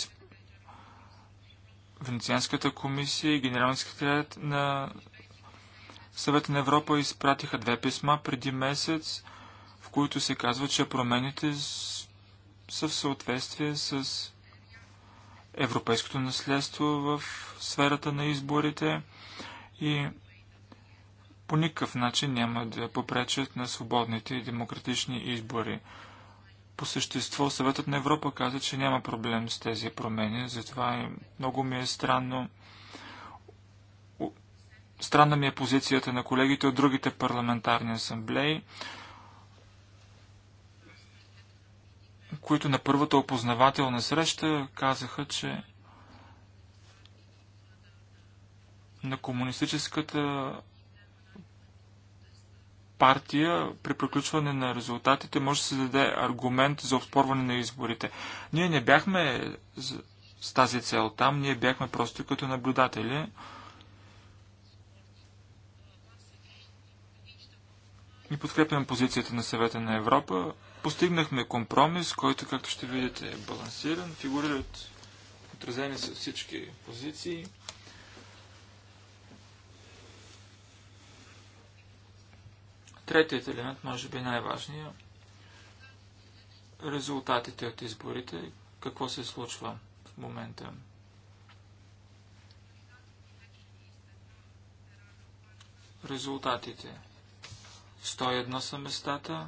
S4: Венецианската комисия и Генералният секретарят на Съвета на Европа изпратиха две писма преди месец, в които се казва, че промените са в съответствие с европейското наследство в сферата на изборите и по никакъв начин няма да попречат на свободните и демократични избори. По същество Съветът на Европа каза, че няма проблем с тези промени, затова много ми е странно. Странна ми е позицията на колегите от другите парламентарни асамблеи, които на първата опознавателна среща казаха, че на комунистическата партия при приключване на резултатите може да се даде аргумент за оспорване на изборите. Ние не бяхме с тази цел там, ние бяхме просто като наблюдатели. И подкрепям позицията на съвета на Европа. Постигнахме компромис, който, както ще видите, е балансиран. Фигурират отразени са всички позиции. Третият елемент, може би най-важният, резултатите от изборите, какво се случва в момента. Резултатите. 101 са местата,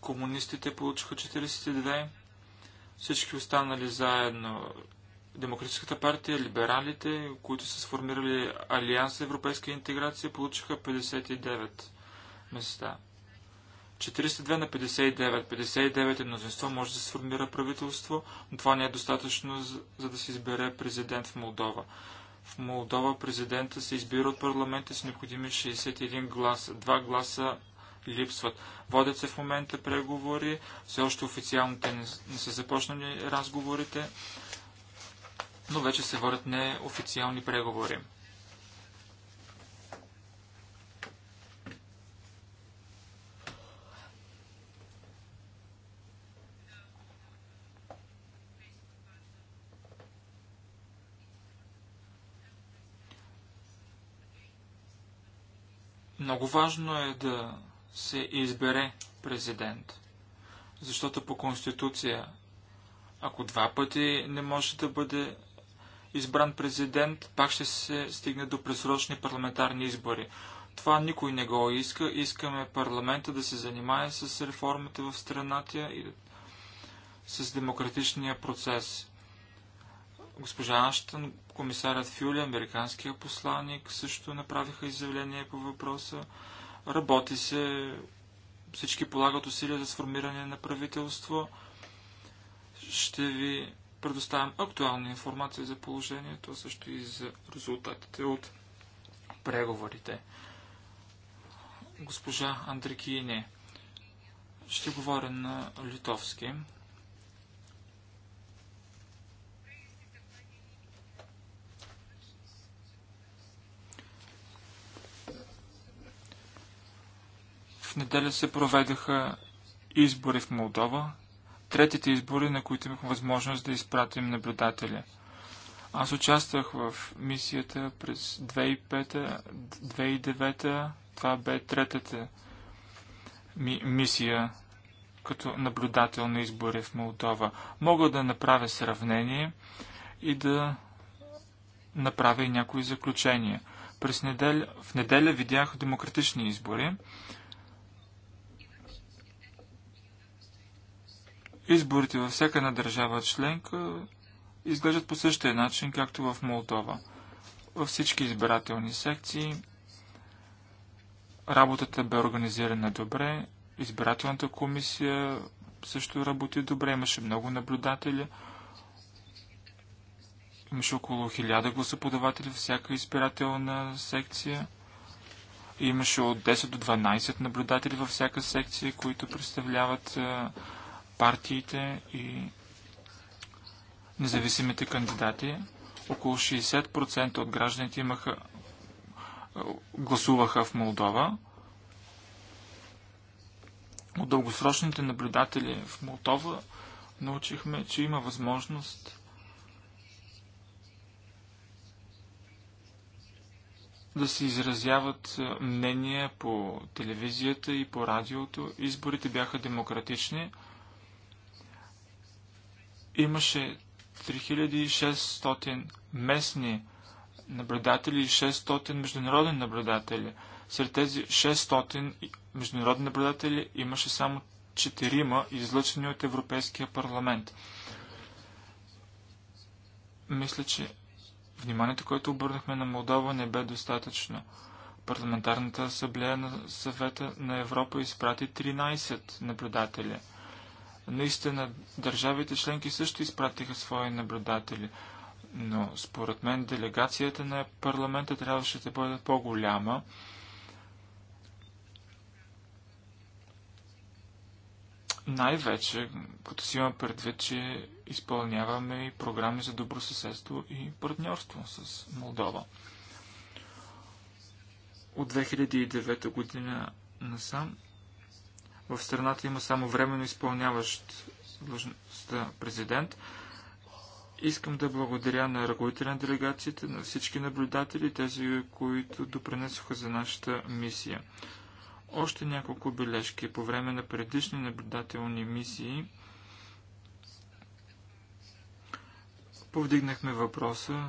S4: комунистите получиха 42, всички останали заедно Демократическата партия, либералите, които са сформирали Алианс за европейска интеграция, получиха 59 места. 42 на 59. 59 е мнозинство, може да се сформира правителство, но това не е достатъчно за, за да се избере президент в Молдова. В Молдова президента се избира от парламента с необходими 61 гласа. Два гласа липсват. Водят се в момента преговори, все още официално те не, не са започнали разговорите, но вече се водят неофициални преговори. Много важно е да се избере президент, защото по Конституция, ако два пъти не може да бъде избран президент, пак ще се стигне до пресрочни парламентарни избори. Това никой не го иска. Искаме парламента да се занимае с реформите в страната и с демократичния процес. Госпожа Аштън, комисарят Фюли, американския посланник, също направиха изявление по въпроса. Работи се, всички полагат усилия за сформиране на правителство. Ще ви предоставям актуална информация за положението, също и за резултатите от преговорите. Госпожа Андрекине, ще говоря на литовски. В неделя се проведаха избори в Молдова, третите избори, на които имахме възможност да изпратим наблюдатели. Аз участвах в мисията през 2005-2009. Това бе третата ми мисия като наблюдател на избори в Молдова. Мога да направя сравнение и да направя и някои заключения. През неделя, в неделя видях демократични избори. Изборите във всяка една държава членка изглеждат по същия начин, както в Молдова. Във всички избирателни секции работата бе организирана добре, избирателната комисия също работи добре, имаше много наблюдатели, имаше около 1000 гласоподаватели всяка избирателна секция. Имаше от 10 до 12 наблюдатели във всяка секция, които представляват партиите и независимите кандидати. Около 60% от гражданите имаха, гласуваха в Молдова. От дългосрочните наблюдатели в Молдова научихме, че има възможност да се изразяват мнения по телевизията и по радиото. Изборите бяха демократични имаше 3600 местни наблюдатели и 600 международни наблюдатели. Сред тези 600 международни наблюдатели имаше само 4 излъчени от Европейския парламент. Мисля, че вниманието, което обърнахме на Молдова, не бе достатъчно. Парламентарната асамблея на съвета на Европа изпрати 13 наблюдатели – Наистина, държавите членки също изпратиха свои наблюдатели, но според мен делегацията на парламента трябваше да бъде по-голяма. Най-вече, като си имам предвид, че изпълняваме и програми за добро съседство и партньорство с Молдова. От 2009 година насам в страната има само временно изпълняващ длъжността президент. Искам да благодаря на ръководителя на делегацията, на всички наблюдатели, тези, които допренесоха за нашата мисия. Още няколко бележки по време на предишни наблюдателни мисии. Повдигнахме въпроса,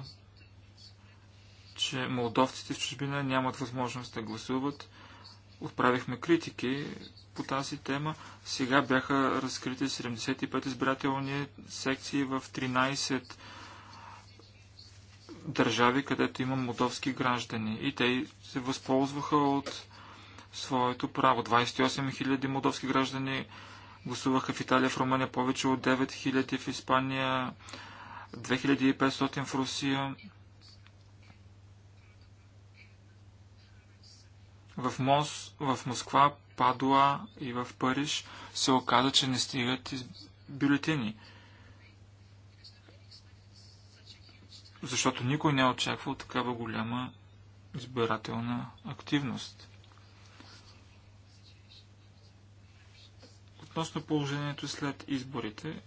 S4: че молдовците в чужбина нямат възможност да гласуват. Отправихме критики по тази тема. Сега бяха разкрити 75 избирателни секции в 13 държави, където има молдовски граждани. И те се възползваха от своето право. 28 000 молдовски граждани гласуваха в Италия, в Румъния повече от 9 000, в Испания 2500 в Русия. В, Мос, в Москва Падуа и в Париж се оказа, че не стигат бюлетини. Защото никой не е очаквал такава голяма избирателна активност. Относно положението след изборите,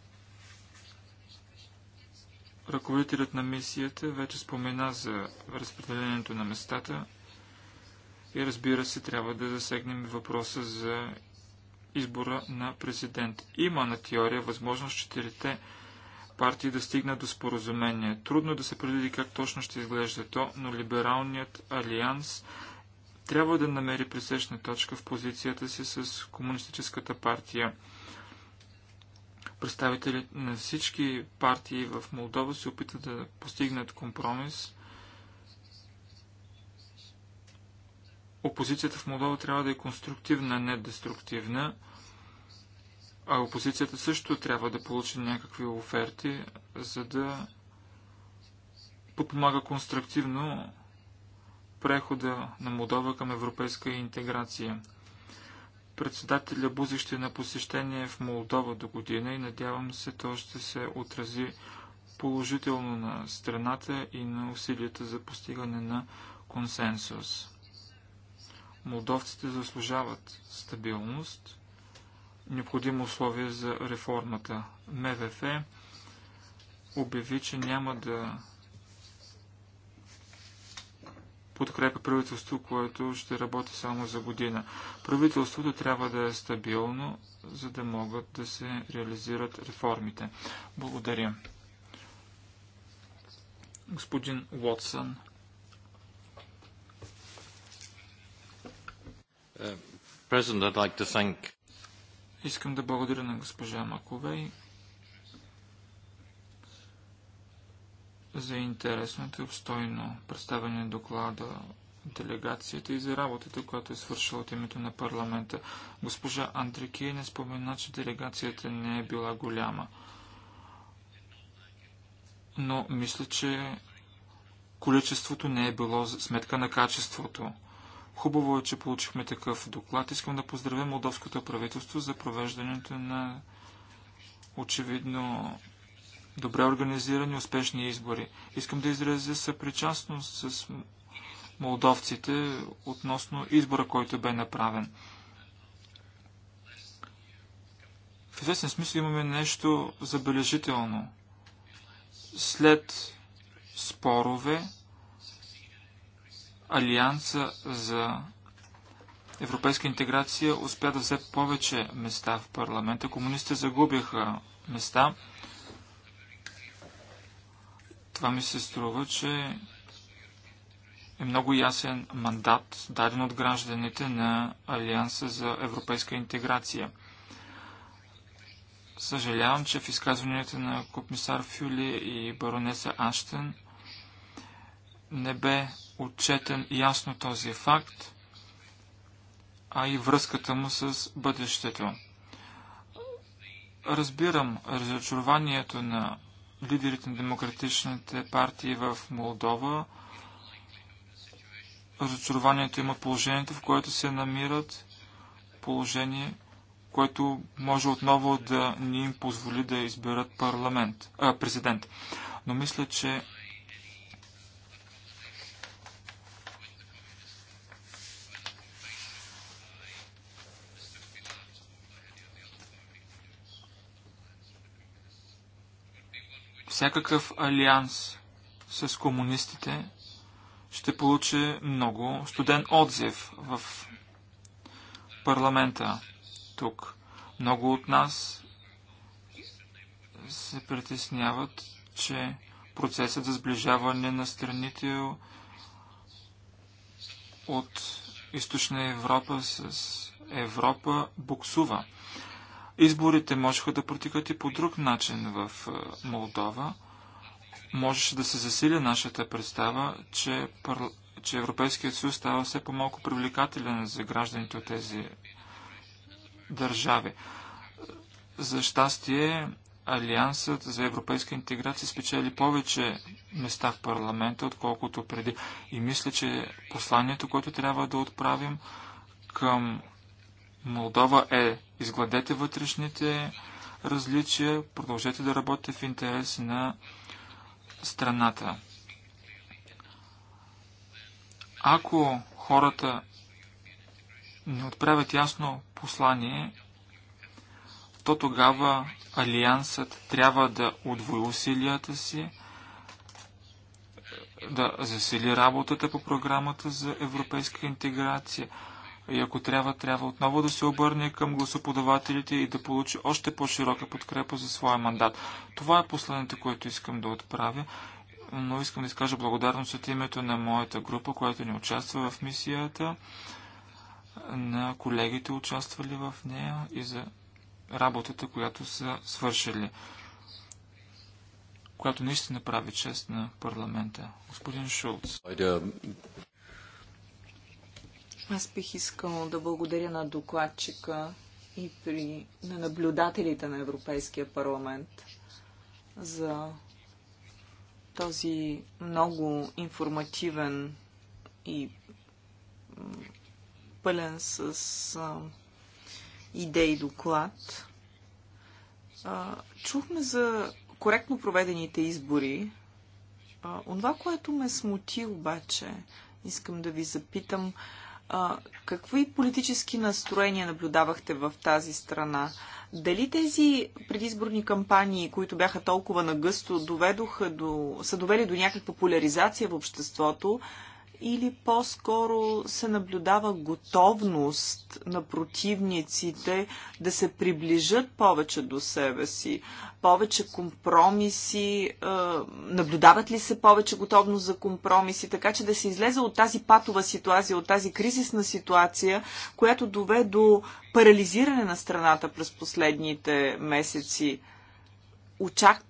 S4: ръководителят на мисията вече спомена за разпределението на местата – и разбира се, трябва да засегнем въпроса за избора на президент. Има на теория възможност четирите партии да стигнат до споразумение. Трудно да се предвиди как точно ще изглежда то, но либералният алианс трябва да намери пресечна точка в позицията си с Комунистическата партия. Представители на всички партии в Молдова се опитат да постигнат компромис опозицията в Молдова трябва да е конструктивна, не деструктивна. А опозицията също трябва да получи някакви оферти, за да подпомага конструктивно прехода на Молдова към европейска интеграция. Председателя Бузи ще е на посещение в Молдова до година и надявам се то ще се отрази положително на страната и на усилията за постигане на консенсус. Молдовците заслужават стабилност, необходимо условие за реформата. МВФ обяви, че няма да подкрепя правителство, което ще работи само за година. Правителството трябва да е стабилно, за да могат да се реализират реформите. Благодаря. Господин Уотсън. Искам да благодаря на госпожа Маковей за интересното и обстойно представяне доклада делегацията и за работата, която е свършила от името на парламента. Госпожа Андрекия не спомена, че делегацията не е била голяма. Но мисля, че количеството не е било сметка на качеството. Хубаво е, че получихме такъв доклад. Искам да поздравя Молдовското правителство за провеждането на очевидно добре организирани, успешни избори. Искам да изразя съпричастност с молдовците относно избора, който бе направен. В известен смисъл имаме нещо забележително. След спорове, Алианса за европейска интеграция успя да взе повече места в парламента. Комунистите загубиха места. Това ми се струва, че е много ясен мандат, даден от гражданите на Алианса за европейска интеграция. Съжалявам, че в изказванията на комисар Фюли и баронеса Аштен – не бе отчетен ясно този факт, а и връзката му с бъдещето. Разбирам разочарованието на лидерите на демократичните партии в Молдова, разочарованието има положението, в което се намират положение, което може отново да ни им позволи да изберат парламент, а, президент. Но мисля, че всякакъв алианс с комунистите ще получи много студен отзив в парламента тук. Много от нас се притесняват, че процесът за сближаване на страните от източна Европа с Европа буксува. Изборите можеха да протекат и по друг начин в е, Молдова. Можеше да се засили нашата представа, че, пар... че Европейският съюз става все по-малко привлекателен за гражданите от тези държави. За щастие, Алиансът за европейска интеграция спечели повече места в парламента, отколкото преди. И мисля, че посланието, което трябва да отправим към Молдова е изгладете вътрешните различия, продължете да работите в интерес на страната. Ако хората не отправят ясно послание, то тогава Алиансът трябва да удвои усилията си, да засили работата по програмата за европейска интеграция, и ако трябва, трябва отново да се обърне към гласоподавателите и да получи още по-широка подкрепа за своя мандат. Това е последното, което искам да отправя, но искам да изкажа благодарност от името на моята група, която ни участва в мисията, на колегите, участвали в нея и за работата, която са свършили, която наистина прави чест на парламента. Господин Шулц.
S2: Аз бих искал да благодаря на докладчика и при, на наблюдателите на Европейския парламент за този много информативен и пълен с а, идеи доклад. А, чухме за коректно проведените избори. А, онова, което ме смути обаче, искам да ви запитам, а, а, какви политически настроения наблюдавахте в тази страна? Дали тези предизборни кампании, които бяха толкова нагъсто, доведоха до, са довели до някаква поляризация в обществото или по-скоро се наблюдава готовност на противниците да се приближат повече до себе си, повече компромиси, наблюдават ли се повече готовност за компромиси, така че да се излезе от тази патова ситуация, от тази кризисна ситуация, която доведе до парализиране на страната през последните месеци очак...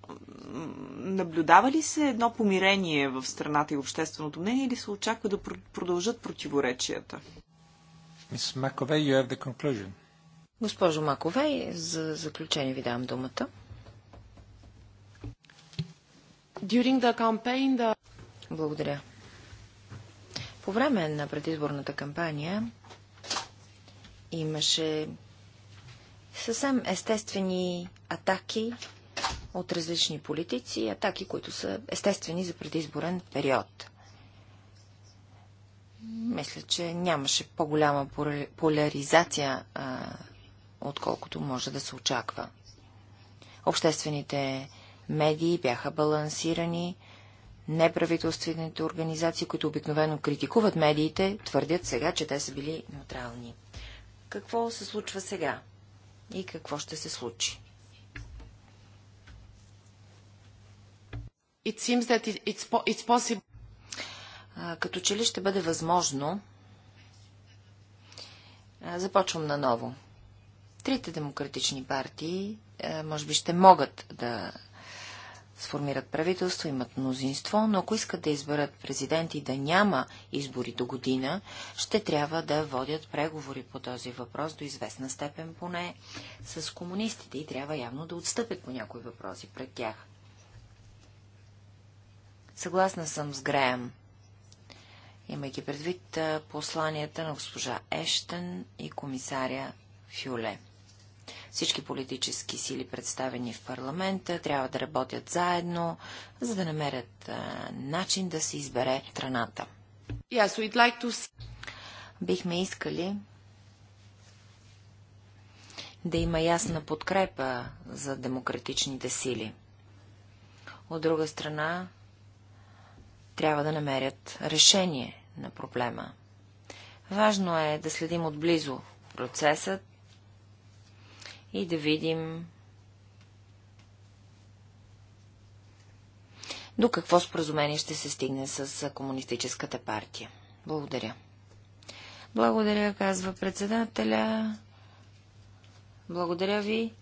S2: наблюдава ли се едно помирение в страната и общественото мнение или се очаква да продължат противоречията?
S1: Мис Маковей, you have the conclusion.
S2: Госпожо Маковей, за
S3: заключение ви давам думата. During the campaign, the... Благодаря. По време на предизборната кампания имаше съвсем естествени атаки от различни политици и атаки, които са естествени за предизборен период. Мисля, че нямаше по-голяма поляризация, а, отколкото може да се очаква. Обществените медии бяха балансирани, неправителствените организации, които обикновено критикуват медиите, твърдят сега, че те са били неутрални. Какво се случва сега? И какво ще се случи? it seems that it's, it's possible. Като че ли ще бъде възможно, започвам наново. Трите демократични партии, може би, ще могат да сформират правителство, имат мнозинство, но ако искат да изберат президент и да няма избори до година, ще трябва да водят преговори по този въпрос до известна степен поне с комунистите и трябва явно да отстъпят по някои въпроси пред тях. Съгласна съм с Греем. Имайки предвид посланията на госпожа Ештен и комисаря Фюле. Всички политически сили, представени в парламента, трябва да работят заедно, за да намерят а, начин да се избере страната. Yes, we'd like to... Бихме искали да има ясна подкрепа за демократичните сили. От друга страна, трябва да намерят решение на проблема. Важно е да следим отблизо процесът и да видим до какво споразумение ще се стигне с Комунистическата партия. Благодаря. Благодаря, казва председателя. Благодаря ви.